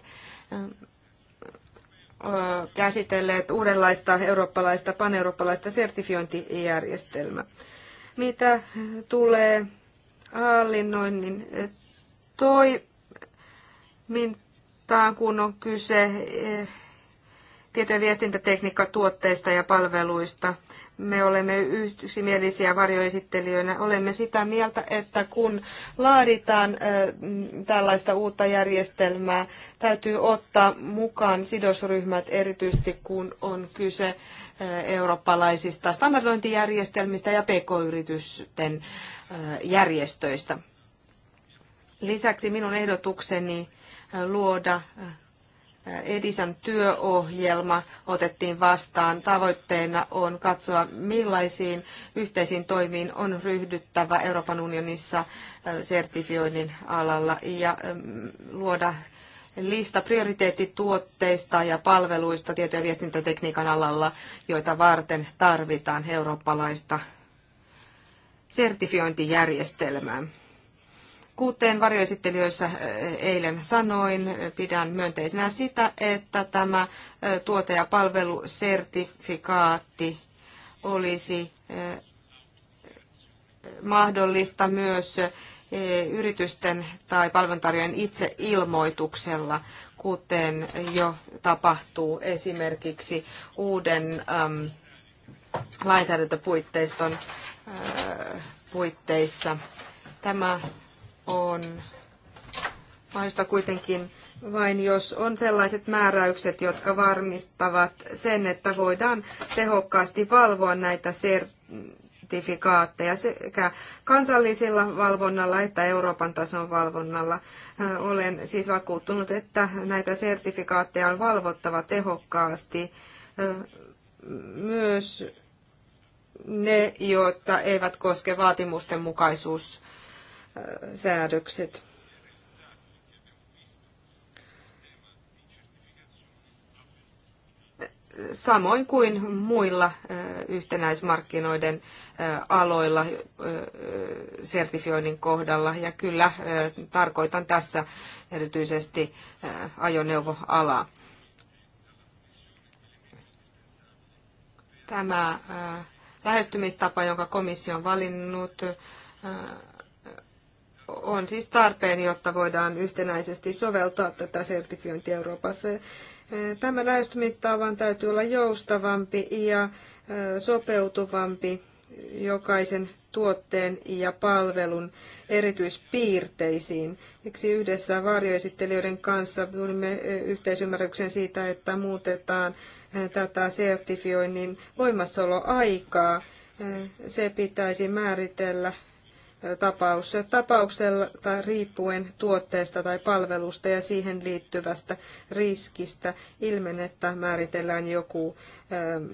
käsitelleet uudenlaista eurooppalaista, paneurooppalaista sertifiointijärjestelmää. Mitä tulee hallinnoinnin toimintaan, kun on kyse eh, tieto- ja viestintätekniikkatuotteista ja palveluista. Me olemme yksimielisiä varjoesittelijöinä. Olemme sitä mieltä, että kun laaditaan eh, tällaista uutta järjestelmää, täytyy ottaa mukaan sidosryhmät erityisesti, kun on kyse eurooppalaisista standardointijärjestelmistä ja pk-yritysten järjestöistä. Lisäksi minun ehdotukseni luoda Edisan työohjelma otettiin vastaan. Tavoitteena on katsoa, millaisiin yhteisiin toimiin on ryhdyttävä Euroopan unionissa sertifioinnin alalla ja luoda lista prioriteettituotteista ja palveluista tieto- ja viestintätekniikan alalla, joita varten tarvitaan eurooppalaista sertifiointijärjestelmää. Kuuteen varjoesittelijöissä äh, eilen sanoin, pidän myönteisenä sitä, että tämä äh, tuote- ja palvelusertifikaatti olisi äh, mahdollista myös Eh, yritysten tai palveluntarjoajien itse ilmoituksella, kuten jo tapahtuu esimerkiksi uuden äm, lainsäädäntöpuitteiston äh, puitteissa. Tämä on mahdollista kuitenkin vain jos on sellaiset määräykset, jotka varmistavat sen, että voidaan tehokkaasti valvoa näitä ser- sertifikaatteja sekä kansallisilla valvonnalla että Euroopan tason valvonnalla. Olen siis vakuuttunut, että näitä sertifikaatteja on valvottava tehokkaasti myös ne, joita eivät koske vaatimusten mukaisuussäädökset. samoin kuin muilla yhtenäismarkkinoiden aloilla sertifioinnin kohdalla. Ja kyllä tarkoitan tässä erityisesti ajoneuvoalaa. Tämä lähestymistapa, jonka komissio on valinnut, on siis tarpeen, jotta voidaan yhtenäisesti soveltaa tätä sertifiointia Euroopassa. Tämä lähestymistavan täytyy olla joustavampi ja sopeutuvampi jokaisen tuotteen ja palvelun erityispiirteisiin. Siksi yhdessä varjoesittelijöiden kanssa tulimme yhteisymmärryksen siitä, että muutetaan tätä sertifioinnin voimassaoloaikaa. Se pitäisi määritellä tapaus tapaukselta riippuen tuotteesta tai palvelusta ja siihen liittyvästä riskistä ilmen, että määritellään joku ähm,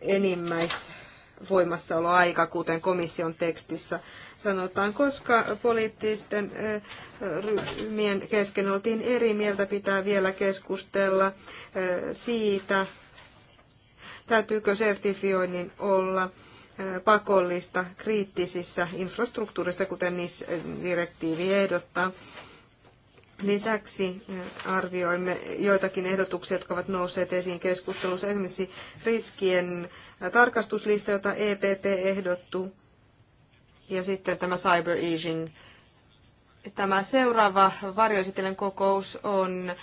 enimmäisvoimassaoloaika, kuten komission tekstissä sanotaan, koska poliittisten äh, ryhmien kesken oltiin eri mieltä, pitää vielä keskustella äh, siitä, täytyykö sertifioinnin olla pakollista kriittisissä infrastruktuurissa, kuten niissä direktiivi ehdottaa. Lisäksi arvioimme joitakin ehdotuksia, jotka ovat nousseet esiin keskustelussa. Esimerkiksi riskien tarkastuslista, jota EPP ehdottu, ja sitten tämä cyber easing. Tämä seuraava varjoesitellen kokous on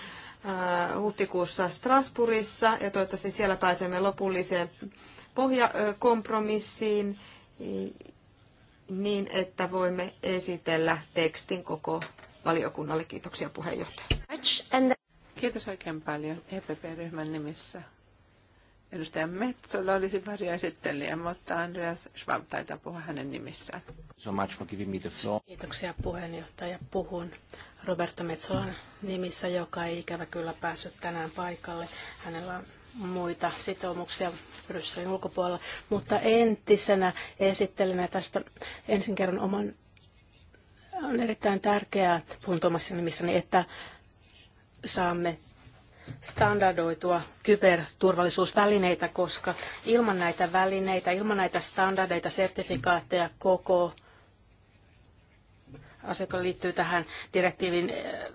huhtikuussa Strasbourgissa, ja toivottavasti siellä pääsemme lopulliseen pohjakompromissiin niin, että voimme esitellä tekstin koko valiokunnalle. Kiitoksia puheenjohtaja. Kiitos oikein paljon EPP-ryhmän nimissä. Edustaja Metsola olisi varjoesittelijä, mutta Andreas Schwab taitaa puhua hänen nimissään. So much for giving me the floor. Kiitoksia puheenjohtaja. Puhun Roberta Metsolan nimissä, joka ei ikävä kyllä päässyt tänään paikalle. Hänellä on muita sitoumuksia Brysselin ulkopuolella, mutta entisenä esittelenä tästä ensin kerran oman, on erittäin tärkeää, puhun Tomassa nimissäni, että saamme standardoitua kyberturvallisuusvälineitä, koska ilman näitä välineitä, ilman näitä standardeita, sertifikaatteja, koko asia, liittyy tähän direktiivin, eh,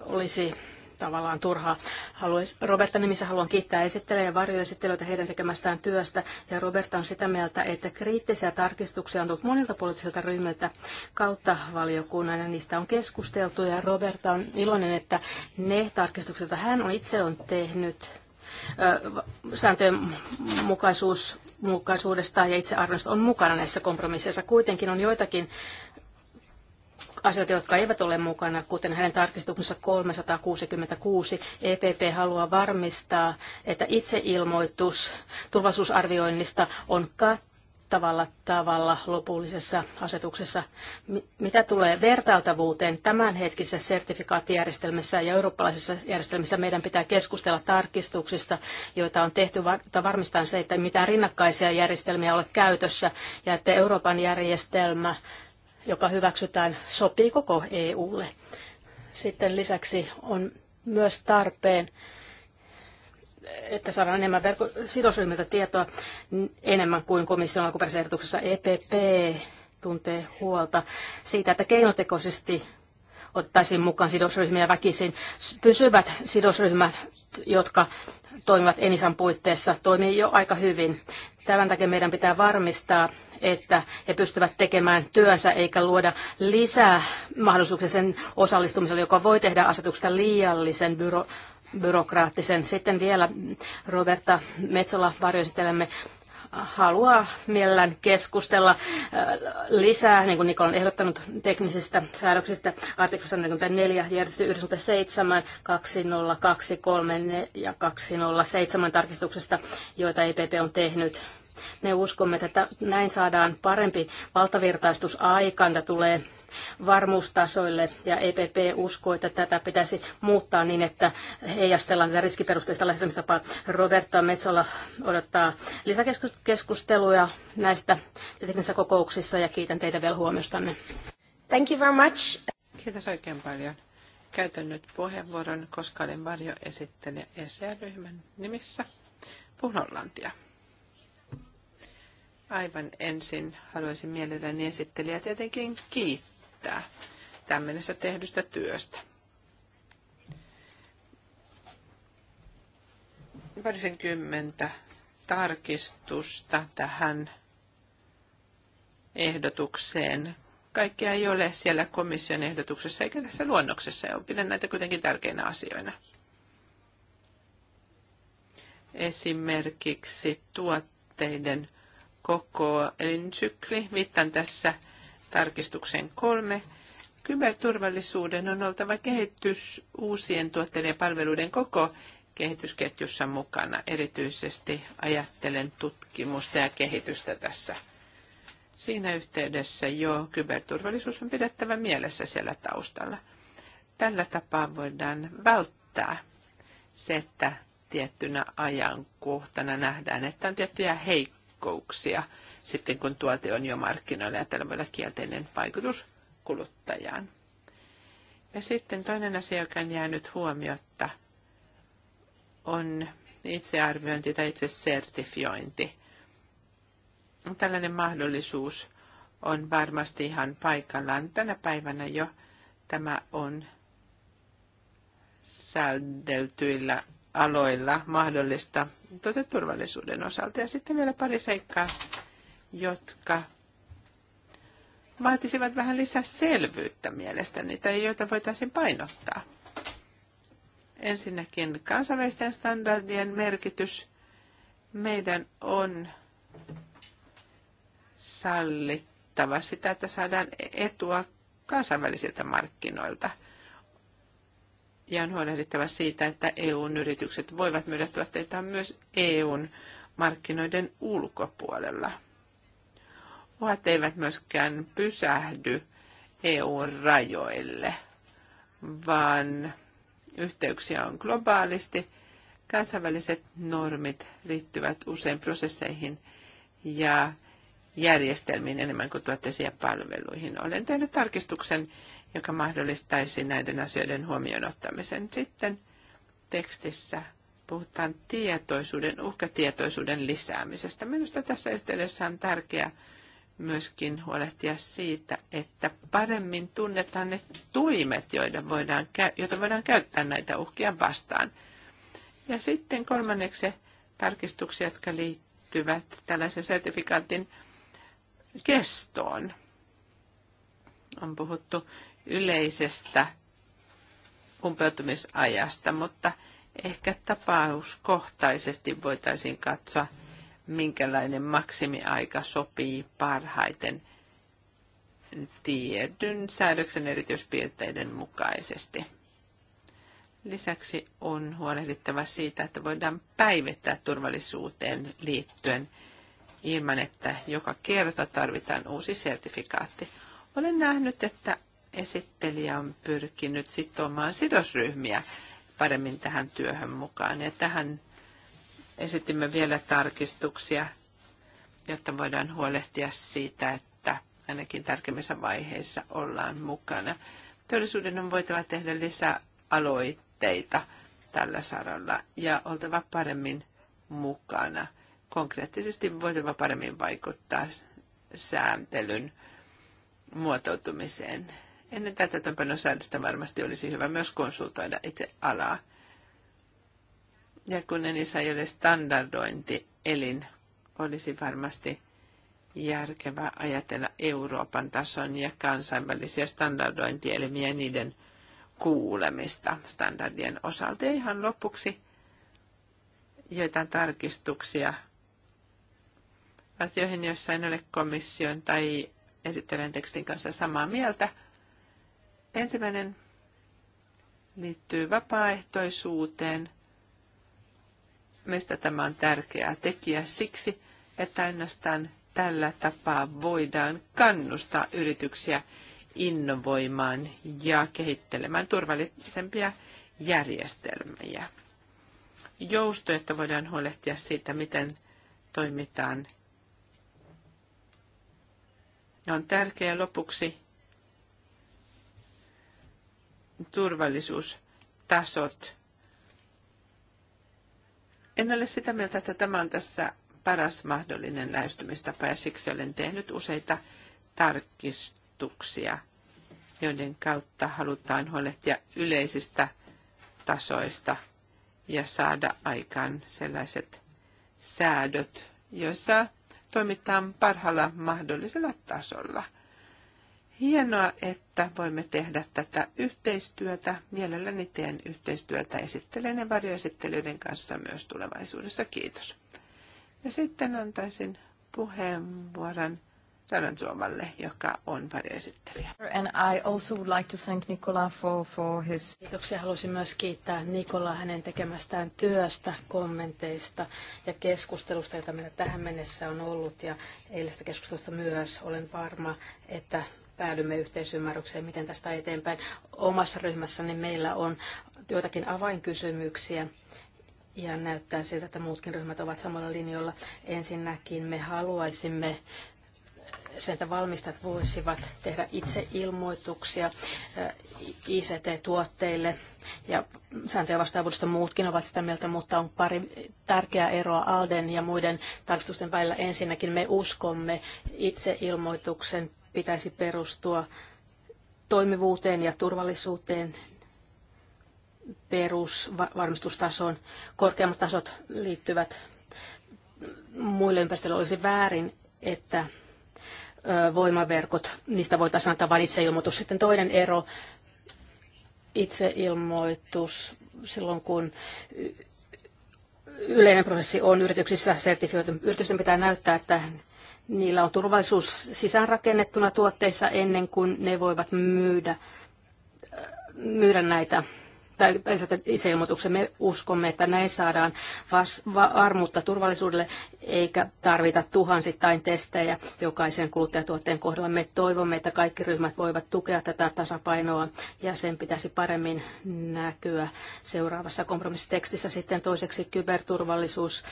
olisi tavallaan turhaa. Haluais, Roberta nimissä haluan kiittää esittelijä ja varjoesittelijöitä heidän tekemästään työstä. Ja Roberta on sitä mieltä, että kriittisiä tarkistuksia on tullut monilta poliittisilta ryhmiltä kautta valiokunnan ja niistä on keskusteltu. Ja Roberta on iloinen, että ne tarkistukset, joita hän on itse on tehnyt, sääntöjen mukaisuus mukaisuudesta ja itsearvonnosta on mukana näissä kompromisseissa. Kuitenkin on joitakin asioita, jotka eivät ole mukana, kuten hänen tarkistuksensa 366. EPP haluaa varmistaa, että itseilmoitus turvallisuusarvioinnista on kattavalla tavalla lopullisessa asetuksessa. Mitä tulee vertailtavuuteen tämänhetkisessä sertifikaattijärjestelmässä ja eurooppalaisessa järjestelmässä, meidän pitää keskustella tarkistuksista, joita on tehty varmistaen se, että mitään rinnakkaisia järjestelmiä ole käytössä ja että Euroopan järjestelmä joka hyväksytään, sopii koko EUlle. Sitten lisäksi on myös tarpeen, että saadaan enemmän verko- sidosryhmiltä tietoa enemmän kuin komission alkuperäisessä ehdotuksessa EPP tuntee huolta siitä, että keinotekoisesti ottaisiin mukaan sidosryhmiä väkisin. Pysyvät sidosryhmät, jotka toimivat Enisan puitteissa, toimii jo aika hyvin. Tämän takia meidän pitää varmistaa, että he pystyvät tekemään työnsä eikä luoda lisää mahdollisuuksia sen osallistumiselle, joka voi tehdä asetuksesta liiallisen byro, byrokraattisen. Sitten vielä Roberta Metsola varjoesittelemme haluaa mielellään keskustella äh, lisää, niin kuin Nikola on ehdottanut teknisistä säädöksistä artiklassa 44, järjestys 97, 202, ja 207 tarkistuksesta, joita EPP on tehnyt me uskomme, että näin saadaan parempi valtavirtaistus aikaan ja tulee varmuustasoille ja EPP uskoo, että tätä pitäisi muuttaa niin, että heijastellaan tätä riskiperusteista lähestymistapaa. Roberta Metsola odottaa lisäkeskusteluja näistä teknisissä kokouksissa ja kiitän teitä vielä huomiostanne. Thank you very much. Kiitos oikein paljon. Käytän nyt puheenvuoron, koska olen varjo esittelijä ESR-ryhmän nimissä. Puhun Hollantia. Aivan ensin haluaisin mielelläni esittelijä tietenkin kiittää tämmöisestä tehdystä työstä. Parisenkymmentä tarkistusta tähän ehdotukseen. Kaikkea ei ole siellä komission ehdotuksessa eikä tässä luonnoksessa. Ja pidän näitä kuitenkin tärkeinä asioina. Esimerkiksi tuotteiden koko elinsykli. Viittaan tässä tarkistuksen kolme. Kyberturvallisuuden on oltava kehitys uusien tuotteiden ja palveluiden koko kehitysketjussa mukana. Erityisesti ajattelen tutkimusta ja kehitystä tässä. Siinä yhteydessä jo kyberturvallisuus on pidettävä mielessä siellä taustalla. Tällä tapaa voidaan välttää se, että tiettynä ajankohtana nähdään, että on tiettyjä heikkoja heikkouksia sitten, kun tuote on jo markkinoilla ja tällä voi olla kielteinen vaikutus kuluttajaan. Ja sitten toinen asia, joka on jäänyt huomiotta, on itsearviointi tai itse sertifiointi. Tällainen mahdollisuus on varmasti ihan paikallaan. Tänä päivänä jo tämä on säädeltyillä aloilla mahdollista turvallisuuden osalta. Ja sitten vielä pari seikkaa, jotka vaatisivat vähän lisää selvyyttä mielestäni, tai joita voitaisiin painottaa. Ensinnäkin kansainvälisten standardien merkitys. Meidän on sallittava sitä, että saadaan etua kansainvälisiltä markkinoilta – ja on huolehdittava siitä, että EUn yritykset voivat myydä tuotteitaan myös EUn markkinoiden ulkopuolella. Uhat eivät myöskään pysähdy EUn rajoille, vaan yhteyksiä on globaalisti. Kansainväliset normit liittyvät usein prosesseihin ja järjestelmiin enemmän kuin tuotteisiin ja palveluihin. Olen tehnyt tarkistuksen, joka mahdollistaisi näiden asioiden huomioon ottamisen. Sitten tekstissä puhutaan tietoisuuden, uhkatietoisuuden lisäämisestä. Minusta tässä yhteydessä on tärkeää myöskin huolehtia siitä, että paremmin tunnetaan ne tuimet, joita voidaan, joita voidaan käyttää näitä uhkia vastaan. Ja sitten kolmanneksi tarkistuksia, jotka liittyvät tällaisen sertifikaatin kestoon. On puhuttu yleisestä umpeutumisajasta, mutta ehkä tapauskohtaisesti voitaisiin katsoa, minkälainen maksimiaika sopii parhaiten tiedyn säädöksen erityispiirteiden mukaisesti. Lisäksi on huolehdittava siitä, että voidaan päivittää turvallisuuteen liittyen ilman, että joka kerta tarvitaan uusi sertifikaatti. Olen nähnyt, että esittelijä on pyrkinyt sitomaan sidosryhmiä paremmin tähän työhön mukaan. Ja tähän esitimme vielä tarkistuksia, jotta voidaan huolehtia siitä, että ainakin tärkeimmissä vaiheissa ollaan mukana. Teollisuuden on voitava tehdä lisää aloitteita tällä saralla ja oltava paremmin mukana. Konkreettisesti voitava paremmin vaikuttaa sääntelyn muotoutumiseen. Ennen tätä säädöstä varmasti olisi hyvä myös konsultoida itse alaa. Ja kun Enisa ei ole elin, olisi varmasti järkevää ajatella Euroopan tason ja kansainvälisiä standardointielimiä niiden kuulemista standardien osalta. Ja ihan lopuksi joitain tarkistuksia asioihin, joissa en ole komission tai esittelen tekstin kanssa samaa mieltä – Ensimmäinen liittyy vapaaehtoisuuteen. Mistä tämä on tärkeä tekijä siksi, että ainoastaan tällä tapaa voidaan kannustaa yrityksiä innovoimaan ja kehittelemään turvallisempia järjestelmiä. Jousto, että voidaan huolehtia siitä, miten toimitaan. On tärkeää lopuksi turvallisuustasot. En ole sitä mieltä, että tämä on tässä paras mahdollinen lähestymistapa ja siksi olen tehnyt useita tarkistuksia, joiden kautta halutaan huolehtia yleisistä tasoista ja saada aikaan sellaiset säädöt, joissa toimitaan parhaalla mahdollisella tasolla – Hienoa, että voimme tehdä tätä yhteistyötä. Mielelläni teen yhteistyötä esittelijän ja varjoesittelyiden kanssa myös tulevaisuudessa. Kiitos. Ja sitten antaisin puheenvuoron Sanan Suomalle, joka on varjoesittelijä. And I also would like to thank Nicola for, for his... Kiitoksia. Haluaisin myös kiittää Nikola hänen tekemästään työstä, kommenteista ja keskustelusta, jota meillä tähän mennessä on ollut ja eilistä keskustelusta myös. Olen varma, että päädymme yhteisymmärrykseen, miten tästä eteenpäin. Omassa ryhmässäni meillä on joitakin avainkysymyksiä, ja näyttää siltä, että muutkin ryhmät ovat samalla linjoilla. Ensinnäkin me haluaisimme sen, että valmistajat voisivat tehdä itse ilmoituksia eh, ICT-tuotteille ja sääntöjä vastaavuudesta muutkin ovat sitä mieltä, mutta on pari tärkeää eroa Alden ja muiden tarkistusten välillä. Ensinnäkin me uskomme itse ilmoituksen pitäisi perustua toimivuuteen ja turvallisuuteen perusvarmistustasoon. Korkeammat tasot liittyvät muille ympäristöille. Olisi väärin, että voimaverkot, niistä voitaisiin antaa vain itseilmoitus. Sitten toinen ero, itseilmoitus silloin, kun yleinen prosessi on yrityksissä sertifioitu. Yritysten pitää näyttää, että Niillä on turvallisuus sisäänrakennettuna tuotteissa ennen kuin ne voivat myydä, myydä näitä tai Me uskomme, että näin saadaan varmuutta turvallisuudelle, eikä tarvita tuhansittain testejä jokaisen kuluttajatuotteen kohdalla. Me toivomme, että kaikki ryhmät voivat tukea tätä tasapainoa, ja sen pitäisi paremmin näkyä seuraavassa kompromissitekstissä. Sitten toiseksi kyberturvallisuus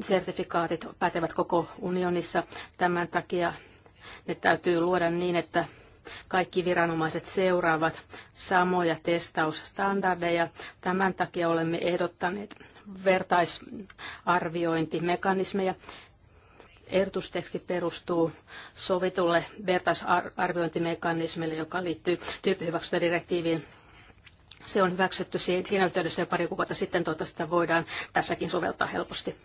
sertifikaatit pätevät koko unionissa. Tämän takia ne täytyy luoda niin, että kaikki viranomaiset seuraavat samoja testausstandardeja. Tämän takia olemme ehdottaneet vertaisarviointimekanismeja. Ehdotusteksti perustuu sovitulle vertaisarviointimekanismille, joka liittyy direktiiviin se on hyväksytty siinä yhteydessä jo pari kuukautta sitten, toivottavasti sitä voidaan tässäkin soveltaa helposti.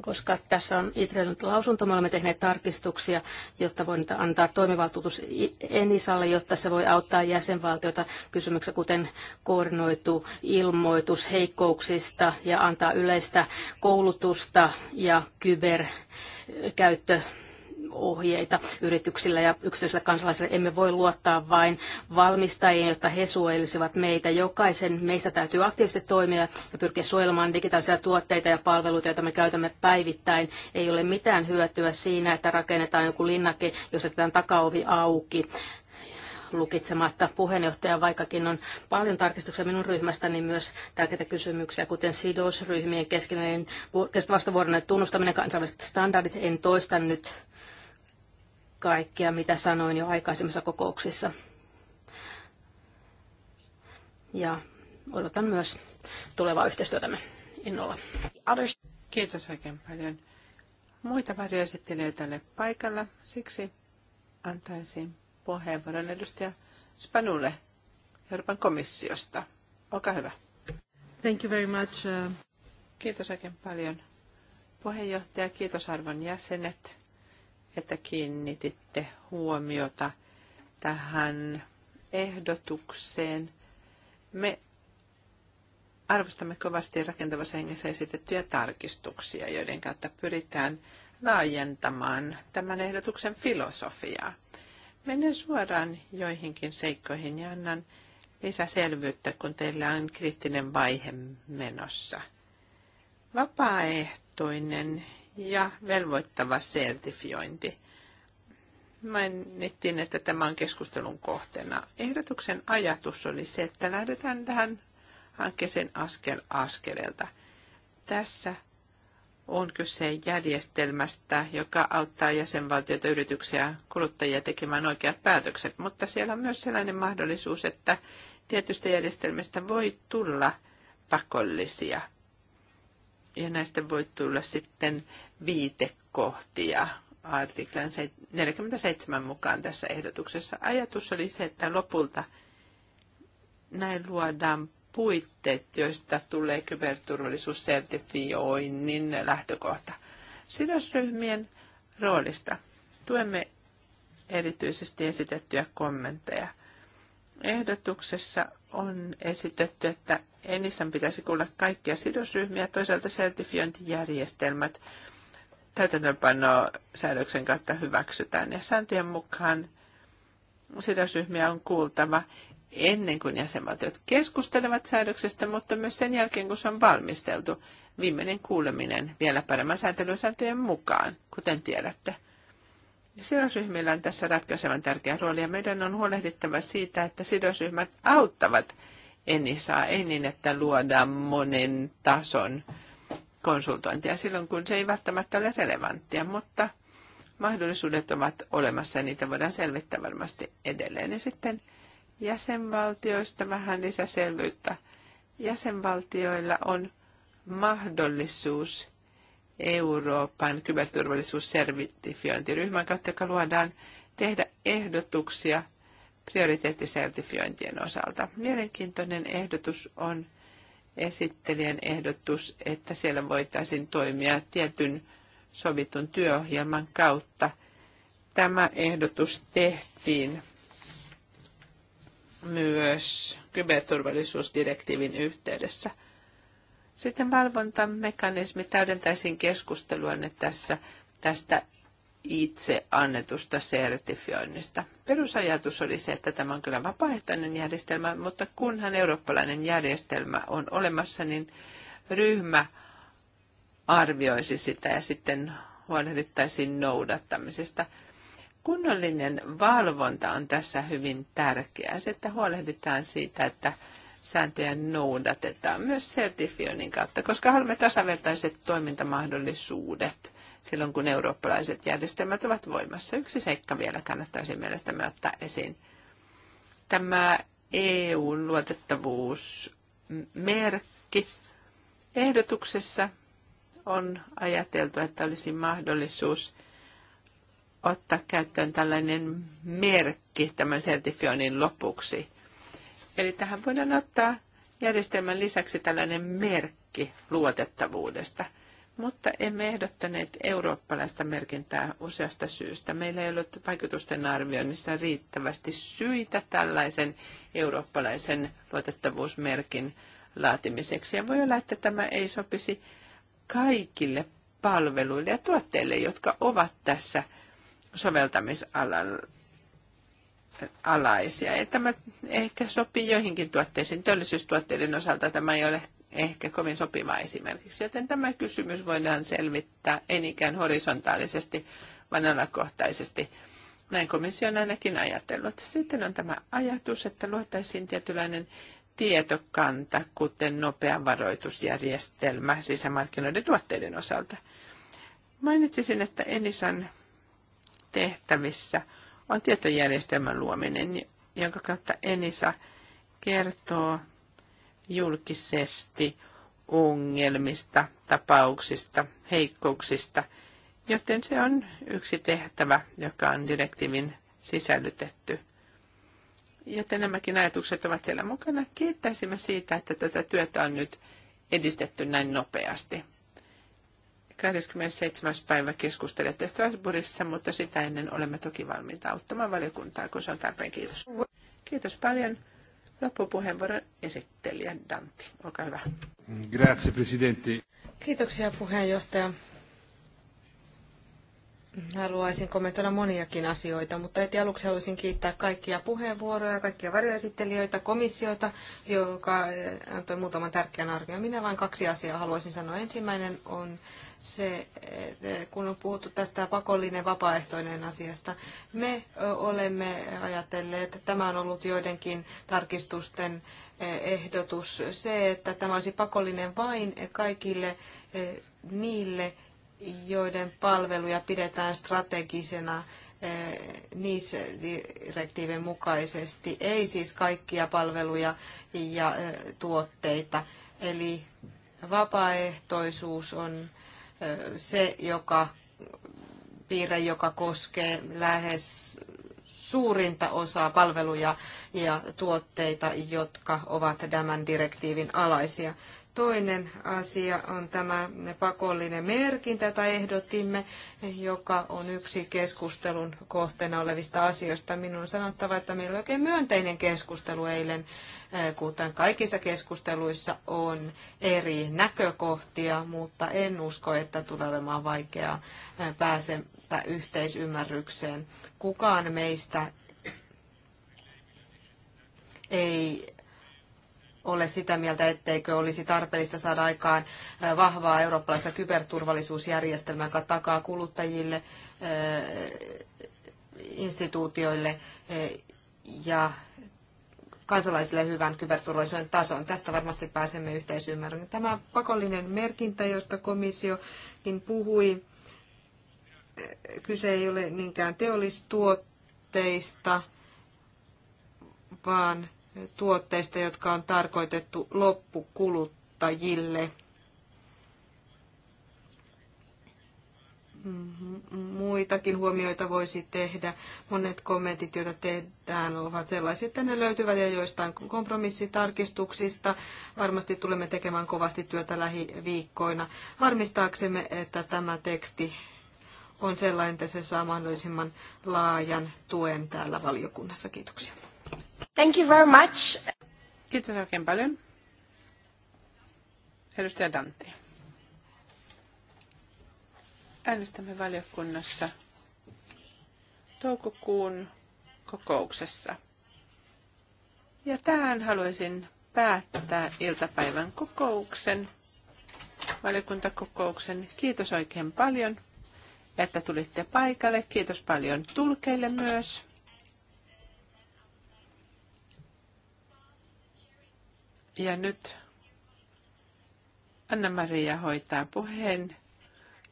Koska tässä on Itrelin lausunto, me olemme tehneet tarkistuksia, jotta voin antaa toimivaltuutus Enisalle, jotta se voi auttaa jäsenvaltiota kysymyksessä, kuten koordinoitu ilmoitus heikkouksista ja antaa yleistä koulutusta ja kyberkäyttö ohjeita yrityksillä ja yksityisillä kansalaisilla. Emme voi luottaa vain valmistajien, jotta he suojelisivat meitä. Jokaisen meistä täytyy aktiivisesti toimia ja pyrkiä suojelemaan digitaalisia tuotteita ja palveluita, joita me käytämme päivittäin. Ei ole mitään hyötyä siinä, että rakennetaan joku linnake, jos jätetään takaovi auki lukitsematta puheenjohtaja, vaikkakin on paljon tarkistuksia minun ryhmästäni myös tärkeitä kysymyksiä, kuten sidosryhmien keskinäinen vastavuoroinen tunnustaminen, kansainväliset standardit. En toista nyt kaikkea, mitä sanoin jo aikaisemmissa kokouksessa. Ja odotan myös tulevaa yhteistyötämme innolla. Kiitos oikein paljon. Muita varjoesittelijöitä tälle paikalla, siksi antaisin puheenvuoron edustaja Spanulle Euroopan komissiosta. Olkaa hyvä. Thank you very much. Uh, kiitos oikein paljon puheenjohtaja, kiitos arvon jäsenet että kiinnititte huomiota tähän ehdotukseen. Me arvostamme kovasti rakentavassa hengessä esitettyjä tarkistuksia, joiden kautta pyritään laajentamaan tämän ehdotuksen filosofiaa. Menen suoraan joihinkin seikkoihin ja annan lisäselvyyttä, kun teillä on kriittinen vaihe menossa. Vapaaehtoinen ja velvoittava sertifiointi. Mainittiin, että tämä on keskustelun kohteena. Ehdotuksen ajatus oli se, että lähdetään tähän hankkeeseen askel askeleelta. Tässä on kyse järjestelmästä, joka auttaa jäsenvaltioita, yrityksiä ja kuluttajia tekemään oikeat päätökset, mutta siellä on myös sellainen mahdollisuus, että tietystä järjestelmistä voi tulla pakollisia – ja näistä voi tulla sitten viitekohtia artiklan 47 mukaan tässä ehdotuksessa. Ajatus oli se, että lopulta näin luodaan puitteet, joista tulee kyberturvallisuussertifioinnin lähtökohta. Sidosryhmien roolista. Tuemme erityisesti esitettyjä kommentteja. Ehdotuksessa on esitetty, että Ennissan pitäisi kuulla kaikkia sidosryhmiä, toisaalta sertifiointijärjestelmät täytäntöönpano säädöksen kautta hyväksytään. Ja sääntöjen mukaan sidosryhmiä on kuultava ennen kuin jäsenvaltiot keskustelevat säädöksestä, mutta myös sen jälkeen, kun se on valmisteltu. Viimeinen kuuleminen vielä paremman sääntelysääntöjen mukaan, kuten tiedätte. Sidosryhmillä on tässä ratkaisevan tärkeä rooli ja meidän on huolehdittava siitä, että sidosryhmät auttavat Enisaa, ei niin, että luodaan monen tason konsultointia silloin, kun se ei välttämättä ole relevanttia, mutta mahdollisuudet ovat olemassa ja niitä voidaan selvittää varmasti edelleen. Ja sitten jäsenvaltioista vähän lisäselvyyttä. Jäsenvaltioilla on mahdollisuus Euroopan kyberturvallisuussertifiointiryhmän kautta, joka luodaan tehdä ehdotuksia – prioriteettisertifiointien osalta. Mielenkiintoinen ehdotus on esittelijän ehdotus, että siellä voitaisiin toimia tietyn sovitun työohjelman kautta. Tämä ehdotus tehtiin myös kyberturvallisuusdirektiivin yhteydessä. Sitten valvontamekanismi täydentäisiin keskustelua tässä tästä itse annetusta sertifioinnista. Perusajatus oli se, että tämä on kyllä vapaaehtoinen järjestelmä, mutta kunhan eurooppalainen järjestelmä on olemassa, niin ryhmä arvioisi sitä ja sitten huolehdittaisiin noudattamisesta. Kunnollinen valvonta on tässä hyvin tärkeää, se, että huolehditaan siitä, että sääntöjä noudatetaan myös sertifioinnin kautta, koska haluamme tasavertaiset toimintamahdollisuudet – silloin, kun eurooppalaiset järjestelmät ovat voimassa. Yksi seikka vielä kannattaisi mielestäni ottaa esiin. Tämä EUn luotettavuusmerkki. Ehdotuksessa on ajateltu, että olisi mahdollisuus ottaa käyttöön tällainen merkki tämän sertifioinnin lopuksi. Eli tähän voidaan ottaa järjestelmän lisäksi tällainen merkki luotettavuudesta – mutta emme ehdottaneet eurooppalaista merkintää useasta syystä. Meillä ei ollut vaikutusten arvioinnissa riittävästi syitä tällaisen eurooppalaisen luotettavuusmerkin laatimiseksi. Ja voi olla, että tämä ei sopisi kaikille palveluille ja tuotteille, jotka ovat tässä soveltamisalaisia. alaisia. Ja tämä ehkä sopii joihinkin tuotteisiin. Teollisuustuotteiden osalta tämä ei ole ehkä kovin sopiva esimerkiksi. Joten tämä kysymys voidaan selvittää enikään horisontaalisesti, vaan alakohtaisesti. Näin komissio on ainakin ajatellut. Sitten on tämä ajatus, että luotaisiin tietynlainen tietokanta, kuten nopea varoitusjärjestelmä sisämarkkinoiden tuotteiden osalta. Mainitsisin, että Enisan tehtävissä on tietojärjestelmän luominen, jonka kautta Enisa kertoo julkisesti ongelmista, tapauksista, heikkouksista, joten se on yksi tehtävä, joka on direktiivin sisällytetty. Joten nämäkin ajatukset ovat siellä mukana. Kiittäisimme siitä, että tätä työtä on nyt edistetty näin nopeasti. 27. päivä keskustelette Strasbourgissa, mutta sitä ennen olemme toki valmiita auttamaan valiokuntaa, kun se on tarpeen. Kiitos. Kiitos paljon. Loppupuheenvuoro esittelijä Dantti, olkaa hyvä. Grazie, presidente. Kiitoksia puheenjohtaja. Haluaisin kommentoida moniakin asioita, mutta heti aluksi haluaisin kiittää kaikkia puheenvuoroja, kaikkia varjoesittelijöitä, komissioita, joka antoi muutaman tärkeän arvion. Minä vain kaksi asiaa haluaisin sanoa. Ensimmäinen on se, kun on puhuttu tästä pakollinen vapaaehtoinen asiasta. Me olemme ajatelleet, että tämä on ollut joidenkin tarkistusten e, ehdotus, se, että tämä olisi pakollinen vain kaikille e, niille, joiden palveluja pidetään strategisena e, niissä direktiivin mukaisesti, ei siis kaikkia palveluja ja tuotteita. Eli vapaaehtoisuus on se, joka piirre, joka koskee lähes suurinta osaa palveluja ja tuotteita, jotka ovat tämän direktiivin alaisia. Toinen asia on tämä pakollinen merkintä, jota ehdotimme, joka on yksi keskustelun kohteena olevista asioista. Minun on sanottava, että meillä oli oikein myönteinen keskustelu eilen Äh, kuten kaikissa keskusteluissa on eri näkökohtia, mutta en usko, että tulee olemaan vaikeaa äh, pääsemättä yhteisymmärrykseen. Kukaan meistä ei ole sitä mieltä, etteikö olisi tarpeellista saada aikaan äh, vahvaa eurooppalaista kyberturvallisuusjärjestelmää, joka takaa kuluttajille, instituutioille ja kansalaisille hyvän kyberturvallisuuden tason. Tästä varmasti pääsemme yhteisymmärryn. Tämä pakollinen merkintä, josta komissiokin puhui, kyse ei ole niinkään teollistuotteista, vaan tuotteista, jotka on tarkoitettu loppukuluttajille – Mm-hmm. muitakin huomioita voisi tehdä. Monet kommentit, joita tehdään, ovat sellaisia, että ne löytyvät ja joistain kompromissitarkistuksista. Varmasti tulemme tekemään kovasti työtä lähiviikkoina varmistaaksemme, että tämä teksti on sellainen, että se saa mahdollisimman laajan tuen täällä valiokunnassa. Kiitoksia. Thank you very much. Kiitos oikein paljon. Edustaja Dante. Äänestämme valiokunnassa toukokuun kokouksessa. Ja tähän haluaisin päättää iltapäivän kokouksen, valiokuntakokouksen. Kiitos oikein paljon, että tulitte paikalle. Kiitos paljon tulkeille myös. Ja nyt Anna-Maria hoitaa puheen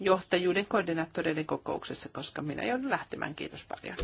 johtajuuden koordinaattoreiden kokouksessa, koska minä joudun lähtemään. Kiitos paljon.